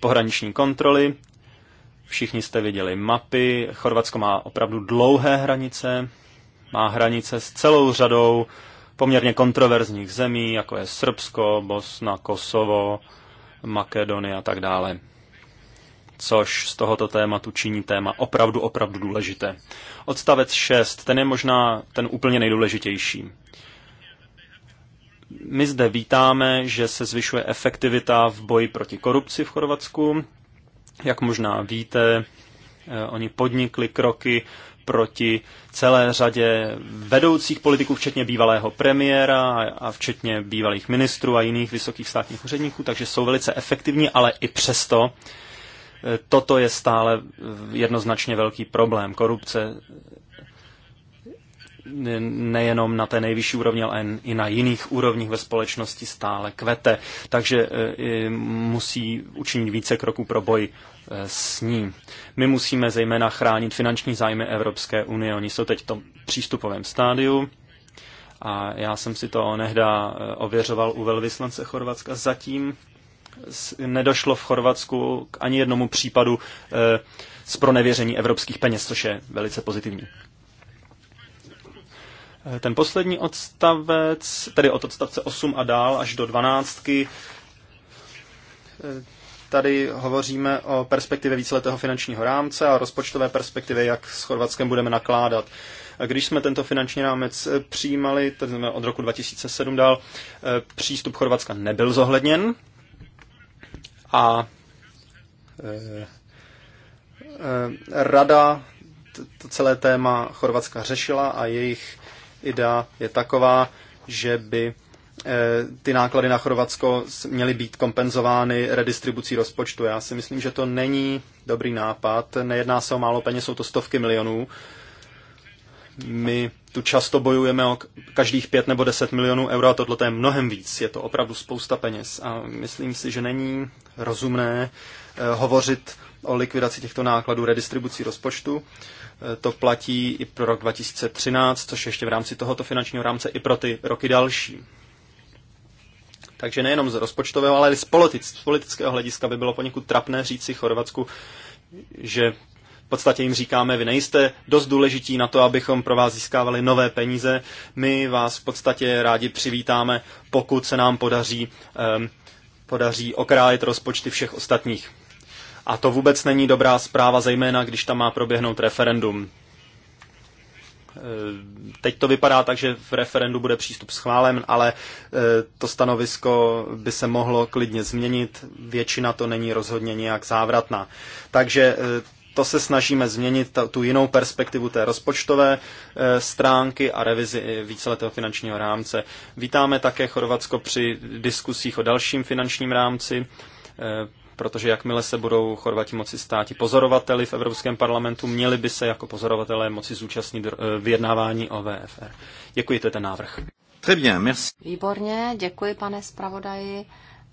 pohraniční kontroly Všichni jste viděli mapy. Chorvatsko má opravdu dlouhé hranice. Má hranice s celou řadou poměrně kontroverzních zemí, jako je Srbsko, Bosna, Kosovo, Makedonie a tak dále. Což z tohoto tématu činí téma opravdu, opravdu důležité. Odstavec 6, ten je možná ten úplně nejdůležitější. My zde vítáme, že se zvyšuje efektivita v boji proti korupci v Chorvatsku. Jak možná víte, eh, oni podnikli kroky proti celé řadě vedoucích politiků, včetně bývalého premiéra a včetně bývalých ministrů a jiných vysokých státních úředníků, takže jsou velice efektivní, ale i přesto eh, toto je stále eh, jednoznačně velký problém. Korupce nejenom na té nejvyšší úrovni, ale i na jiných úrovních ve společnosti stále kvete. Takže e, musí učinit více kroků pro boj e, s ním. My musíme zejména chránit finanční zájmy Evropské unie. Oni jsou teď v tom přístupovém stádiu. A já jsem si to nehda e, ověřoval u velvyslance Chorvatska. Zatím nedošlo v Chorvatsku k ani jednomu případu z pronevěření evropských peněz, což je velice pozitivní. Ten poslední odstavec, tedy od odstavce 8 a dál až do 12, tady hovoříme o perspektivě víceletého finančního rámce a rozpočtové perspektivě, jak s Chorvatskem budeme nakládat. Když jsme tento finanční rámec přijímali, to znamená od roku 2007 dál, přístup Chorvatska nebyl zohledněn a e, e, rada to celé téma Chorvatska řešila a jejich idea je taková, že by eh, ty náklady na Chorvatsko měly být kompenzovány redistribucí rozpočtu. Já si myslím, že to není dobrý nápad. Nejedná se o málo peněz, jsou to stovky milionů. My tu často bojujeme o každých pět nebo deset milionů euro a tohle je mnohem víc. Je to opravdu spousta peněz a myslím si, že není rozumné eh, hovořit o likvidaci těchto nákladů redistribucí rozpočtu. To platí i pro rok 2013, což ještě v rámci tohoto finančního rámce i pro ty roky další. Takže nejenom z rozpočtového, ale i z, politic, z politického hlediska by bylo poněkud trapné říct si Chorvatsku, že v podstatě jim říkáme, vy nejste dost důležití na to, abychom pro vás získávali nové peníze. My vás v podstatě rádi přivítáme, pokud se nám podaří, eh, podaří okrájet rozpočty všech ostatních. A to vůbec není dobrá zpráva, zejména když tam má proběhnout referendum. E, teď to vypadá tak, že v referendu bude přístup schválen, ale e, to stanovisko by se mohlo klidně změnit. Většina to není rozhodně nějak závratná. Takže e, to se snažíme změnit, tu jinou perspektivu té rozpočtové stránky a revizi víceletého finančního rámce. Vítáme také Chorvatsko při diskusích o dalším finančním rámci protože jakmile se budou Chorvati moci státi pozorovateli v Evropském parlamentu, měli by se jako pozorovatelé moci zúčastnit eh, vyjednávání o VFR. Děkuji, to je ten návrh. bien, merci. Výborně, děkuji pane zpravodaji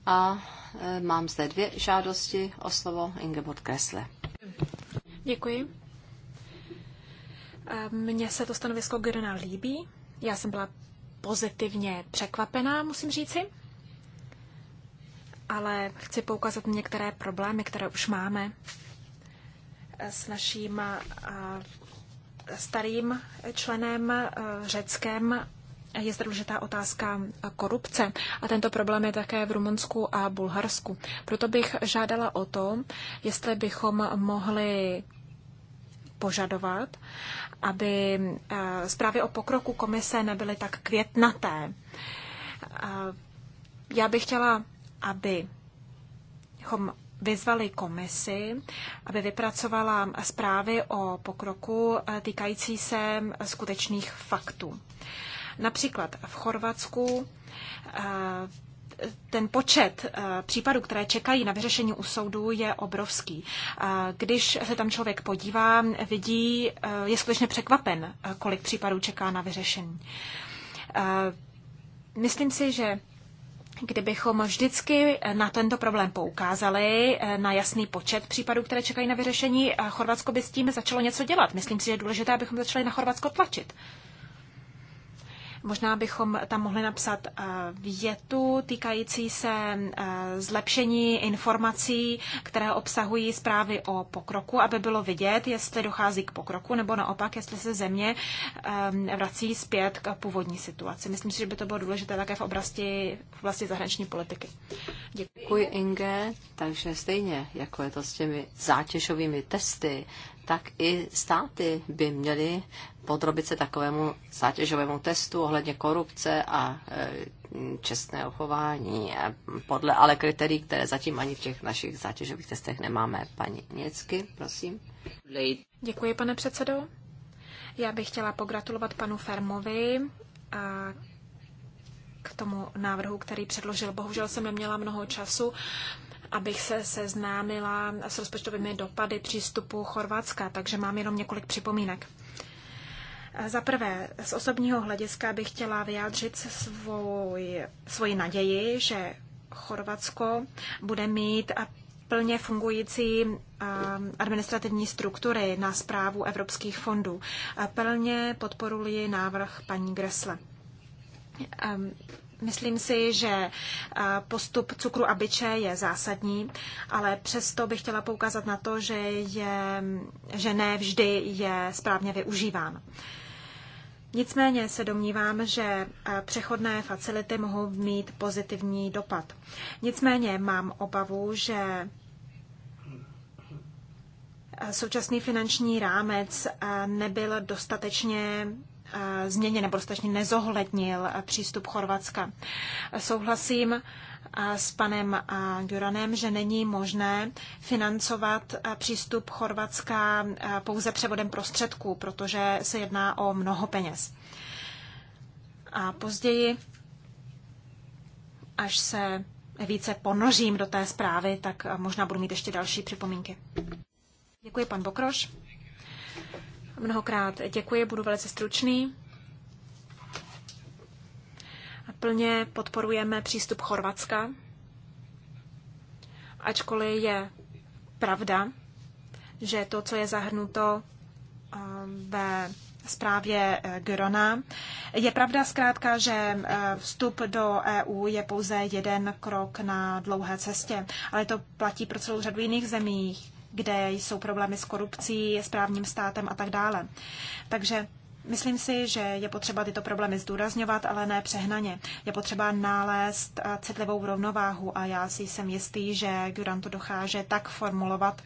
a e, mám zde dvě žádosti o slovo Ingeborg Kresle. Děkuji. Mně se to stanovisko Grna líbí. Já jsem byla pozitivně překvapená, musím říci ale chci poukázat některé problémy, které už máme s naším starým členem řeckém je zde důležitá otázka korupce a tento problém je také v Rumunsku a Bulharsku. Proto bych žádala o to, jestli bychom mohli požadovat, aby zprávy o pokroku komise nebyly tak květnaté. Já bych chtěla abychom vyzvali komisi, aby vypracovala zprávy o pokroku eh, týkající se skutečných faktů. Například v Chorvatsku eh, ten počet eh, případů, které čekají na vyřešení u soudu, je obrovský. Když se tam člověk podívá, vidí, je skutečně překvapen, kolik případů čeká na vyřešení. Myslím si, že kdybychom vždycky eh, na tento problém poukázali, eh, na jasný počet případů, které čekají na vyřešení, Chorvatsko by s tím začalo něco dělat. Myslím si, že je důležité, abychom začali na Chorvatsko tlačit. Možná bychom tam mohli napsat eh, větu týkající se eh, zlepšení informací, které obsahují zprávy o pokroku, aby bylo vidět, jestli dochází k pokroku, nebo naopak, jestli se země eh, vrací zpět k původní situaci. Myslím si, že by to bylo důležité také v oblasti, v oblasti zahraniční politiky. Děkuji. Děkuji, Inge. Takže stejně, jako je to s těmi zátěžovými testy, tak i státy by měly podrobit se takovému zátěžovému testu ohledně korupce a e, čestného chování, podle ale kritérií, které zatím ani v těch našich zátěžových testech nemáme. Paní Něcky, prosím. Děkuji, pane předsedo. Já bych chtěla pogratulovat panu Fermovi k tomu návrhu, který předložil. Bohužel jsem neměla mnoho času abych se seznámila s rozpočtovými dopady přístupu Chorvatska, takže mám jenom několik připomínek. Za prvé, z osobního hlediska bych chtěla vyjádřit svoj, svoji naději, že Chorvatsko bude mít a plně fungující um, administrativní struktury na zprávu evropských fondů. Plně podporuji návrh paní Gresle. Um, Myslím si, že eh, postup cukru a byče je zásadní, ale přesto bych chtěla poukázat na to, že, je, že ne vždy je správně využíván. Nicméně se domnívám, že eh, přechodné facility mohou mít pozitivní dopad. Nicméně mám obavu, že eh, současný finanční rámec nebyl dostatečně změně nebo dostatečně nezohlednil přístup Chorvatska. Souhlasím s panem Duranem, že není možné financovat přístup Chorvatska pouze převodem prostředků, protože se jedná o mnoho peněz. A později, až se více ponořím do té zprávy, tak možná budu mít ještě další připomínky. Děkuji, pan Bokroš. Mnohokrát děkuji, budu velice stručný. Plně podporujeme přístup Chorvatska, ačkoliv je pravda, že to, co je zahrnuto ehm, ve zprávě eh, Grona. Je pravda zkrátka, že eh, vstup do EU je pouze jeden krok na dlouhé cestě, ale to platí pro celou řadu jiných zemí, kde jsou problémy s korupcí, s právním státem a tak dále. Takže Myslím si, že je potřeba tyto problémy zdůrazňovat, ale ne přehnaně. Je potřeba nalézt eh, citlivou rovnováhu a já si jsem jistý, že Guran to dokáže tak formulovat,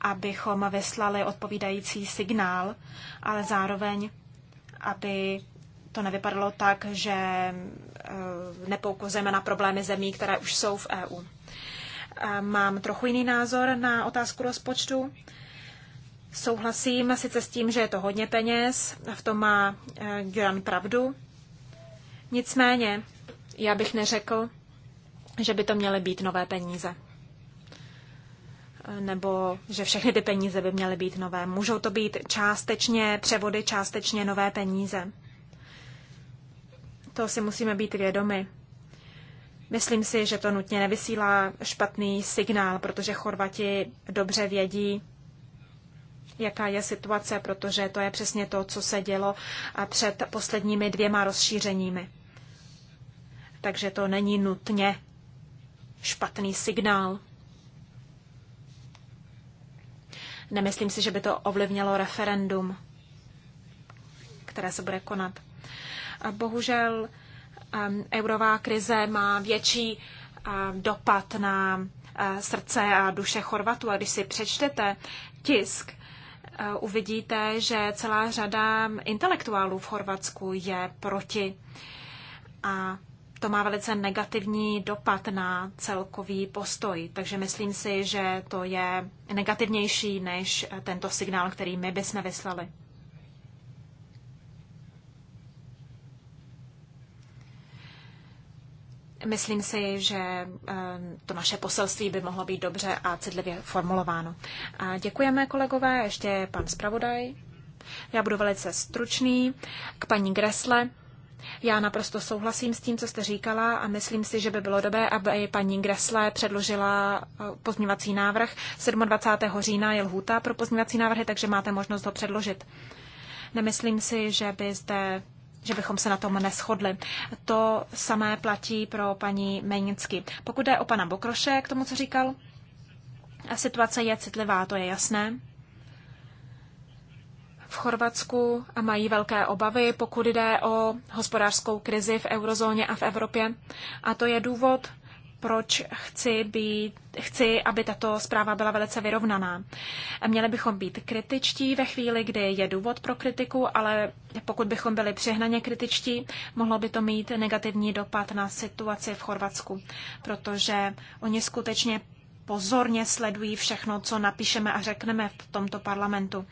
abychom vyslali odpovídající signál, ale zároveň, aby to nevypadalo tak, že eh, nepoukazujeme na problémy zemí, které už jsou v EU mám trochu jiný názor na otázku rozpočtu. Souhlasím sice s tím, že je to hodně peněz, v tom má Göran eh, pravdu. Nicméně, já bych neřekl, že by to měly být nové peníze. Eh, nebo že všechny ty peníze by měly být nové. Můžou to být částečně převody, částečně nové peníze. To si musíme být vědomi. Myslím si, že to nutně nevysílá špatný signál, protože Chorvati dobře vědí, jaká je situace, protože to je přesně to, co se dělo před posledními dvěma rozšířeními. Takže to není nutně špatný signál. Nemyslím si, že by to ovlivnilo referendum, které se bude konat. A bohužel Ehm, eurová krize má větší ehm, dopad na eh, srdce a duše Chorvatu. A když si přečtete tisk, eh, uvidíte, že celá řada intelektuálů v Chorvatsku je proti. A to má velice negativní dopad na celkový postoj. Takže myslím si, že to je negativnější než tento signál, který my bychom vyslali. Myslím si, že ehm, to naše poselství by mohlo být dobře a citlivě formulováno. A děkujeme, kolegové, ještě pan zpravodaj. Já budu velice stručný k paní Gresle. Já naprosto souhlasím s tím, co jste říkala a myslím si, že by bylo dobré, aby paní Gresle předložila eh, pozměňovací návrh. 27. října je lhůta pro pozměňovací návrhy, takže máte možnost ho předložit. Nemyslím si, že by zde že bychom se na tom neschodli. To samé platí pro paní Menicky. Pokud jde o pana Bokroše, k tomu, co říkal, a situace je citlivá, to je jasné. V Chorvatsku mají velké obavy, pokud jde o hospodářskou krizi v eurozóně a v Evropě. A to je důvod, proč chci, být, chci, aby tato zpráva byla velice vyrovnaná. Měli bychom být kritičtí ve chvíli, kdy je důvod pro kritiku, ale pokud bychom byli přehnaně kritičtí, mohlo by to mít negativní dopad na situaci v Chorvatsku, protože oni skutečně pozorně sledují všechno, co napíšeme a řekneme v tomto parlamentu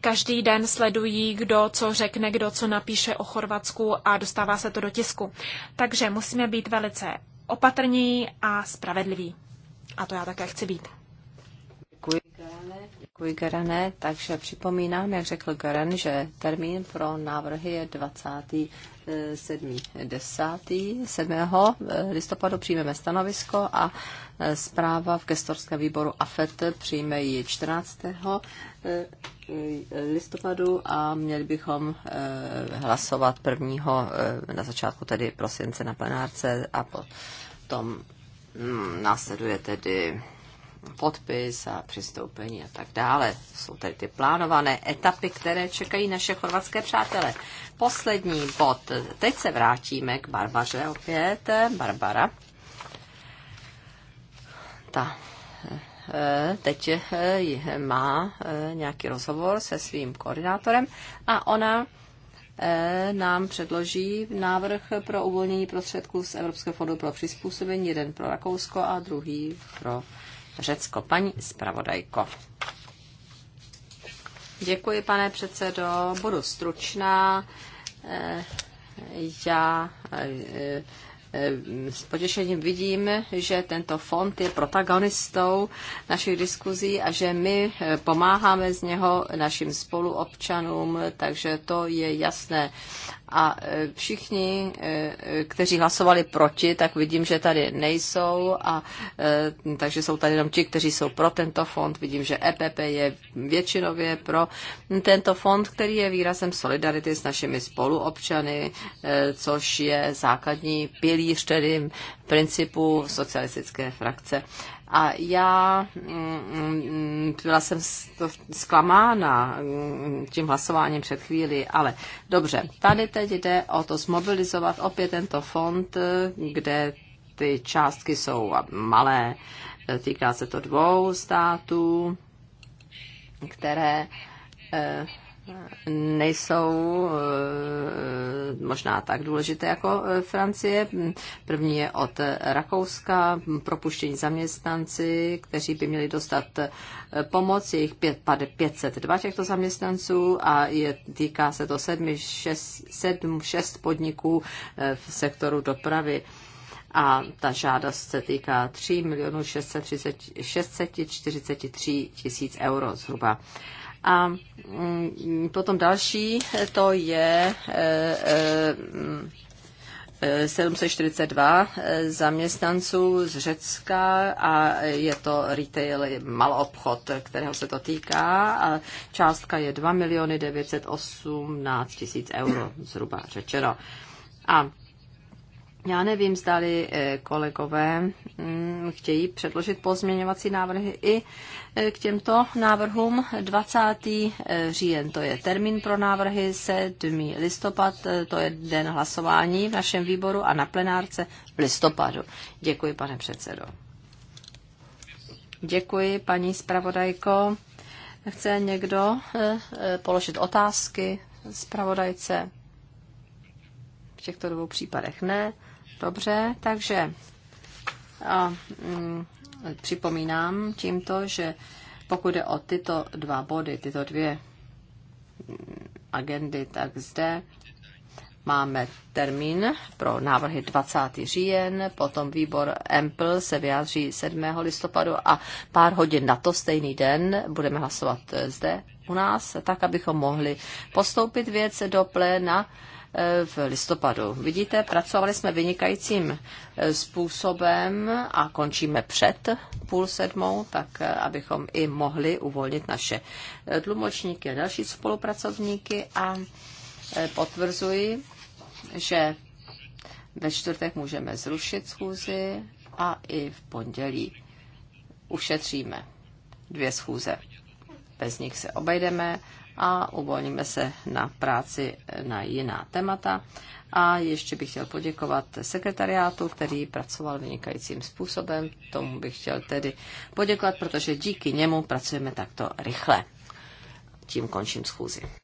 každý den sledují, kdo co řekne, kdo co napíše o Chorvatsku a dostává se to do tisku. Takže musíme být velice opatrní a spravedliví. A to já také chci být. Děkuji, Garane. Děkuji, Garane. Takže připomínám, jak řekl Garan, že termín pro návrhy je 27. 10. 7. listopadu přijmeme stanovisko a eh, zpráva v gestorském výboru AFET přijme ji 14. Eh, eh, listopadu a měli bychom hlasovat prvního na začátku tedy prosince na plenárce a po Potom hmm, následuje tedy podpis a přistoupení a tak dále. Jsou tady ty plánované etapy, které čekají naše chorvatské přátelé. Poslední bod. Teď se vrátíme k Barbaře opět. Barbara. Ta eh, teď eh, má eh, nějaký rozhovor se svým koordinátorem a ona E nám předloží návrh pro uvolnění prostředků z Evropského fondu pro přizpůsobení, jeden pro Rakousko a druhý pro Řecko. Paní zpravodajko. Děkuji, pane předsedo. Budu stručná. E, já e, Eh, s potěšením vidím, že tento fond je protagonistou našich diskuzí a že my eh, pomáháme z něho našim spoluobčanům, takže to je jasné. A e, všichni, e, e, kteří hlasovali proti, tak vidím, že tady nejsou, a, takže jsou tady jenom ti, kteří jsou pro tento fond. Vidím, že EPP je většinově pro tento fond, který je výrazem solidarity s našimi spoluobčany, což je základní pilíř tedy principu socialistické frakce. A já mm, mm, byla jsem zklamána mm, tím hlasováním před chvíli, ale dobře, tady teď jde o to zmobilizovat opět tento fond, kde ty částky jsou malé. Týká se to dvou států, které eh, nejsou eh, možná tak důležité jako eh, Francie. První je od Rakouska, propuštění zaměstnanci, kteří by měli dostat eh, pomoc, je jich 502 těchto zaměstnanců a je, týká se to 7, 6, 7, 6 podniků v sektoru dopravy a ta žádost se týká 3 milionů 643 tisíc euro zhruba. A mm, potom další to je 742 e, e, mm, e, zaměstnanců z Řecka a je to retail, obchod, kterého se to týká. A částka je 2 miliony 918 tisíc euro, zhruba řečeno. A já nevím, zdali eh, kolegové mm, chtějí předložit pozměňovací návrhy i eh, k těmto návrhům. 20. Eh, říjen to je termín pro návrhy, 7. listopad to je den hlasování v našem výboru a na plenárce v listopadu. Děkuji, pane předsedo. Děkuji, paní zpravodajko. Chce někdo položit otázky zpravodajce? V těchto dvou případech ne. Dobře, takže a, mm, připomínám tímto, že pokud je o tyto dva body, tyto dvě mm, agendy, tak zde máme termín pro návrhy 20. říjen, potom výbor EMPL se vyjádří 7. listopadu a pár hodin na to stejný den budeme hlasovat eh, zde u nás, tak abychom mohli postoupit věc do pléna v listopadu. Vidíte, pracovali jsme vynikajícím e, způsobem a končíme před půl sedmou, tak e, abychom i mohli uvolnit naše e, tlumočníky a další spolupracovníky a potvrzuji, že ve čtvrtek můžeme zrušit schůzi a i v pondělí ušetříme dvě schůze. Bez nich se obejdeme a uvolníme se na práci na jiná témata. A ještě bych chtěl poděkovat sekretariátu, který pracoval vynikajícím způsobem. Tomu bych chtěl tedy poděkovat, protože díky němu pracujeme takto rychle. Tím končím schůzi.